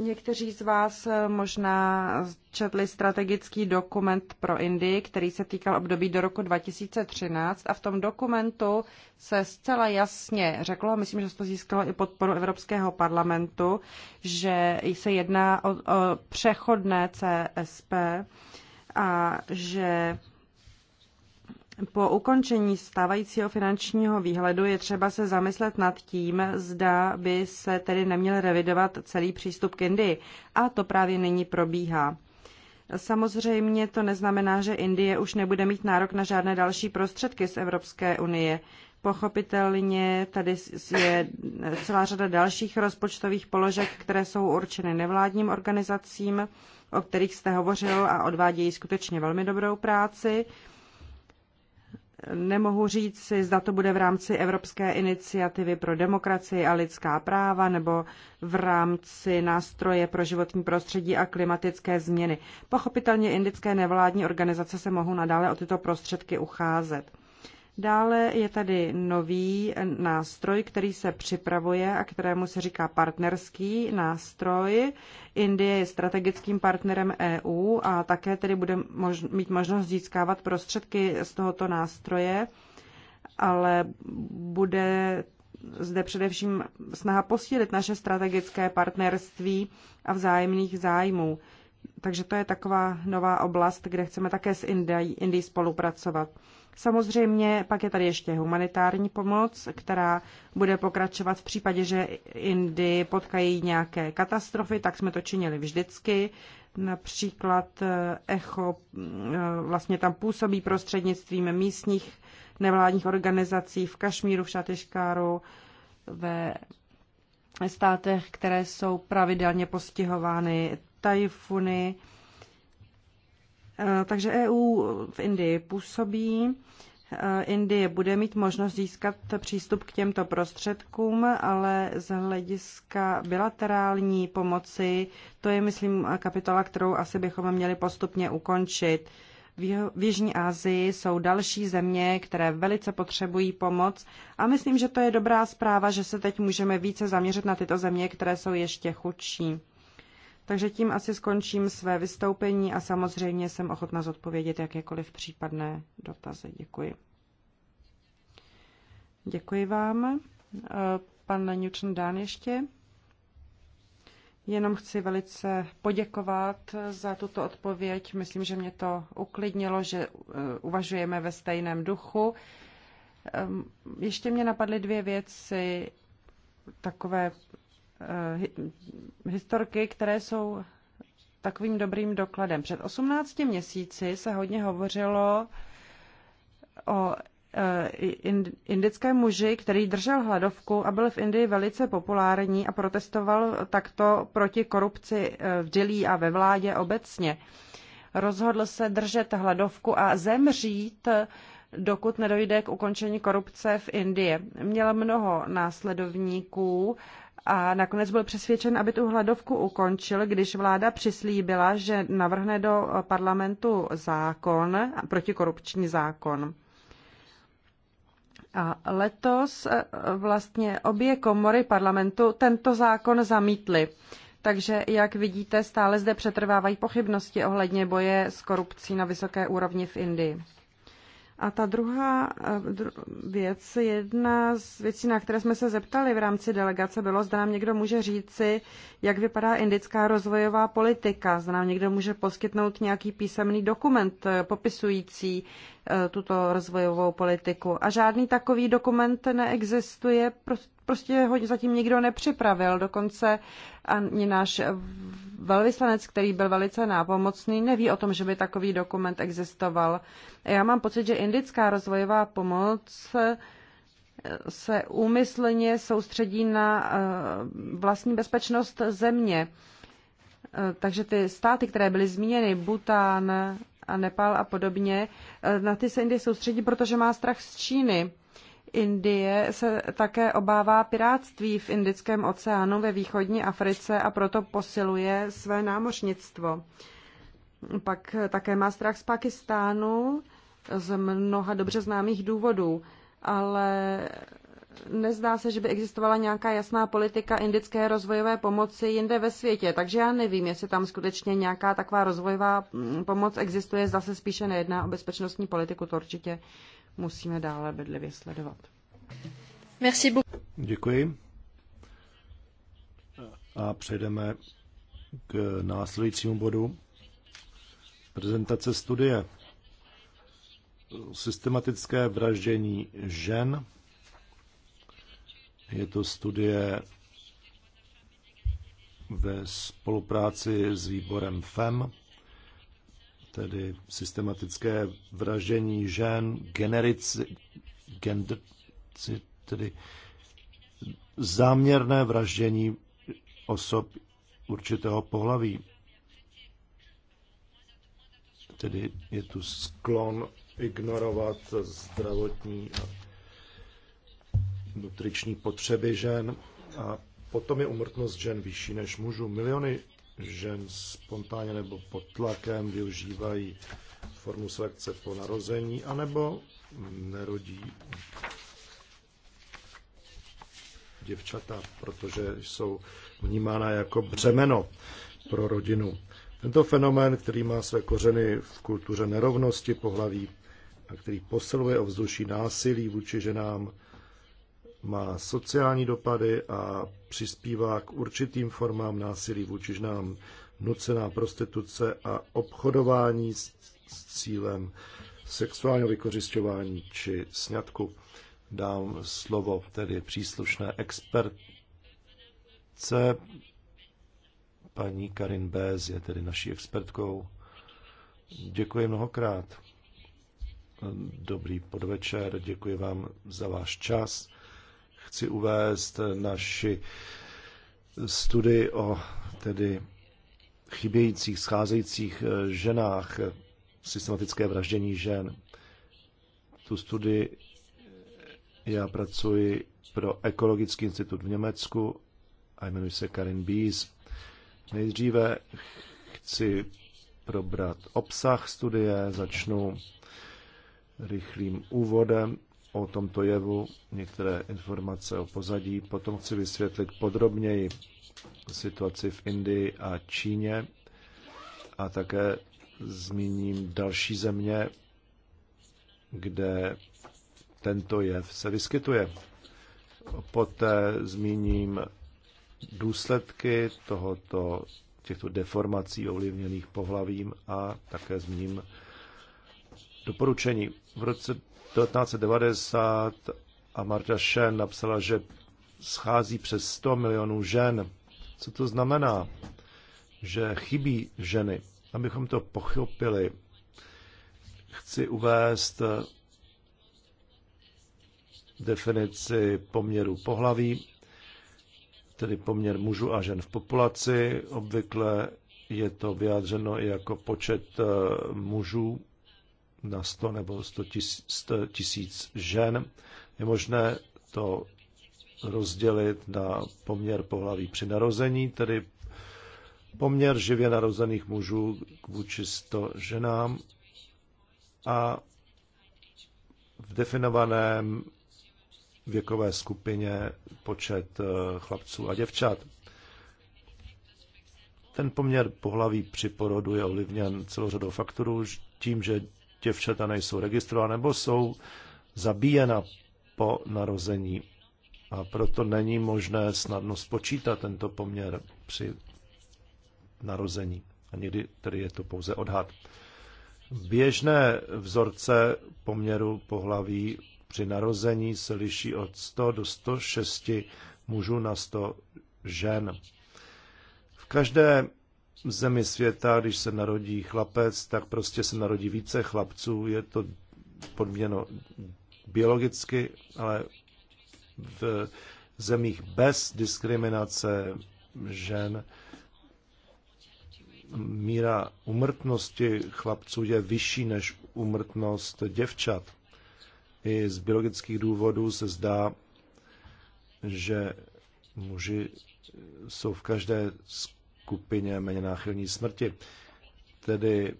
Někteří z vás eh, možná četli strategický dokument pro Indii, který se týkal období do roku 2013 a v tom dokumentu se zcela jasně řeklo, a myslím, že to získalo i podporu Evropského parlamentu, že se jedná o, o přechodné CSP a že po ukončení stávajícího finančního výhledu je třeba se zamyslet nad tím, zda by se tedy neměl revidovat celý přístup k Indii. A to právě nyní probíhá. Samozřejmě to neznamená, že Indie už nebude mít nárok na žádné další prostředky z Evropské unie. Pochopitelně tady je celá řada dalších rozpočtových položek, které jsou určeny nevládním organizacím, o kterých jste hovořil a odvádějí skutečně velmi dobrou práci. Nemohu říct si, zda to bude v rámci Evropské iniciativy pro demokracii a lidská práva nebo v rámci nástroje pro životní prostředí a klimatické změny. Pochopitelně indické nevládní organizace se mohou nadále o tyto prostředky ucházet. Dále je tady nový nástroj, který se připravuje a kterému se říká partnerský nástroj. Indie je strategickým partnerem EU a také tedy bude mož- mít možnost získávat prostředky z tohoto nástroje, ale bude zde především snaha posílit naše strategické partnerství a vzájemných zájmů. Takže to je taková nová oblast, kde chceme také s Indií, Indií spolupracovat. Samozřejmě pak je tady ještě humanitární pomoc, která bude pokračovat v případě, že Indy potkají nějaké katastrofy, tak jsme to činili vždycky. Například eh, ECHO mm, eh, vlastně tam působí prostřednictvím místních nevládních organizací v Kašmíru, v Šatyškáru, ve státech, které jsou pravidelně postihovány tajfuny. Eh, takže EU v Indii působí. Eh, Indie bude mít možnost získat přístup k těmto prostředkům, ale z hlediska bilaterální pomoci, to je, myslím, kapitola, kterou asi bychom měli postupně ukončit. V Jižní Asii jsou další země, které velice potřebují pomoc a myslím, že to je dobrá zpráva, že se teď můžeme více zaměřit na tyto země, které jsou ještě chudší. Takže tím asi skončím své vystoupení a samozřejmě jsem ochotna zodpovědět jakékoliv případné dotazy. Děkuji. Děkuji vám. E, pan Newton Dán ještě. Jenom chci velice poděkovat za tuto odpověď. Myslím, že mě to uklidnilo, že e, uvažujeme ve stejném duchu. E, ještě mě napadly dvě věci, takové Eh, historky, které jsou takovým dobrým dokladem. Před 18 měsíci se hodně hovořilo o eh, indickém muži, který držel hladovku a byl v Indii velice populární a protestoval takto proti korupci eh, v dělí a ve vládě obecně. Rozhodl se držet hladovku a zemřít, dokud nedojde k ukončení korupce v Indii. Měl mnoho následovníků, a nakonec byl přesvědčen, aby tu hladovku ukončil, když vláda přislíbila, že navrhne do parlamentu zákon, protikorupční zákon. A letos eh, vlastně obě komory parlamentu tento zákon zamítly. Takže, jak vidíte, stále zde přetrvávají pochybnosti ohledně boje s korupcí na vysoké úrovni v Indii. A ta druhá eh, věc, jedna z věcí, na které jsme se zeptali v rámci delegace, bylo, zda nám někdo může říci, jak vypadá indická rozvojová politika. Zda nám někdo může poskytnout nějaký písemný dokument eh, popisující, Eh, tuto rozvojovou politiku. A žádný takový dokument neexistuje, prostě ho zatím nikdo nepřipravil. Dokonce ani náš velvyslanec, který byl velice nápomocný, neví o tom, že by takový dokument existoval. Já mám pocit, že indická rozvojová pomoc eh, se úmyslně soustředí na eh, vlastní bezpečnost země. Takže ty státy, které byly zmíněny, Bután, a Nepal a podobně, eh, na ty se Indie soustředí, protože má strach z Číny. Indie se také obává pirátství v Indickém oceánu ve východní Africe a proto posiluje své námořnictvo. Pak eh, také má strach z Pakistánu z mnoha dobře známých důvodů, ale nezdá se, že by existovala nějaká jasná politika indické rozvojové pomoci jinde ve světě, takže já nevím, jestli tam skutečně nějaká taková rozvojová mm, pomoc existuje, zase spíše nejedná o bezpečnostní politiku, to určitě musíme dále bedlivě sledovat. Merci beaucoup. Děkuji. A přejdeme k následujícímu bodu. Prezentace studie systematické vraždění žen je to studie ve spolupráci s výborem FEM, tedy systematické vražení žen, generici, genderci, tedy záměrné vraždění osob určitého pohlaví. Tedy je tu sklon ignorovat zdravotní a nutriční potřeby žen a potom je umrtnost žen vyšší než mužů. Miliony žen spontánně nebo pod tlakem využívají formu selekce po narození anebo nerodí děvčata, protože jsou vnímána jako břemeno pro rodinu. Tento fenomén, který má své kořeny v kultuře nerovnosti pohlaví a který posiluje ovzduší násilí vůči ženám, má sociální dopady a přispívá k určitým formám násilí vůči ženám, nucená prostituce a obchodování s, s cílem sexuálního vykořišťování či sňatku. Dám slovo tedy příslušné expertce. Paní Karin Béz je tedy naší expertkou. Děkuji mnohokrát. Dobrý podvečer, děkuji vám za váš čas chci uvést naši studii o tedy chybějících, scházejících eh, ženách, eh, systematické vraždění žen. Tu studii eh, já pracuji pro Ekologický institut v Německu a jmenuji se Karin Bies. Nejdříve chci probrat obsah studie, začnu rychlým úvodem o tomto jevu, některé informace o pozadí. Potom chci vysvětlit podrobněji situaci v Indii a Číně a také zmíním další země, kde tento jev se vyskytuje. Poté zmíním důsledky tohoto, těchto deformací ovlivněných pohlavím a také zmíním doporučení. V roce 1990 a Marta Shen napsala, že schází přes 100 milionů žen. Co to znamená? Že chybí ženy. Abychom to pochopili, chci uvést definici poměru pohlaví, tedy poměr mužů a žen v populaci. Obvykle je to vyjádřeno i jako počet eh, mužů na 100 nebo 100 tisíc žen. Je možné to rozdělit na poměr pohlaví při narození, tedy poměr živě narozených mužů vůči 100 ženám a v definovaném věkové skupině počet eh, chlapců a děvčat. Ten poměr pohlaví při porodu je ovlivněn celou řadou faktorů, tím, že děvčata nejsou registrována nebo jsou zabíjena po narození. A proto není možné snadno spočítat tento poměr při narození. A někdy tedy je to pouze odhad. Běžné vzorce poměru pohlaví při narození se liší od 100 do 106 mužů na 100 žen. V každé zemi světa, když se narodí chlapec, tak prostě se narodí více chlapců. Je to podměno biologicky, ale v zemích bez diskriminace žen míra umrtnosti chlapců je vyšší než umrtnost děvčat. I z biologických důvodů se zdá, že muži jsou v každé skupině skupině méně náchylní smrti. Tedy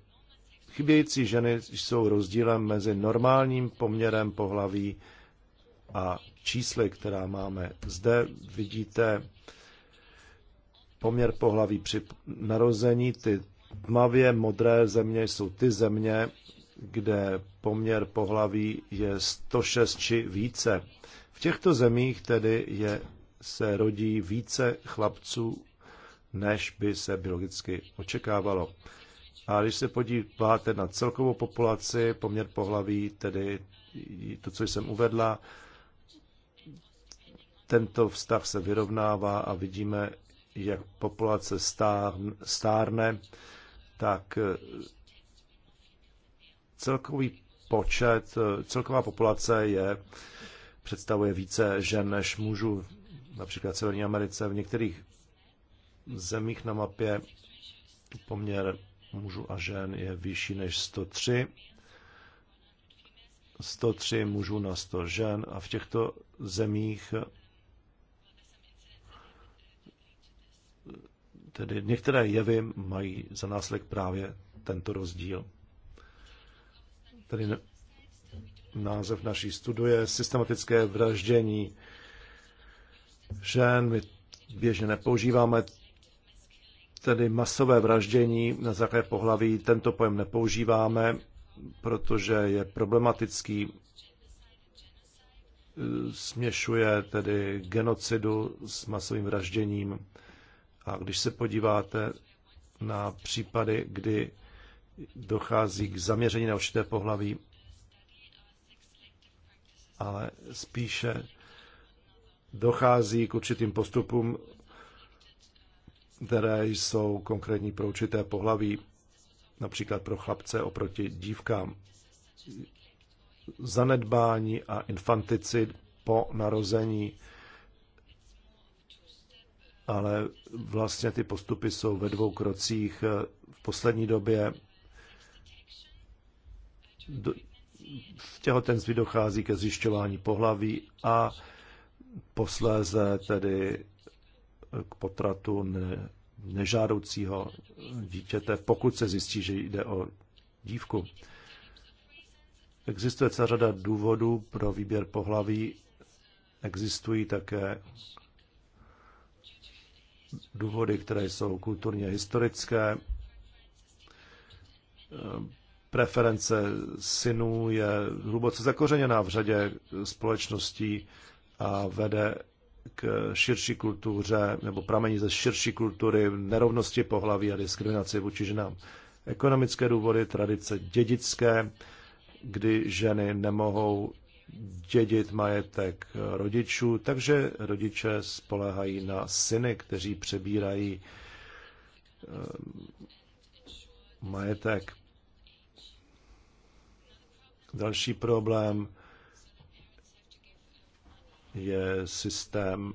chybějící ženy jsou rozdílem mezi normálním poměrem pohlaví a čísly, která máme. Zde vidíte poměr pohlaví při narození. Ty tmavě modré země jsou ty země, kde poměr pohlaví je 106 či více. V těchto zemích tedy je, se rodí více chlapců než by se biologicky očekávalo. A když se podíváte na celkovou populaci, poměr pohlaví, tedy to, co jsem uvedla, tento vztah se vyrovnává a vidíme, jak populace stárne, tak eh, celkový počet, eh, celková populace je, představuje více žen než mužů, například v Severní Americe. V některých zemích na mapě poměr mužů a žen je vyšší než 103. 103 mužů na 100 žen a v těchto zemích tedy některé jevy mají za následek právě tento rozdíl. Tedy název naší studie systematické vraždění žen. My běžně nepoužíváme tedy masové vraždění na základě pohlaví, tento pojem nepoužíváme, protože je problematický, e, směšuje tedy genocidu s masovým vražděním. A když se podíváte na případy, kdy dochází k zaměření na určité pohlaví, ale spíše dochází k určitým postupům které jsou konkrétní pro určité pohlaví, například pro chlapce oproti dívkám. Zanedbání a infanticid po narození, ale vlastně ty postupy jsou ve dvou krocích. V poslední době do, v těhotenství dochází ke zjišťování pohlaví a posléze tedy k potratu ne, nežádoucího dítěte, pokud se zjistí, že jde o dívku. Existuje celá řada důvodů pro výběr pohlaví, existují také důvody, které jsou kulturně historické. Preference synů je hluboce zakořeněná v řadě společností a vede k širší kultuře, nebo pramení ze širší kultury, nerovnosti pohlaví a diskriminaci vůči ženám. Ekonomické důvody, tradice dědické, kdy ženy nemohou dědit majetek rodičů, takže rodiče spolehají na syny, kteří přebírají eh, majetek. Další problém je systém,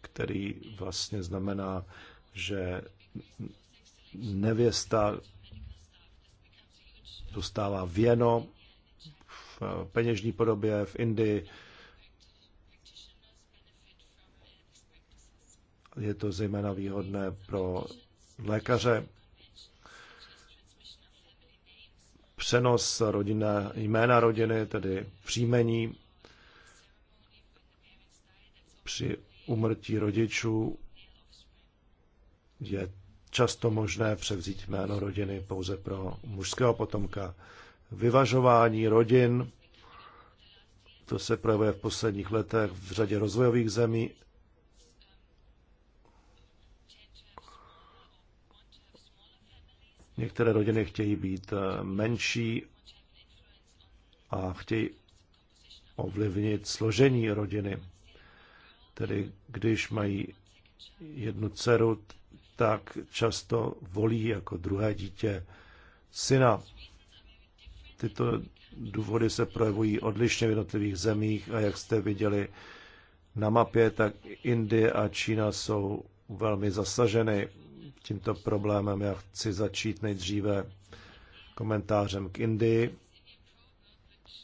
který vlastně znamená, že nevěsta dostává věno v peněžní podobě v Indii. Je to zejména výhodné pro lékaře. Přenos rodinné, jména rodiny, tedy příjmení, při umrtí rodičů je často možné převzít jméno rodiny pouze pro mužského potomka. Vyvažování rodin, to se projevuje v posledních letech v řadě rozvojových zemí. Některé rodiny chtějí být eh, menší a chtějí ovlivnit složení rodiny. Tedy když mají jednu dceru, tak často volí jako druhé dítě syna. Tyto důvody se projevují odlišně v jednotlivých zemích a jak jste viděli na mapě, tak Indie a Čína jsou velmi zasaženy tímto problémem. Já chci začít nejdříve komentářem k Indii.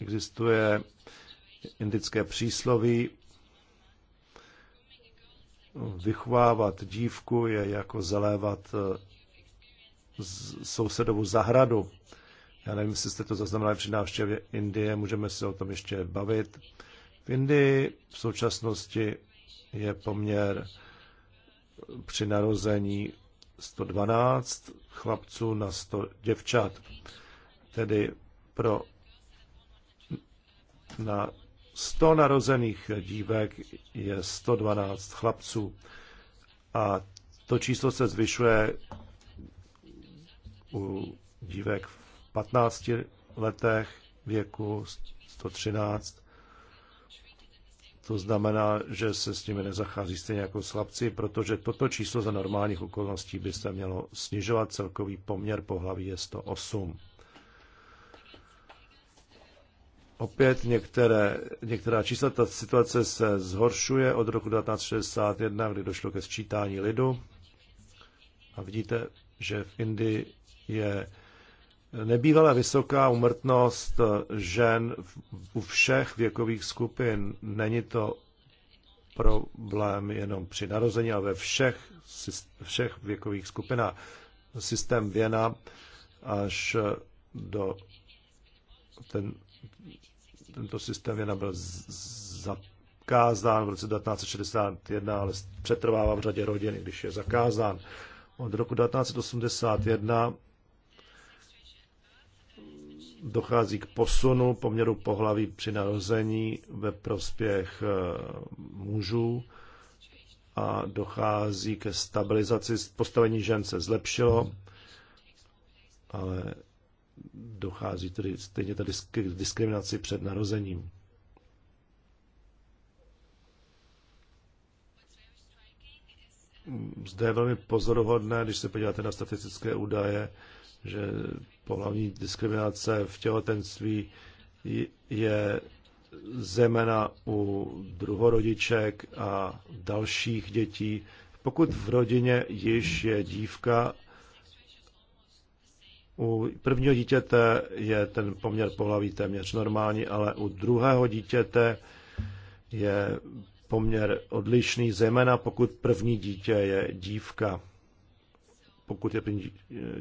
Existuje indické přísloví, vychovávat dívku je jako zalévat eh, sousedovou zahradu. Já nevím, jestli jste to zaznamenali při návštěvě Indie, můžeme se o tom ještě bavit. V Indii v současnosti je poměr při narození 112 chlapců na 100 děvčat. Tedy pro na 100 narozených dívek je 112 chlapců. A to číslo se zvyšuje u dívek v 15 letech věku 113. To znamená, že se s nimi nezachází stejně jako s chlapci, protože toto číslo za normálních okolností by se mělo snižovat. Celkový poměr pohlaví je 108. Opět některé, některá čísla, ta situace se zhoršuje od roku 1961, kdy došlo ke sčítání lidu. A vidíte, že v Indii je nebývala vysoká umrtnost žen u všech věkových skupin. Není to problém jenom při narození, ale ve všech, všech věkových skupinách. Systém Věna až do ten tento systém je byl zakázán v roce 1961, ale přetrvává v řadě rodin, když je zakázán. Od roku 1981 dochází k posunu poměru pohlaví při narození ve prospěch eh, mužů a dochází ke stabilizaci. Postavení žen se zlepšilo, ale dochází tedy stejně ta disk- diskriminaci před narozením. Zde je velmi pozoruhodné, když se podíváte na statistické údaje, že pohlavní diskriminace v těhotenství je zemena u druhorodiček a dalších dětí. Pokud v rodině již je dívka u prvního dítěte je ten poměr pohlaví téměř normální, ale u druhého dítěte je poměr odlišný, zejména pokud první dítě je dívka. Pokud je první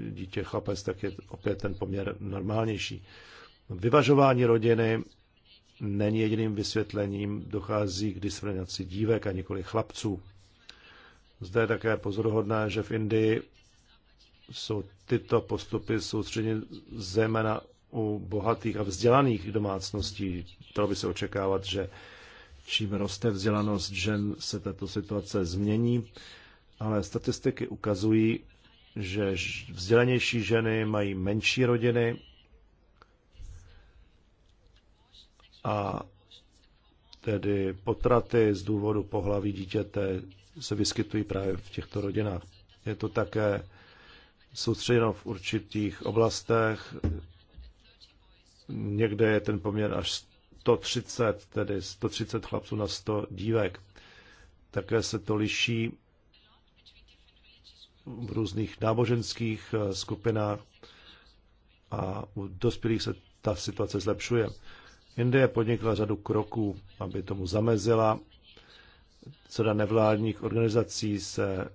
dítě chlapec, tak je opět ten poměr normálnější. Vyvažování rodiny není jediným vysvětlením, dochází k diskriminaci dívek a nikoli chlapců. Zde je také pozoruhodné, že v Indii jsou tyto postupy soustředěny zejména u bohatých a vzdělaných domácností. Dalo by se očekávat, že čím roste vzdělanost žen, se tato situace změní, ale statistiky ukazují, že vzdělanější ženy mají menší rodiny a tedy potraty z důvodu pohlaví dítěte se vyskytují právě v těchto rodinách. Je to také soustředěno v určitých oblastech. Někde je ten poměr až 130, tedy 130 chlapců na 100 dívek. Také se to liší v různých náboženských eh, skupinách a u dospělých se ta situace zlepšuje. Indie podnikla řadu kroků, aby tomu zamezila. Řada nevládních organizací se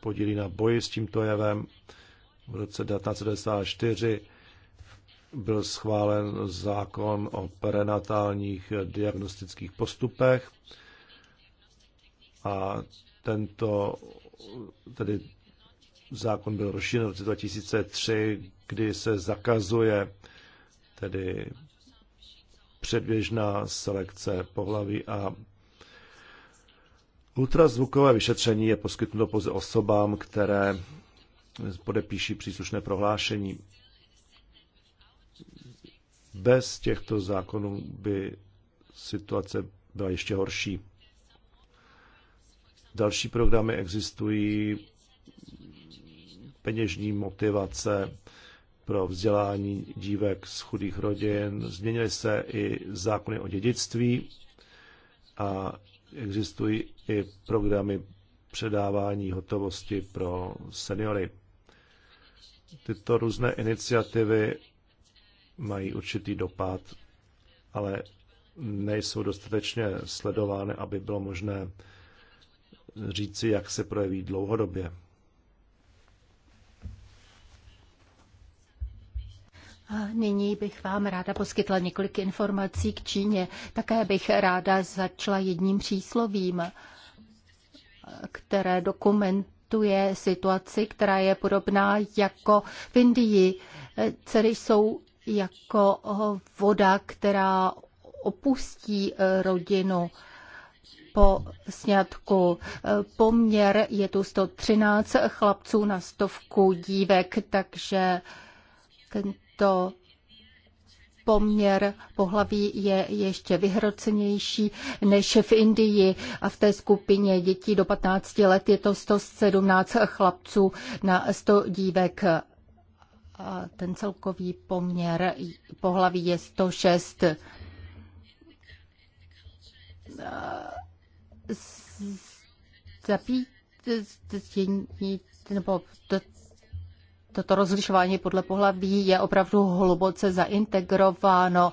podílí na boji s tímto jevem. V roce 1994 byl schválen zákon o prenatálních diagnostických postupech a tento tedy zákon byl rozšířen v roce 2003, kdy se zakazuje tedy předběžná selekce pohlaví a Ultrazvukové vyšetření je poskytnuto pouze osobám, které podepíší příslušné prohlášení. Bez těchto zákonů by situace byla ještě horší. Další programy existují, peněžní motivace pro vzdělání dívek z chudých rodin. Změnily se i zákony o dědictví a existují i programy předávání hotovosti pro seniory. Tyto různé iniciativy mají určitý dopad, ale nejsou dostatečně sledovány, aby bylo možné říci, jak se projeví dlouhodobě. A nyní bych vám ráda poskytla několik informací k Číně. Také bych ráda začala jedním příslovím, které dokumentuje situaci, která je podobná jako v Indii. Dcery jsou jako voda, která opustí rodinu po sňatku. Poměr je tu 113 chlapců na stovku dívek, takže ten tento poměr pohlaví je ještě vyhrocenější než v Indii a v té skupině dětí do 15 let je to 117 chlapců na 100 dívek. A ten celkový poměr pohlaví je 106. Zapít, nebo toto rozlišování podle pohlaví je opravdu hluboce zaintegrováno eh,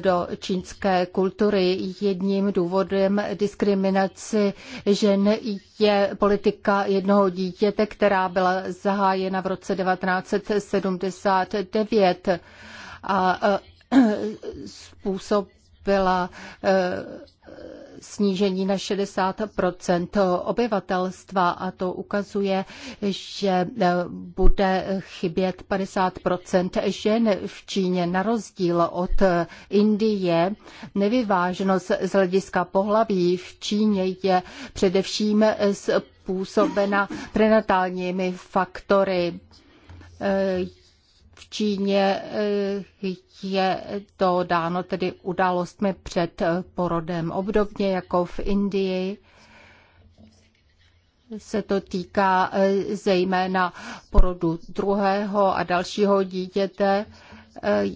do čínské kultury. Jedním důvodem diskriminaci žen je politika jednoho dítěte, která byla zahájena v roce 1979 a eh, způsob byla eh, snížení na 60 obyvatelstva a to ukazuje, že eh, bude chybět 50 žen v Číně na rozdíl od eh, Indie. nevyvážnost z hlediska pohlaví v Číně je především způsobena prenatálními faktory v Číně eh, je to dáno tedy událostmi před eh, porodem. Obdobně jako v Indii se to týká eh, zejména porodu druhého a dalšího dítěte.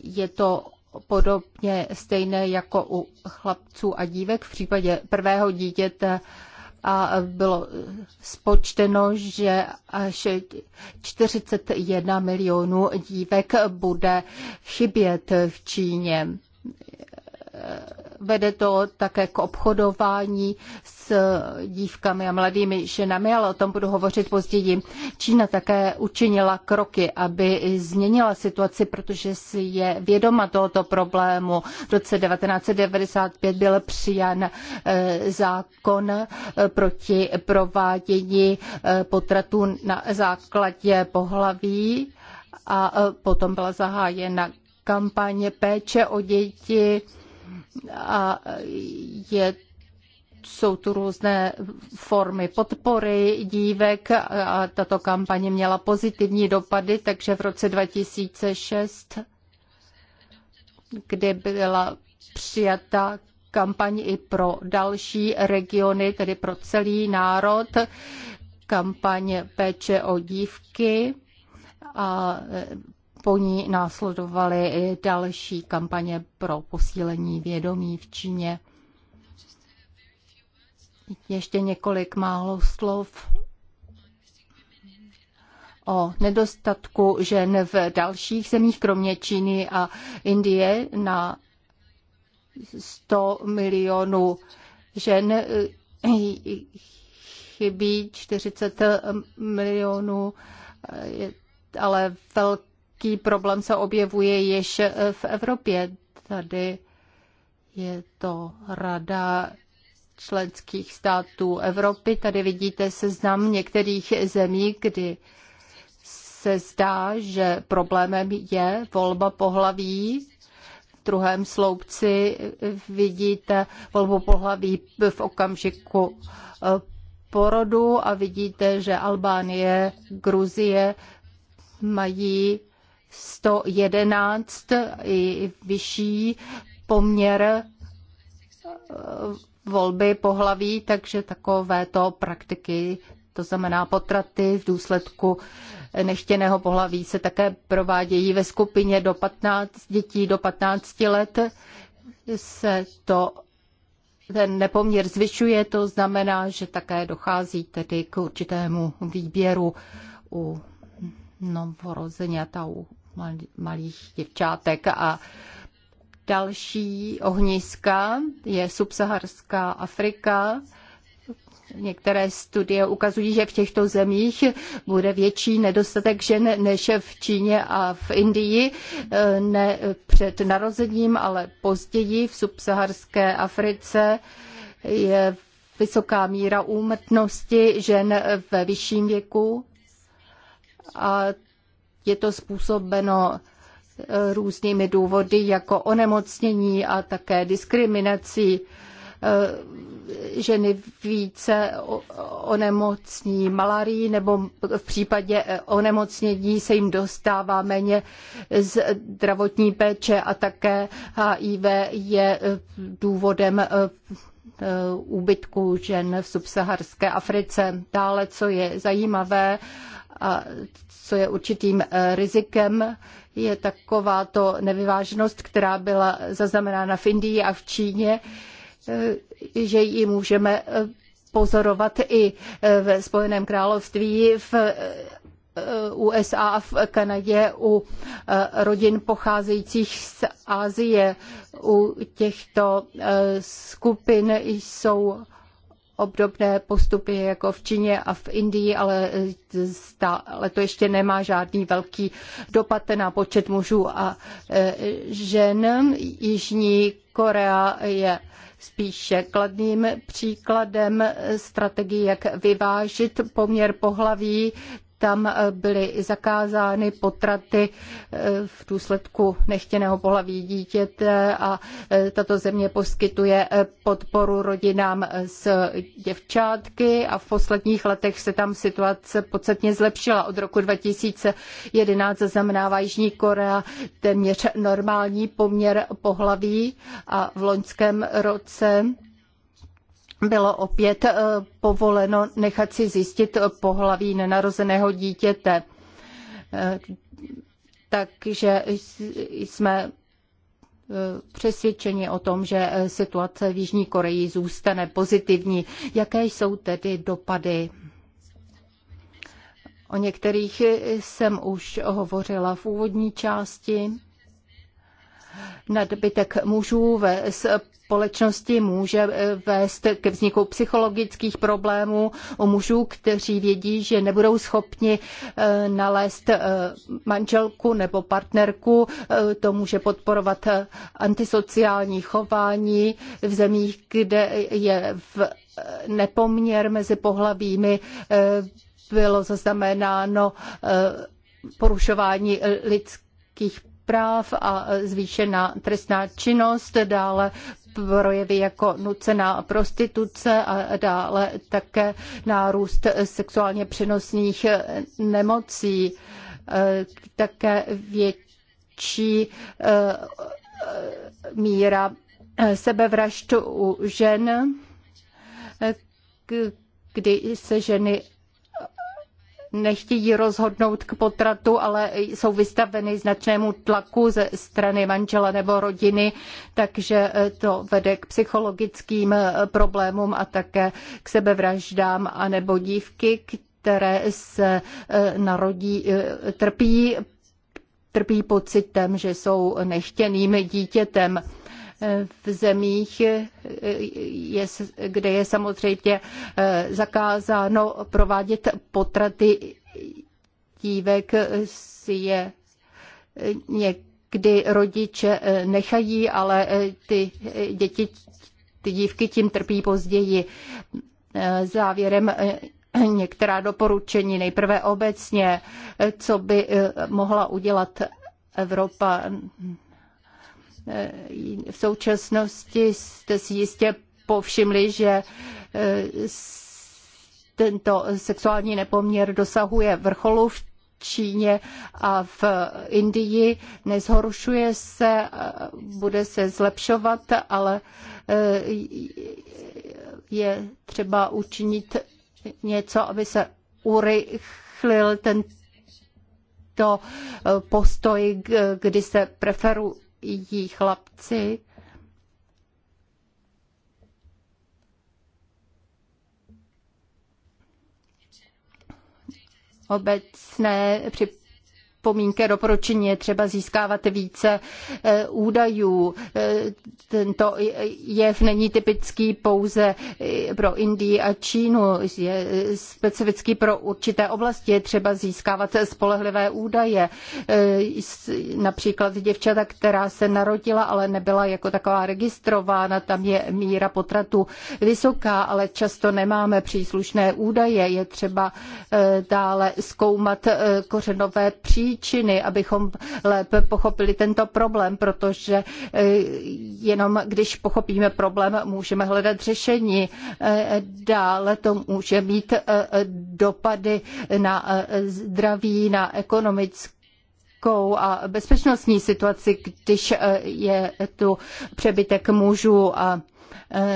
Je to podobně stejné jako u chlapců a dívek. V případě prvého dítěte a bylo spočteno, že až 41 milionů dívek bude chybět v Číně vede to také k obchodování s dívkami a mladými ženami, ale o tom budu hovořit později. Čína také učinila kroky, aby změnila situaci, protože si je vědoma tohoto problému. V roce 1995 byl přijat eh, zákon eh, proti provádění eh, potratů na základě pohlaví a potom byla zahájena kampaně péče o děti a je jsou tu různé formy podpory dívek a tato kampaně měla pozitivní dopady, takže v roce 2006, kdy byla přijata kampaň i pro další regiony, tedy pro celý národ, kampaň péče o dívky a po ní následovaly i další kampaně pro posílení vědomí v Číně. Ještě několik málo slov o nedostatku žen v dalších zemích, kromě Číny a Indie, na 100 milionů žen chybí 40 milionů, ale velké velký problém se objevuje již v Evropě. Tady je to Rada členských států Evropy. Tady vidíte seznam některých zemí, kdy se zdá, že problémem je volba pohlaví. V druhém sloupci vidíte volbu pohlaví v okamžiku eh, porodu a vidíte, že Albánie, Gruzie mají 111 i vyšší poměr eh, volby pohlaví, takže takovéto praktiky, to znamená potraty v důsledku nechtěného pohlaví, se také provádějí ve skupině do 15 dětí do 15 let. Se to ten nepoměr zvyšuje, to znamená, že také dochází tedy k určitému výběru u novorozeněta, u malých děvčátek a další ohniska je subsaharská Afrika. Některé studie ukazují, že v těchto zemích bude větší nedostatek žen než v Číně a v Indii, ne před narozením, ale později v subsaharské Africe je vysoká míra úmrtnosti žen ve vyšším věku a je to způsobeno eh, různými důvody, jako onemocnění a také diskriminací. Eh, ženy více onemocní malarii nebo v případě eh, onemocnění se jim dostává méně zdravotní péče a také HIV je důvodem úbytku žen v subsaharské Africe. Dále, co je zajímavé, a co je určitým eh, rizikem, je taková to nevyváženost, která byla zaznamenána v Indii a v Číně, eh, že ji můžeme eh, pozorovat i ve Spojeném království, v USA a v Kanadě u rodin pocházejících z Asie. U těchto skupin jsou obdobné postupy jako v Číně a v Indii, ale stále e, to ještě nemá žádný velký dopad na počet mužů a e, žen. Jižní Korea je spíše kladným příkladem strategii, jak vyvážit poměr pohlaví tam eh, byly zakázány potraty eh, v důsledku nechtěného pohlaví dítěte a eh, tato země poskytuje podporu rodinám s děvčátky a v posledních letech se tam situace podstatně zlepšila. Od roku 2011 zaznamenává Jižní Korea téměř normální poměr pohlaví a v loňském roce bylo opět eh, povoleno nechat si zjistit pohlaví nenarozeného dítěte. Eh, takže jsme eh, přesvědčeni o tom, že situace v Jižní Koreji zůstane pozitivní. Jaké jsou tedy dopady? O některých jsem už hovořila v úvodní části. Nadbytek mužů ve společnosti může eh, vést ke vzniku psychologických problémů u mužů, kteří vědí, že nebudou schopni eh, nalézt eh, manželku nebo partnerku. To může podporovat antisociální chování v zemích, kde je v nepoměr mezi pohlavími bylo zaznamenáno porušování lidských práv a zvýšená trestná činnost, dále projevy jako nucená prostituce a dále také nárůst sexuálně přenosných nemocí, eh, také větší eh, míra eh, sebevraždu u žen, kdy se ženy nechtějí rozhodnout k potratu, ale jsou vystaveny značnému tlaku ze strany manžela nebo rodiny, takže eh, to vede k psychologickým eh, problémům a také k sebevraždám a nebo dívky, které se eh, narodí, trpí trpí pocitem, že jsou nechtěným dítětem v zemích, je, kde je samozřejmě eh, zakázáno provádět potraty dívek, si je eh, někdy rodiče eh, nechají, ale ty děti, ty dívky tím trpí později. Závěrem některá doporučení, nejprve obecně, co by mohla udělat Evropa Eh, v současnosti jste si jistě povšimli, že eh, tento sexuální nepoměr dosahuje vrcholu v Číně a v Indii. Nezhoršuje se, eh, bude se zlepšovat, ale je třeba učinit něco, aby se urychlil tento postoj, kdy se preferují jí chlapci obecné při připomínky doporučení je třeba získávat více eh, údajů. Eh, tento jev není typický pouze eh, pro Indii a Čínu, je specifický pro určité oblasti, je třeba získávat spolehlivé údaje. Například děvčata, která se narodila, ale nebyla jako taková registrována, tam je míra potratu vysoká, ale často nemáme příslušné údaje. Je třeba dále zkoumat kořenové příčiny příčiny, abychom lépe pochopili tento problém, protože e, jenom když pochopíme problém, můžeme hledat řešení. E, dále to může mít e, dopady na zdraví, na ekonomickou a bezpečnostní situaci, když je tu přebytek mužů a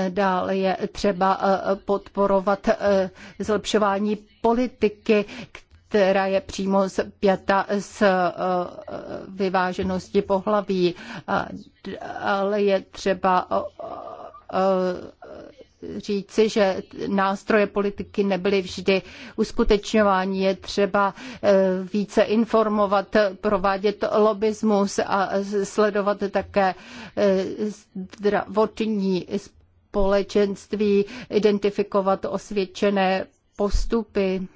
dále je třeba podporovat zlepšování politiky, která je přímo pěta s eh, vyváženosti pohlaví, ale je třeba eh, říci, že nástroje politiky nebyly vždy uskutečňovány. Je třeba eh, více informovat, provádět lobismus a sledovat také zdravotní společenství, identifikovat osvědčené postupy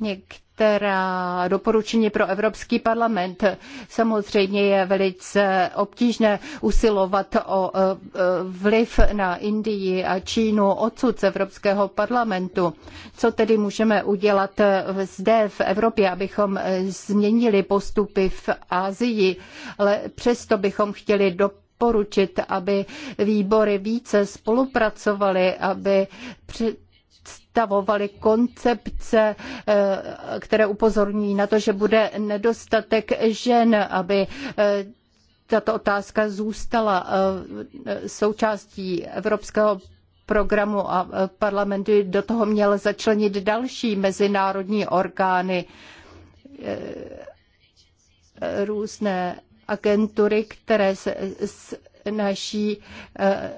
některá doporučení pro Evropský parlament. Samozřejmě je velice obtížné usilovat o e, e, vliv na Indii a Čínu odsud z Evropského parlamentu. Co tedy můžeme udělat e, zde v Evropě, abychom změnili postupy v Asii, ale přesto bychom chtěli do doporučit, aby výbory více spolupracovaly, aby při představovaly koncepce, eh, které upozorňují na to, že bude nedostatek žen, aby eh, tato otázka zůstala eh, součástí evropského programu a parlament do toho měl začlenit další mezinárodní orgány, různé agentury, které se přednáší eh,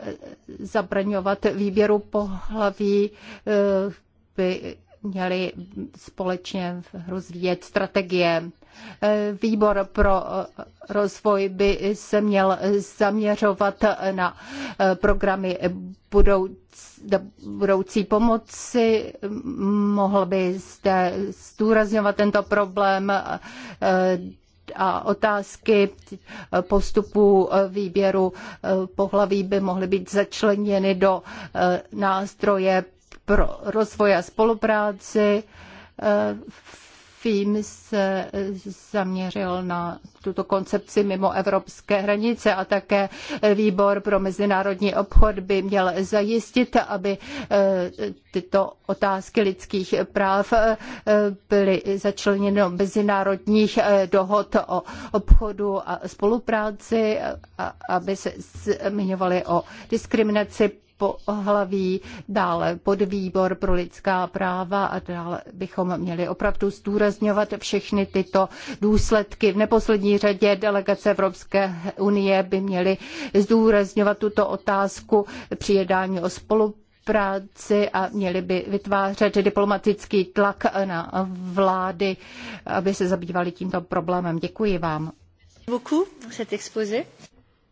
zabraňovat výběru pohlaví, eh, by měli společně rozvíjet strategie. Eh, výbor pro rozvoj by se měl zaměřovat na programy budoucí pomoci. Mohl by zde zdůrazňovat tento problém, a otázky postupu eh, výběru eh, pohlaví by mohly být začleněny do eh, nástroje pro rozvoj a spolupráci v Film se eh, zaměřil na tuto koncepci mimo evropské hranice a také eh, výbor pro mezinárodní obchod by měl zajistit, aby eh, tyto otázky lidských práv byly začleněny do mezinárodních dohod o obchodu a spolupráci, aby se zmiňovaly o diskriminaci pohlaví, dále podvýbor pro lidská práva a dále bychom měli opravdu zdůrazňovat všechny tyto důsledky. V neposlední řadě delegace Evropské unie by měly zdůrazňovat tuto otázku při jednání o spolu práci a měli by vytvářet diplomatický tlak na vlády, aby se zabývali tímto problémem. Děkuji vám.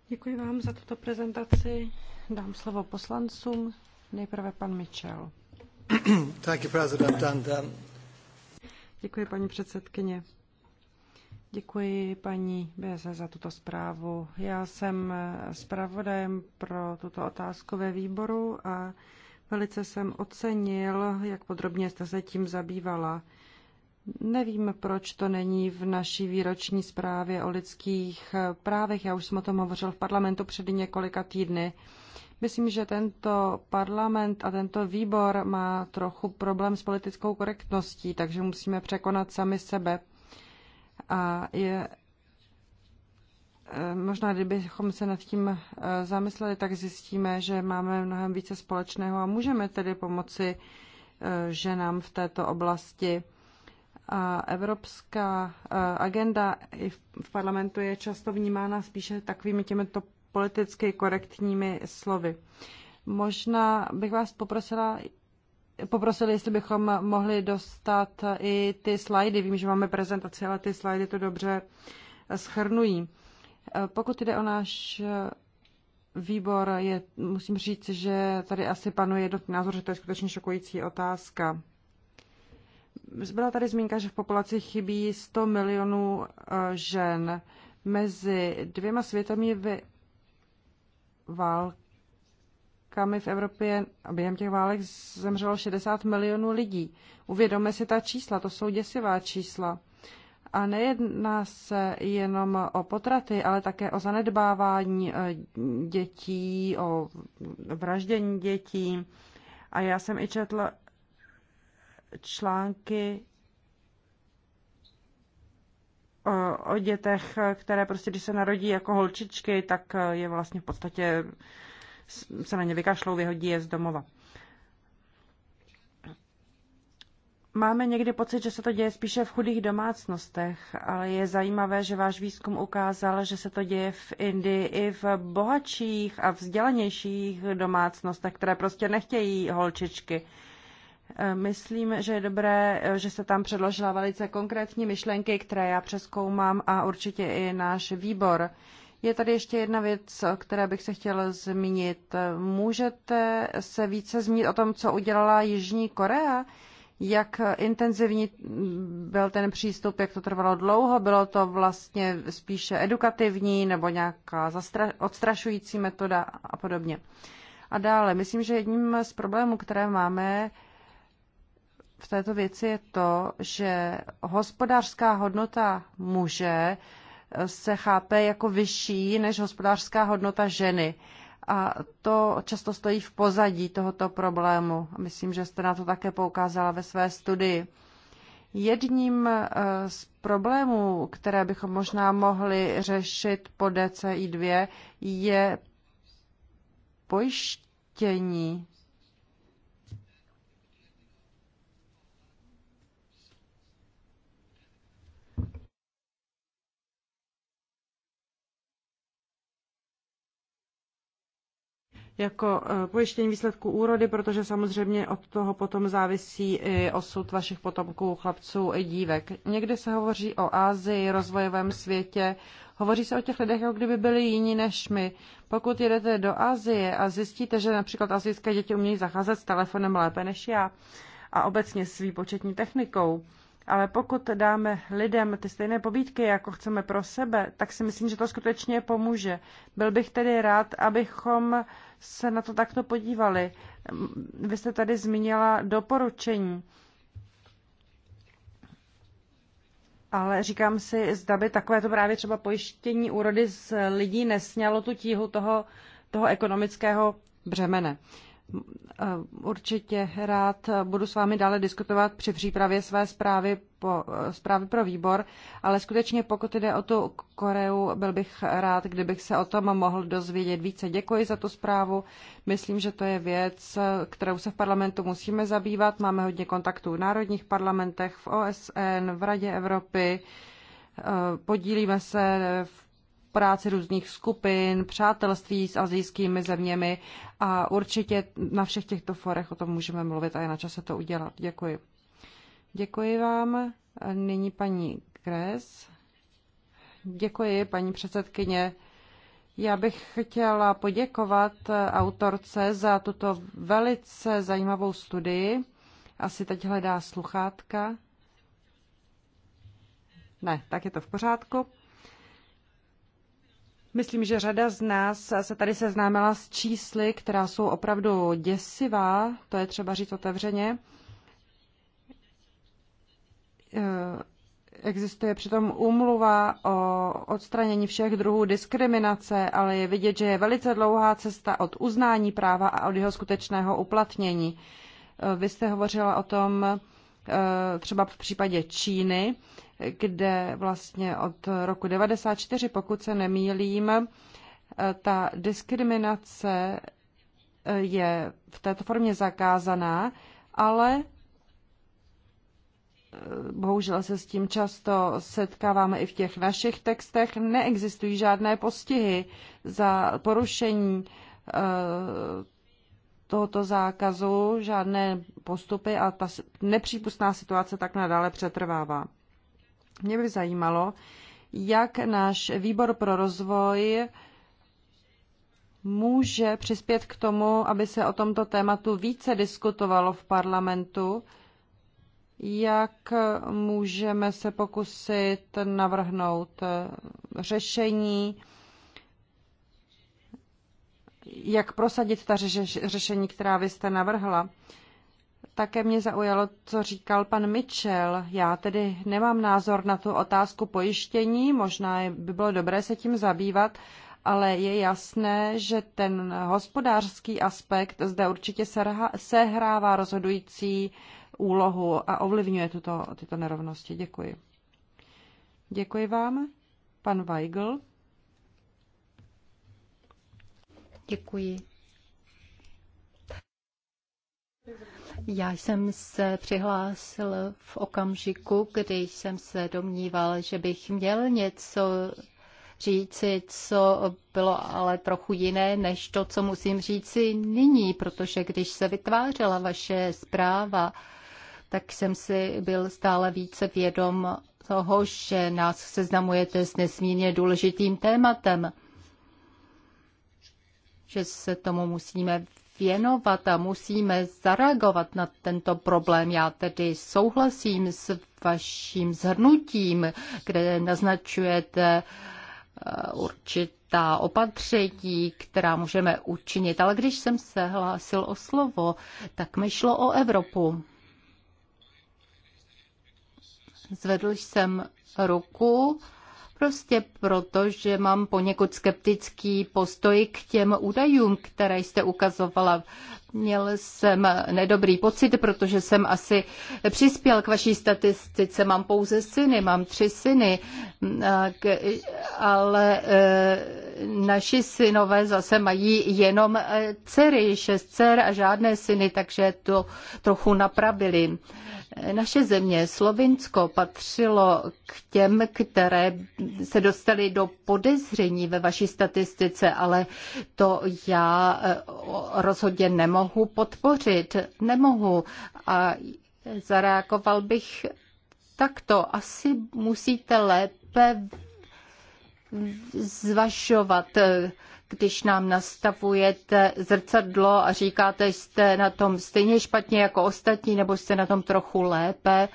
Děkuji vám za tuto prezentaci dám slovo poslancům. Nejprve pan Mitchell. Thank you, President. And, um... Děkuji, paní předsedkyně. Děkuji paní BS za tuto zprávu. Já jsem zpravodajem pro tuto otázku ve výboru a velice jsem ocenil, jak podrobně jste se tím zabývala. Nevím, proč to není v naší výroční zprávě o lidských právech. Já už jsem o tom hovořil v parlamentu před několika týdny. Myslím, že tento parlament a tento výbor má trochu problém s politickou korektností, takže musíme překonat sami sebe. A je eh, možná, kdybychom se nad tím eh, zamysleli, tak zjistíme, že máme mnohem více společného a můžeme tedy pomoci eh, ženám v této oblasti. A evropská agenda i v parlamentu je často vnímána spíše takovými těmito politicky korektními slovy. Možná bych vás poprosila, poprosili, jestli bychom mohli dostat i ty slajdy. Vím, že máme prezentaci, ale ty slajdy to dobře schrnují. Pokud jde o náš výbor, je, musím říct, že tady asi panuje jednotný názor, že to je skutečně šokující otázka. Byla tady zmínka, že v populaci chybí 100 milionů eh, žen. Mezi dvěma světami válkami v Evropě a během těch válek zemřelo 60 milionů lidí. Uvědome si ta čísla, to jsou děsivá čísla. A nejedná se jenom o potraty, ale také o zanedbávání eh, dětí, o vraždění dětí. A já jsem i četla články o dětech, které prostě, když se narodí jako holčičky, tak eh, je vlastně v podstatě se na ně vykašlou, vyhodí je z domova. Máme někdy pocit, že se to děje spíše v chudých domácnostech, ale je zajímavé, že váš výzkum ukázal, že se to děje v Indii i v bohatších a vzdělanějších domácnostech, které prostě nechtějí holčičky. Myslím, že je dobré, že se tam předložila velice konkrétní myšlenky, které já přeskoumám a určitě i náš výbor. Je tady ještě jedna věc, o které bych se chtěla zmínit. Můžete se více zmínit o tom, co udělala Jižní Korea? Jak intenzivní byl ten přístup, jak to trvalo dlouho? Bylo to vlastně spíše edukativní nebo nějaká odstrašující metoda a podobně? A dále, myslím, že jedním z problémů, které máme, v této věci je to, že hospodářská hodnota muže eh, se chápe jako vyšší než hospodářská hodnota ženy. A to často stojí v pozadí tohoto problému. Myslím, že jste na to také poukázala ve své studii. Jedním eh, z problémů, které bychom možná mohli řešit po DCI 2, je pojištění jako e, pojištění výsledků úrody, protože samozřejmě od toho potom závisí i osud vašich potomků, chlapců i dívek. Někdy se hovoří o Ázii, rozvojovém světě, hovoří se o těch lidech, jako kdyby byli jiní než my. Pokud jedete do Azie a zjistíte, že například azijské děti umějí zacházet s telefonem lépe než já a obecně s výpočetní technikou, ale pokud dáme lidem ty stejné pobídky, jako chceme pro sebe, tak si myslím, že to skutečně pomůže. Byl bych tedy rád, abychom se na to takto podívali. Vy jste tady zmínila doporučení. Ale říkám si, zda by takové to právě třeba pojištění úrody z lidí nesnělo tu tíhu toho, toho ekonomického břemene. Určitě rád budu s vámi dále diskutovat při přípravě své zprávy po, eh, zprávy pro výbor, ale skutečně pokud jde o tu Koreu, byl bych rád, kdybych se o tom mohl dozvědět více. Děkuji za tu zprávu. Myslím, že to je věc, eh, kterou se v parlamentu musíme zabývat. Máme hodně kontaktů v národních parlamentech, v OSN, v Radě Evropy. Eh, podílíme se v práci různých skupin, přátelství s azijskými zeměmi a určitě na všech těchto forech o tom můžeme mluvit a je na čase to udělat. Děkuji. Děkuji vám. Nyní paní Kres. Děkuji, paní předsedkyně. Já bych chtěla poděkovat autorce za tuto velice zajímavou studii. Asi teď hledá sluchátka. Ne, tak je to v pořádku. Myslím, že řada z nás se tady seznámila s čísly, která jsou opravdu děsivá, to je třeba říct otevřeně. Eh, existuje přitom úmluva o odstranění všech druhů diskriminace, ale je vidět, že je velice dlouhá cesta od uznání práva a od jeho skutečného uplatnění. Eh, vy jste hovořila o tom eh, třeba v případě Číny, kde vlastně od roku 94, pokud se nemýlím, ta diskriminace je v této formě zakázaná, ale bohužel se s tím často setkáváme i v těch našich textech, neexistují žádné postihy za porušení eh, tohoto zákazu, žádné postupy a ta nepřípustná situace tak nadále přetrvává. Mě by zajímalo, jak náš výbor pro rozvoj může přispět k tomu, aby se o tomto tématu více diskutovalo v parlamentu, jak můžeme se pokusit navrhnout eh, řešení, jak prosadit ta řešení, která vy jste navrhla. Také mě zaujalo, co říkal pan Mitchell. Já tedy nemám názor na tu otázku pojištění, možná by bylo dobré se tím zabývat, ale je jasné, že ten hospodářský aspekt zde určitě sehrává rozhodující uh, úlohu a ovlivňuje tuto, tyto nerovnosti. Děkuji. Děkuji vám. Pan Weigl. Děkuji. Já jsem se přihlásil v okamžiku, kdy jsem se domníval, že bych měl něco říci, co bylo ale trochu jiné, než to, co musím říci nyní, protože když se vytvářela vaše zpráva, tak jsem si byl stále více vědom toho, že nás seznamujete s nesmírně důležitým tématem, že se tomu musíme věnovat a musíme zareagovat na tento problém. Já tedy souhlasím s vaším zhrnutím, kde naznačujete eh, určitá opatření, která můžeme učinit. Ale když jsem se hlásil o slovo, tak mi šlo o Evropu. Zvedl jsem ruku prostě proto, že mám poněkud skeptický postoj k těm údajům, které jste ukazovala. Měl jsem nedobrý pocit, protože jsem asi přispěl k vaší statistice. Mám pouze syny, mám tři syny, ale eh, naši synové zase mají jenom eh, dcery, šest dcer a žádné syny, takže to trochu napravili. Naše země, Slovinsko, patřilo k těm, které se dostaly do podezření ve vaší statistice, ale to já eh, rozhodně nemohu podpořit. Nemohu. A zareagoval bych takto. Asi musíte lépe zvažovat, eh, když nám nastavujete zrcadlo a říkáte, že jste na tom stejně špatně jako ostatní, nebo jste na tom trochu lépe.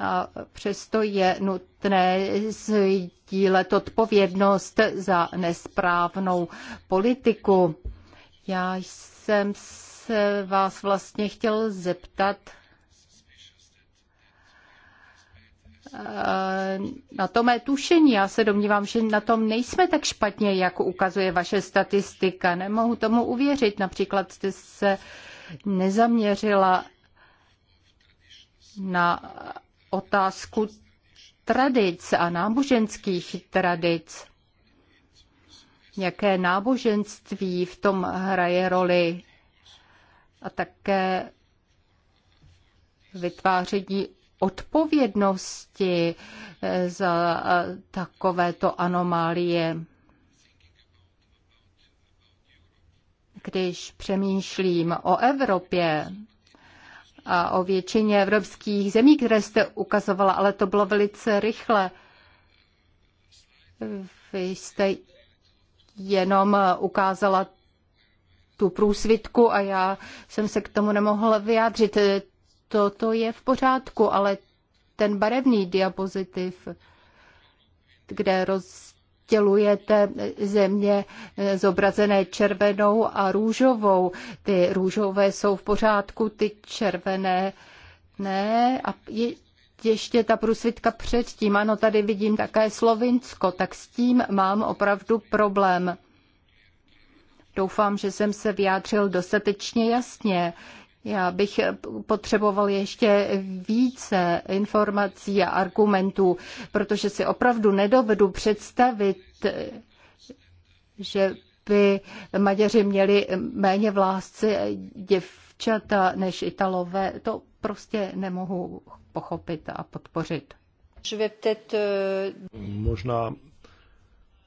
A přesto je nutné sdílet odpovědnost za nesprávnou politiku. Já jsem se vás vlastně chtěl zeptat, Eh, na to mé tušení. Já se domnívám, že na tom nejsme tak špatně, jak ukazuje vaše statistika. Nemohu tomu uvěřit. Například jste se nezaměřila na otázku tradic a náboženských tradic. Jaké náboženství v tom hraje roli a také vytváření odpovědnosti eh, za eh, takovéto anomálie. Když přemýšlím o Evropě, a o většině evropských zemí, které jste ukazovala, ale to bylo velice rychle. Vy jste jenom ukázala tu průsvitku a já jsem se k tomu nemohla vyjádřit. To je v pořádku, ale ten barevný diapozitiv, kde rozdělujete země zobrazené červenou a růžovou. Ty růžové jsou v pořádku, ty červené ne. A je, ještě ta průsvitka předtím, ano, tady vidím také Slovinsko, tak s tím mám opravdu problém. Doufám, že jsem se vyjádřil dostatečně jasně. Já bych potřeboval ještě více informací a argumentů, protože si opravdu nedovedu představit, že by Maďaři měli méně v lásce děvčata než Italové. To prostě nemohu pochopit a podpořit. Euh, Možná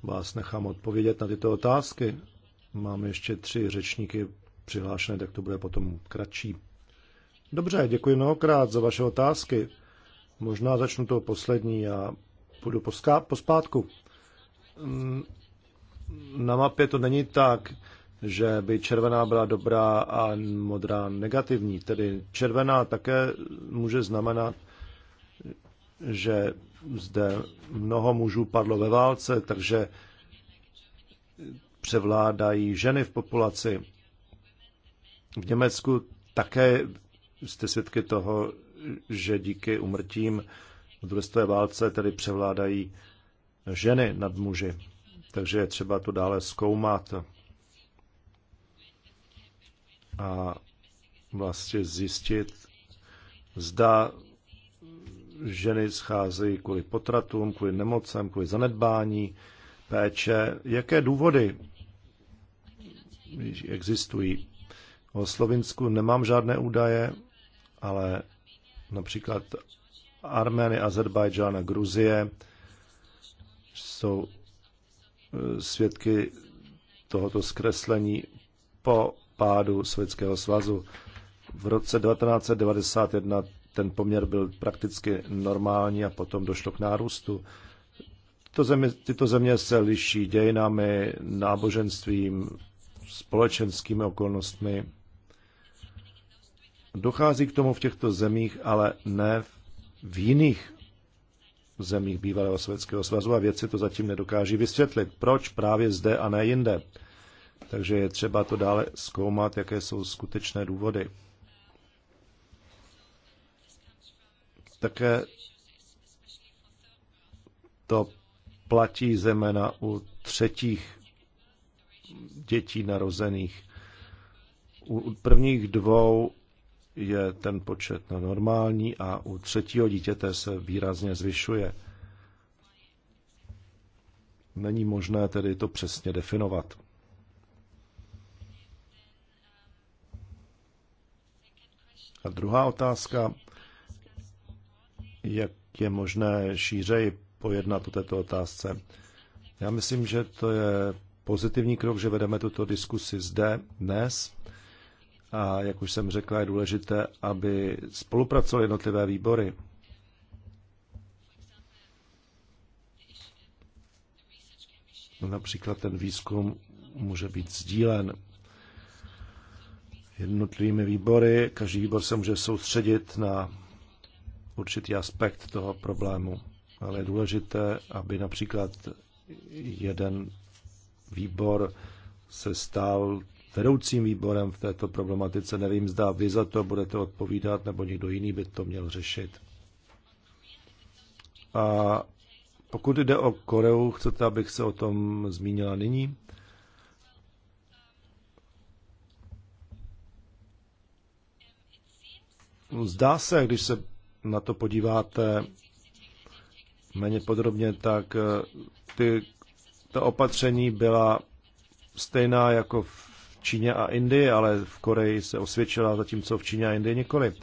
vás nechám odpovědět na tyto otázky. Mám ještě tři řečníky přihlášené, tak to bude potom kratší. Dobře, děkuji mnohokrát za vaše otázky. Možná začnu to poslední a půjdu po zpátku. Mm, na mapě to není tak, že by červená byla dobrá a modrá negativní. Tedy červená také může znamenat, že zde mnoho mužů padlo ve válce, takže převládají ženy v populaci v Německu také jste svědky toho, že díky umrtím v druhé válce tedy převládají ženy nad muži. Takže je třeba to dále zkoumat a vlastně zjistit, zda ženy scházejí kvůli potratům, kvůli nemocem, kvůli zanedbání péče. Jaké důvody existují? O Slovinsku nemám žádné údaje, ale například Armény, Azerbajdžán a Gruzie jsou e, svědky tohoto zkreslení po pádu Sovětského svazu. V roce 1991 ten poměr byl prakticky normální a potom došlo k nárůstu. Tyto země, tyto země se liší dějinami, náboženstvím, společenskými okolnostmi. Dochází k tomu v těchto zemích, ale ne v jiných zemích bývalého Sovětského svazu a věci to zatím nedokáží vysvětlit. Proč právě zde a ne jinde? Takže je třeba to dále zkoumat, jaké jsou skutečné důvody. Také to platí zemena u třetích dětí narozených. U prvních dvou je ten počet na normální a u třetího dítěte se výrazně zvyšuje. Není možné tedy to přesně definovat. A druhá otázka, jak je možné šířeji pojednat o této otázce. Já myslím, že to je pozitivní krok, že vedeme tuto diskusi zde dnes a jak už jsem řekla, je důležité, aby spolupracovaly jednotlivé výbory. Například ten výzkum může být sdílen jednotlivými výbory. Každý výbor se může soustředit na určitý aspekt toho problému. Ale je důležité, aby například jeden výbor se stal vedoucím výborem v této problematice. Nevím, zda vy za to budete odpovídat, nebo někdo jiný by to měl řešit. A pokud jde o Koreu, chcete, abych se o tom zmínila nyní? Zdá se, když se na to podíváte méně podrobně, tak eh, ty, ta opatření byla stejná jako v Číně a Indii, ale v Koreji se osvědčila, zatímco v Číně a Indii nikoli.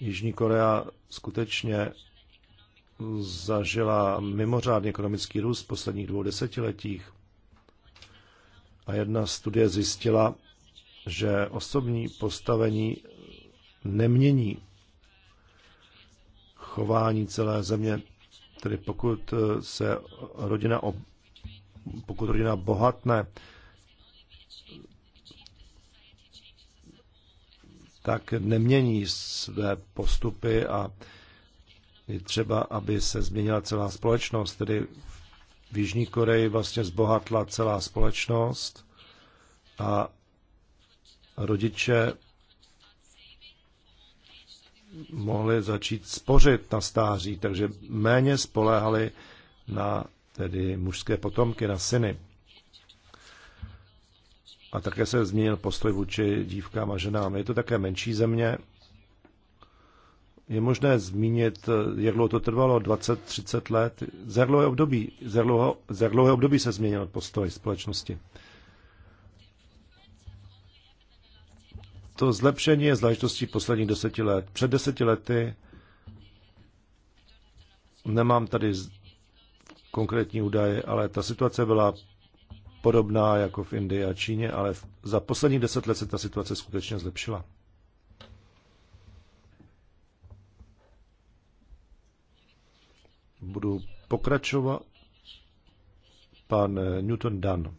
Jižní Korea skutečně zažila mimořádný ekonomický růst v posledních dvou desetiletích. A jedna studie zjistila, že osobní postavení nemění chování celé země. Tedy pokud se rodina, pokud rodina bohatne, tak nemění své postupy a je třeba, aby se změnila celá společnost. Tedy v Jižní Koreji vlastně zbohatla celá společnost a rodiče mohli začít spořit na stáří, takže méně spoléhali na tedy mužské potomky, na syny. A také se změnil postoj vůči dívkám a ženám. Je to také menší země. Je možné zmínit, jak dlouho to trvalo, 20-30 let. jak dlouhé období, za dlouho, dlouhé období se změnil postoj společnosti. To zlepšení je zvláštností posledních deseti let. Před deseti lety nemám tady konkrétní údaje, ale ta situace byla podobná jako v Indii a Číně, ale za poslední deset let se ta situace skutečně zlepšila. Budu pokračovat pan eh, Newton Dunn.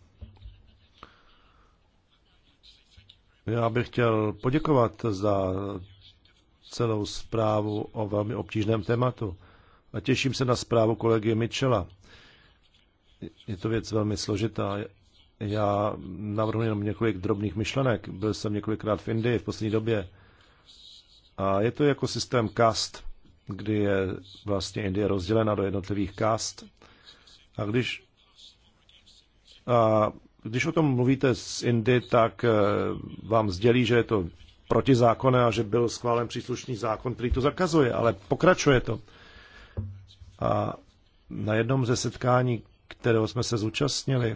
Já bych chtěl poděkovat za celou zprávu o velmi obtížném tématu a těším se na zprávu kolegy Michela je to věc velmi složitá. Já navrhnu jenom několik drobných myšlenek. Byl jsem několikrát v Indii v poslední době. A je to jako systém kast, kdy je vlastně Indie rozdělena do jednotlivých kast. A když, a když o tom mluvíte z Indy, tak eh, vám sdělí, že je to protizákonné a že byl schválen příslušný zákon, který to zakazuje, ale pokračuje to. A na jednom ze setkání kterého jsme se zúčastnili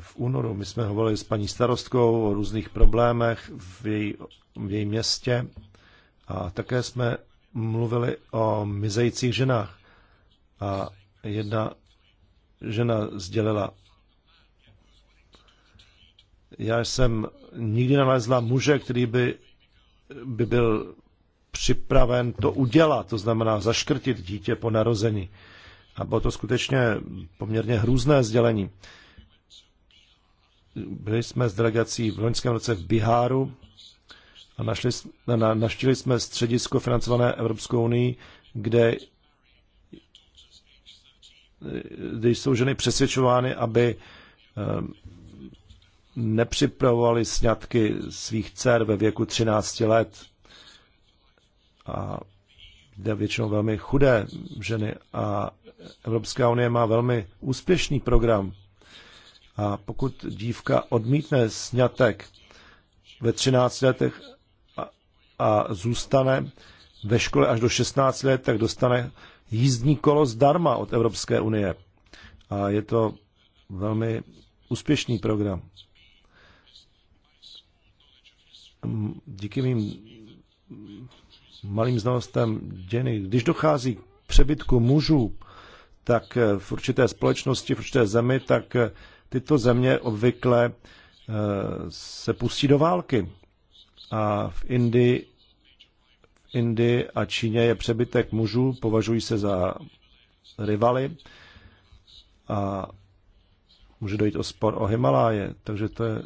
v únoru. My jsme hovorili s paní starostkou o různých problémech v, její, v jejím městě a také jsme mluvili o mizejících ženách. A jedna žena sdělila, já jsem nikdy nalezla muže, který by, by byl připraven to udělat, to znamená zaškrtit dítě po narození. A bylo to skutečně poměrně hrůzné sdělení. Byli jsme s delegací v loňském roce v Biháru a našli, na, naštili jsme středisko financované Evropskou unii, kde, kde jsou ženy přesvědčovány, aby ehm, nepřipravovali sňatky svých dcer ve věku 13 let. A jde většinou velmi chudé ženy a Evropská unie má velmi úspěšný program. A pokud dívka odmítne snětek ve 13 letech a, a zůstane ve škole až do 16 let, tak dostane jízdní kolo zdarma od Evropské unie. A je to velmi úspěšný program. Díky mým malým znalostem děny, když dochází k přebytku mužů tak eh, v určité společnosti, v určité zemi, tak eh, tyto země obvykle eh, se pustí do války. A v Indii, v Indii a Číně je přebytek mužů, považují se za rivaly a může dojít o spor o Himaláje. Takže to je,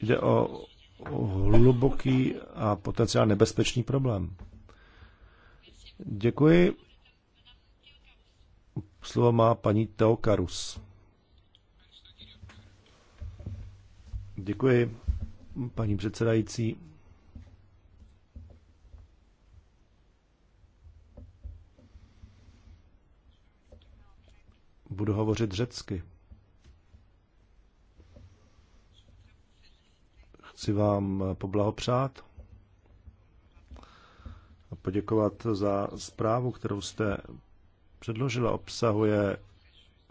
jde o, o hluboký a potenciálně nebezpečný problém. Děkuji. Slovo má paní Teokarus. Děkuji, paní předsedající. Budu hovořit řecky. Chci vám poblahopřát a poděkovat za zprávu, kterou jste předložila, obsahuje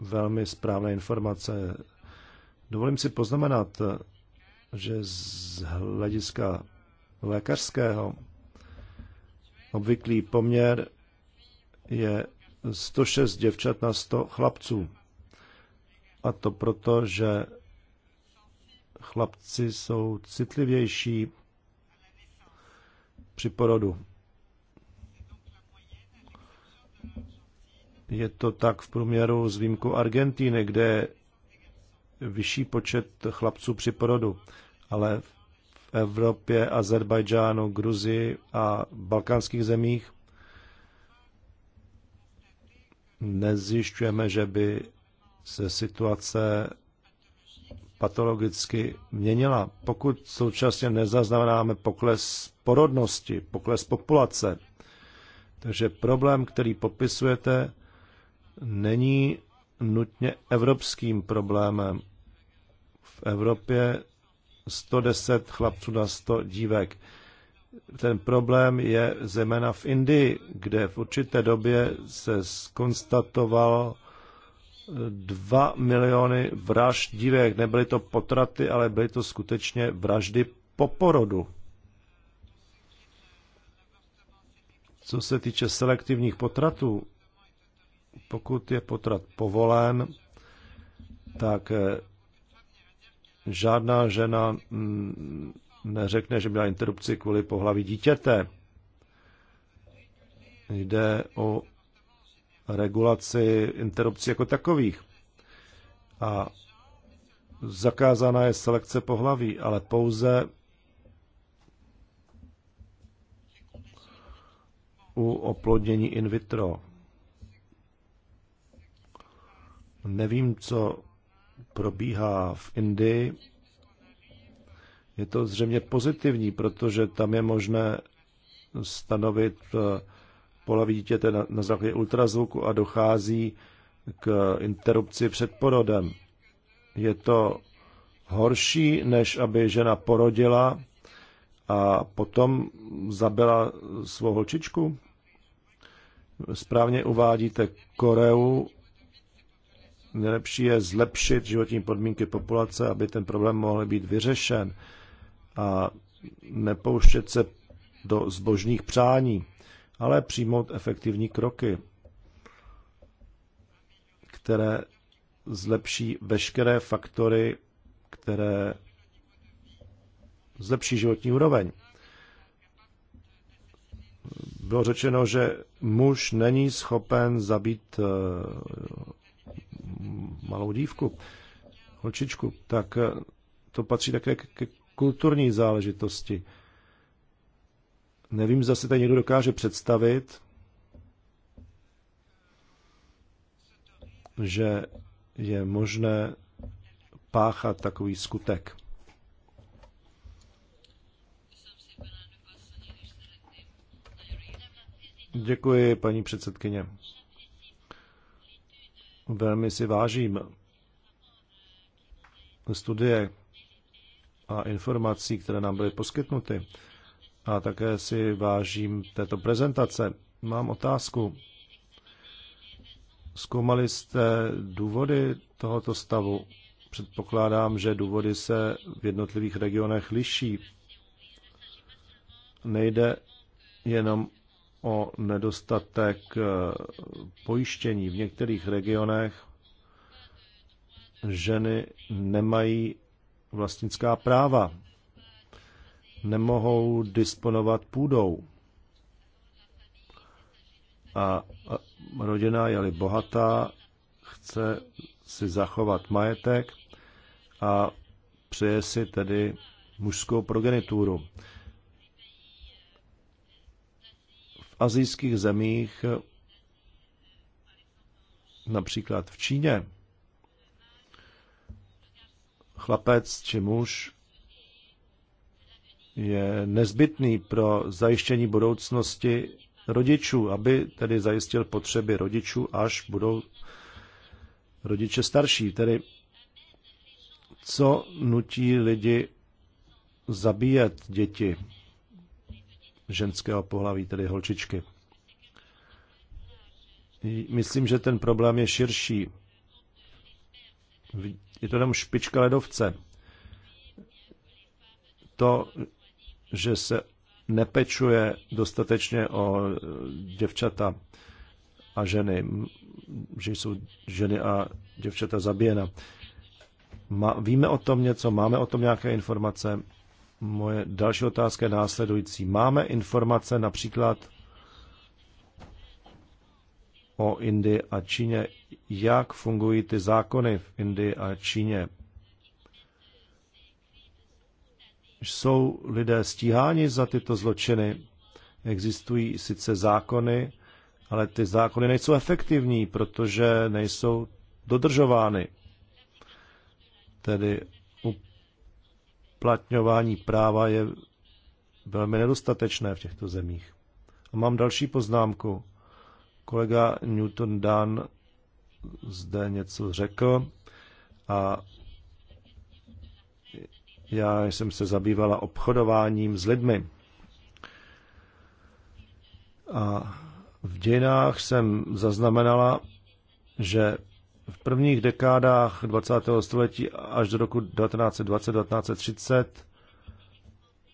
velmi správné informace. Dovolím si poznamenat, že z hlediska lékařského obvyklý poměr je 106 děvčat na 100 chlapců. A to proto, že chlapci jsou citlivější při porodu. Je to tak v průměru s výjimkou Argentíny, kde je vyšší počet chlapců při porodu, ale v Evropě, Azerbajdžánu, Gruzii a balkánských zemích nezjišťujeme, že by se situace patologicky měnila. Pokud současně nezaznamenáme pokles porodnosti, pokles populace, takže problém, který popisujete, není nutně evropským problémem. V Evropě 110 chlapců na 100 dívek. Ten problém je zejména v Indii, kde v určité době se skonstatoval 2 miliony vražd dívek. Nebyly to potraty, ale byly to skutečně vraždy po porodu. Co se týče selektivních potratů, pokud je potrat povolen, tak eh, žádná žena mm, neřekne, že měla interrupci kvůli pohlaví dítěte. Jde o regulaci interrupcí jako takových. A zakázána je selekce pohlaví, ale pouze u oplodnění in vitro. Nevím, co probíhá v Indii. Je to zřejmě pozitivní, protože tam je možné stanovit eh, pohlaví dítěte na, na základě ultrazvuku a dochází k interrupci před porodem. Je to horší, než aby žena porodila a potom zabila svou holčičku? Správně uvádíte Koreu nejlepší je zlepšit životní podmínky populace, aby ten problém mohl být vyřešen a nepouštět se do zbožných přání, ale přijmout efektivní kroky, které zlepší veškeré faktory, které zlepší životní úroveň. Bylo řečeno, že muž není schopen zabít eh, malou dívku, holčičku, tak eh, to patří také ke kulturní záležitosti. Nevím, zda si tady někdo dokáže představit, že je možné páchat takový skutek. Děkuji, paní předsedkyně. Velmi si vážím studie a informací, které nám byly poskytnuty. A také si vážím této prezentace. Mám otázku. Zkoumali jste důvody tohoto stavu? Předpokládám, že důvody se v jednotlivých regionech liší. Nejde jenom o nedostatek eh, pojištění v některých regionech ženy nemají vlastnická práva, nemohou disponovat půdou. A rodina, je bohatá, chce si zachovat majetek a přeje si tedy mužskou progenituru. azijských zemích, například v Číně, chlapec či muž je nezbytný pro zajištění budoucnosti rodičů, aby tedy zajistil potřeby rodičů, až budou rodiče starší. Tedy co nutí lidi zabíjet děti? ženského pohlaví, tedy holčičky. Myslím, že ten problém je širší. Je to jenom špička ledovce. To, že se nepečuje dostatečně o děvčata a ženy, že jsou ženy a děvčata zabijena. víme o tom něco, máme o tom nějaké informace, Moje další otázka je následující. Máme informace například o Indii a Číně, jak fungují ty zákony v Indii a Číně. Jsou lidé stíháni za tyto zločiny? Existují sice zákony, ale ty zákony nejsou efektivní, protože nejsou dodržovány. Tedy uplatňování práva je velmi nedostatečné v těchto zemích. A mám další poznámku. Kolega Newton Dan zde něco řekl a já jsem se zabývala obchodováním s lidmi. A v dějinách jsem zaznamenala, že v prvních dekádách 20. století až do roku 1920-1930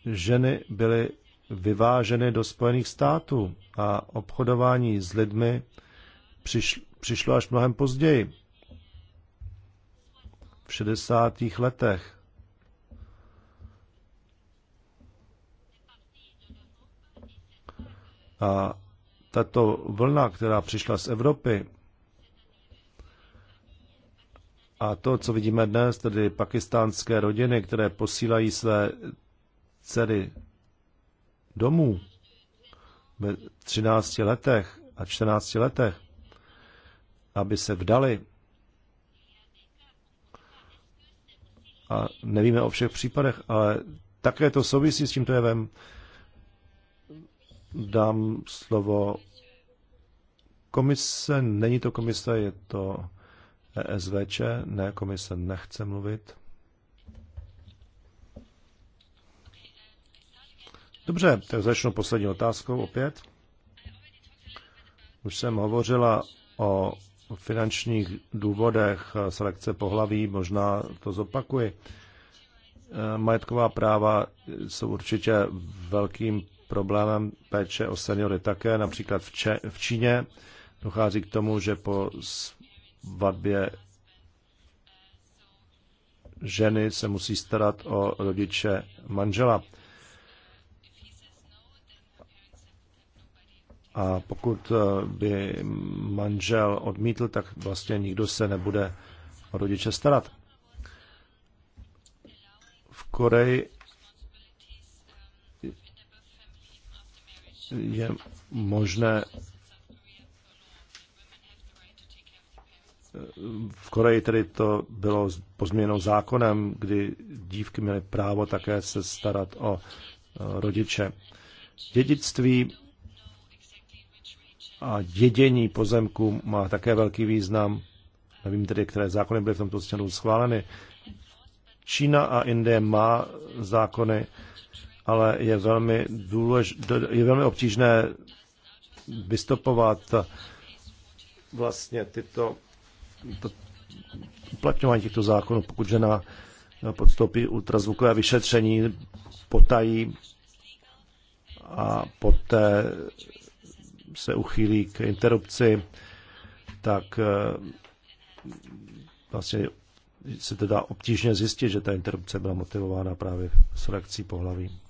ženy byly vyváženy do Spojených států a obchodování s lidmi přišlo až mnohem později, v 60. letech. A tato vlna, která přišla z Evropy, a to, co vidíme dnes, tedy pakistánské rodiny, které posílají své dcery domů ve 13 letech a 14 letech, aby se vdali. A nevíme o všech případech, ale také to souvisí s tímto jevem. Dám slovo komise, není to komise, je to ESVČ, ne, komise nechce mluvit. Dobře, tak začnu poslední otázkou opět. Už jsem hovořila o finančních důvodech selekce pohlaví, možná to zopakuji. E, majetková práva jsou určitě velkým problémem péče o seniory také. Například v, Če- v Číně dochází k tomu, že po vazbě ženy se musí starat o rodiče manžela. A pokud eh, by manžel odmítl, tak vlastně nikdo se nebude o rodiče starat. V Koreji je možné v Koreji tedy to bylo pozměněno zákonem, kdy dívky měly právo také se starat o rodiče. Dědictví a dědění pozemku má také velký význam. Nevím tedy, které zákony byly v tomto stěnu schváleny. Čína a Indie má zákony, ale je velmi, důlež, je velmi obtížné vystupovat vlastně tyto uplatňování těchto zákonů, pokud žena podstoupí ultrazvukové vyšetření, potají a poté se uchýlí k interrupci, tak eh, vlastně se teda obtížně zjistit, že ta interrupce byla motivována právě s reakcí pohlaví.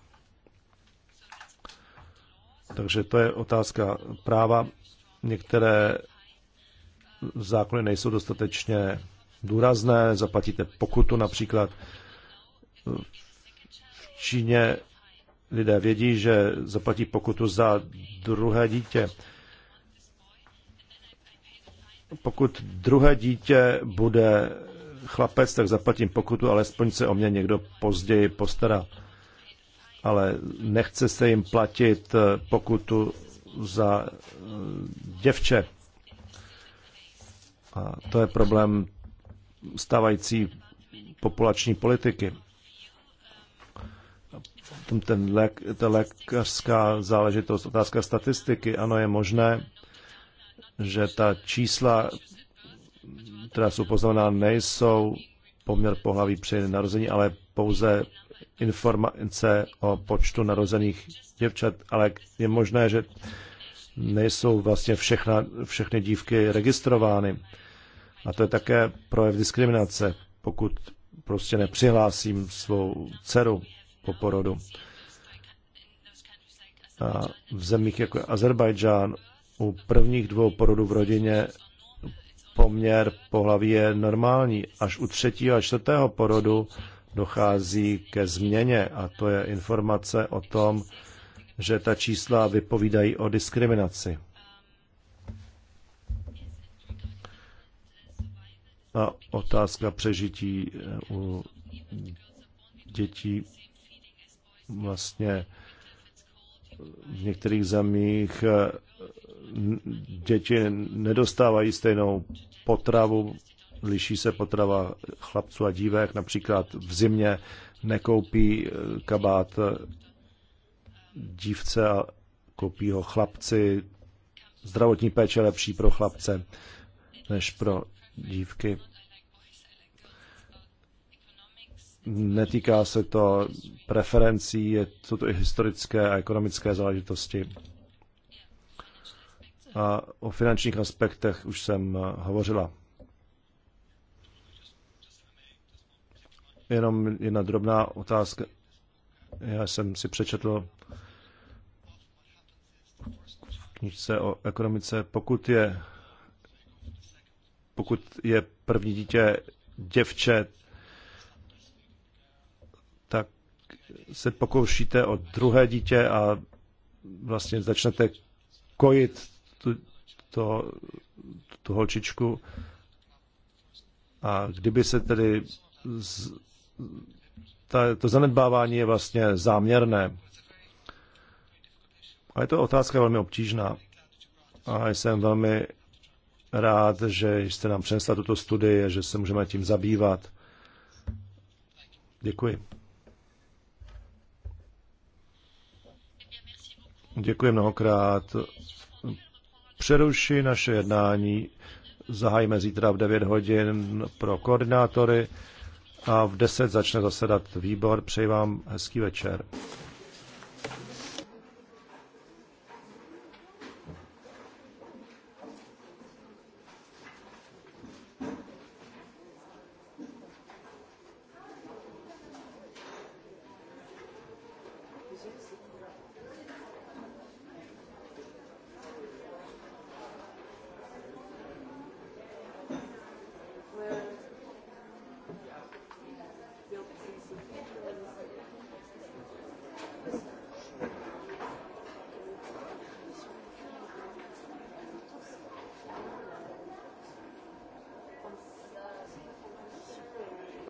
Takže to je otázka práva. Některé zákony nejsou dostatečně důrazné, zaplatíte pokutu například. V Číně lidé vědí, že zaplatí pokutu za druhé dítě. Pokud druhé dítě bude chlapec, tak zaplatím pokutu, alespoň se o mě někdo později postará. Ale nechce se jim platit pokutu za eh, děvče. A to je problém stávající populační politiky. Ten lék, ta lékařská záležitost, otázka statistiky, ano, je možné, že ta čísla, která jsou poznamená, nejsou poměr pohlaví při narození, ale pouze informace o počtu narozených děvčat, ale je možné, že nejsou vlastně všechna, všechny dívky registrovány. A to je také projev diskriminace, pokud prostě nepřihlásím svou dceru po porodu. A v zemích jako Azerbajdžán u prvních dvou porodů v rodině poměr pohlaví je normální. Až u třetího a čtvrtého porodu dochází ke změně a to je informace o tom, že ta čísla vypovídají o diskriminaci. a otázka přežití eh, u dětí vlastně v některých zemích eh, děti nedostávají stejnou potravu, liší se potrava chlapců a dívek, například v zimě nekoupí eh, kabát dívce a koupí ho chlapci. Zdravotní péče je lepší pro chlapce než pro dívky. Netýká se to preferencí, je, jsou to i historické a ekonomické záležitosti. A o finančních aspektech už jsem hovořila. Jenom jedna drobná otázka. Já jsem si přečetl v knižce o ekonomice. Pokud je pokud je první dítě děvče, tak se pokoušíte o druhé dítě a vlastně začnete kojit tu, to, tu holčičku. A kdyby se tedy z, ta, to zanedbávání je vlastně záměrné. A je to otázka velmi obtížná. A jsem velmi rád, že jste nám přinesla tuto studii a že se můžeme tím zabývat. Děkuji. Děkuji mnohokrát. Přeruši naše jednání. Zahájíme zítra v 9 hodin pro koordinátory a v 10 začne zasedat výbor. Přeji vám hezký večer.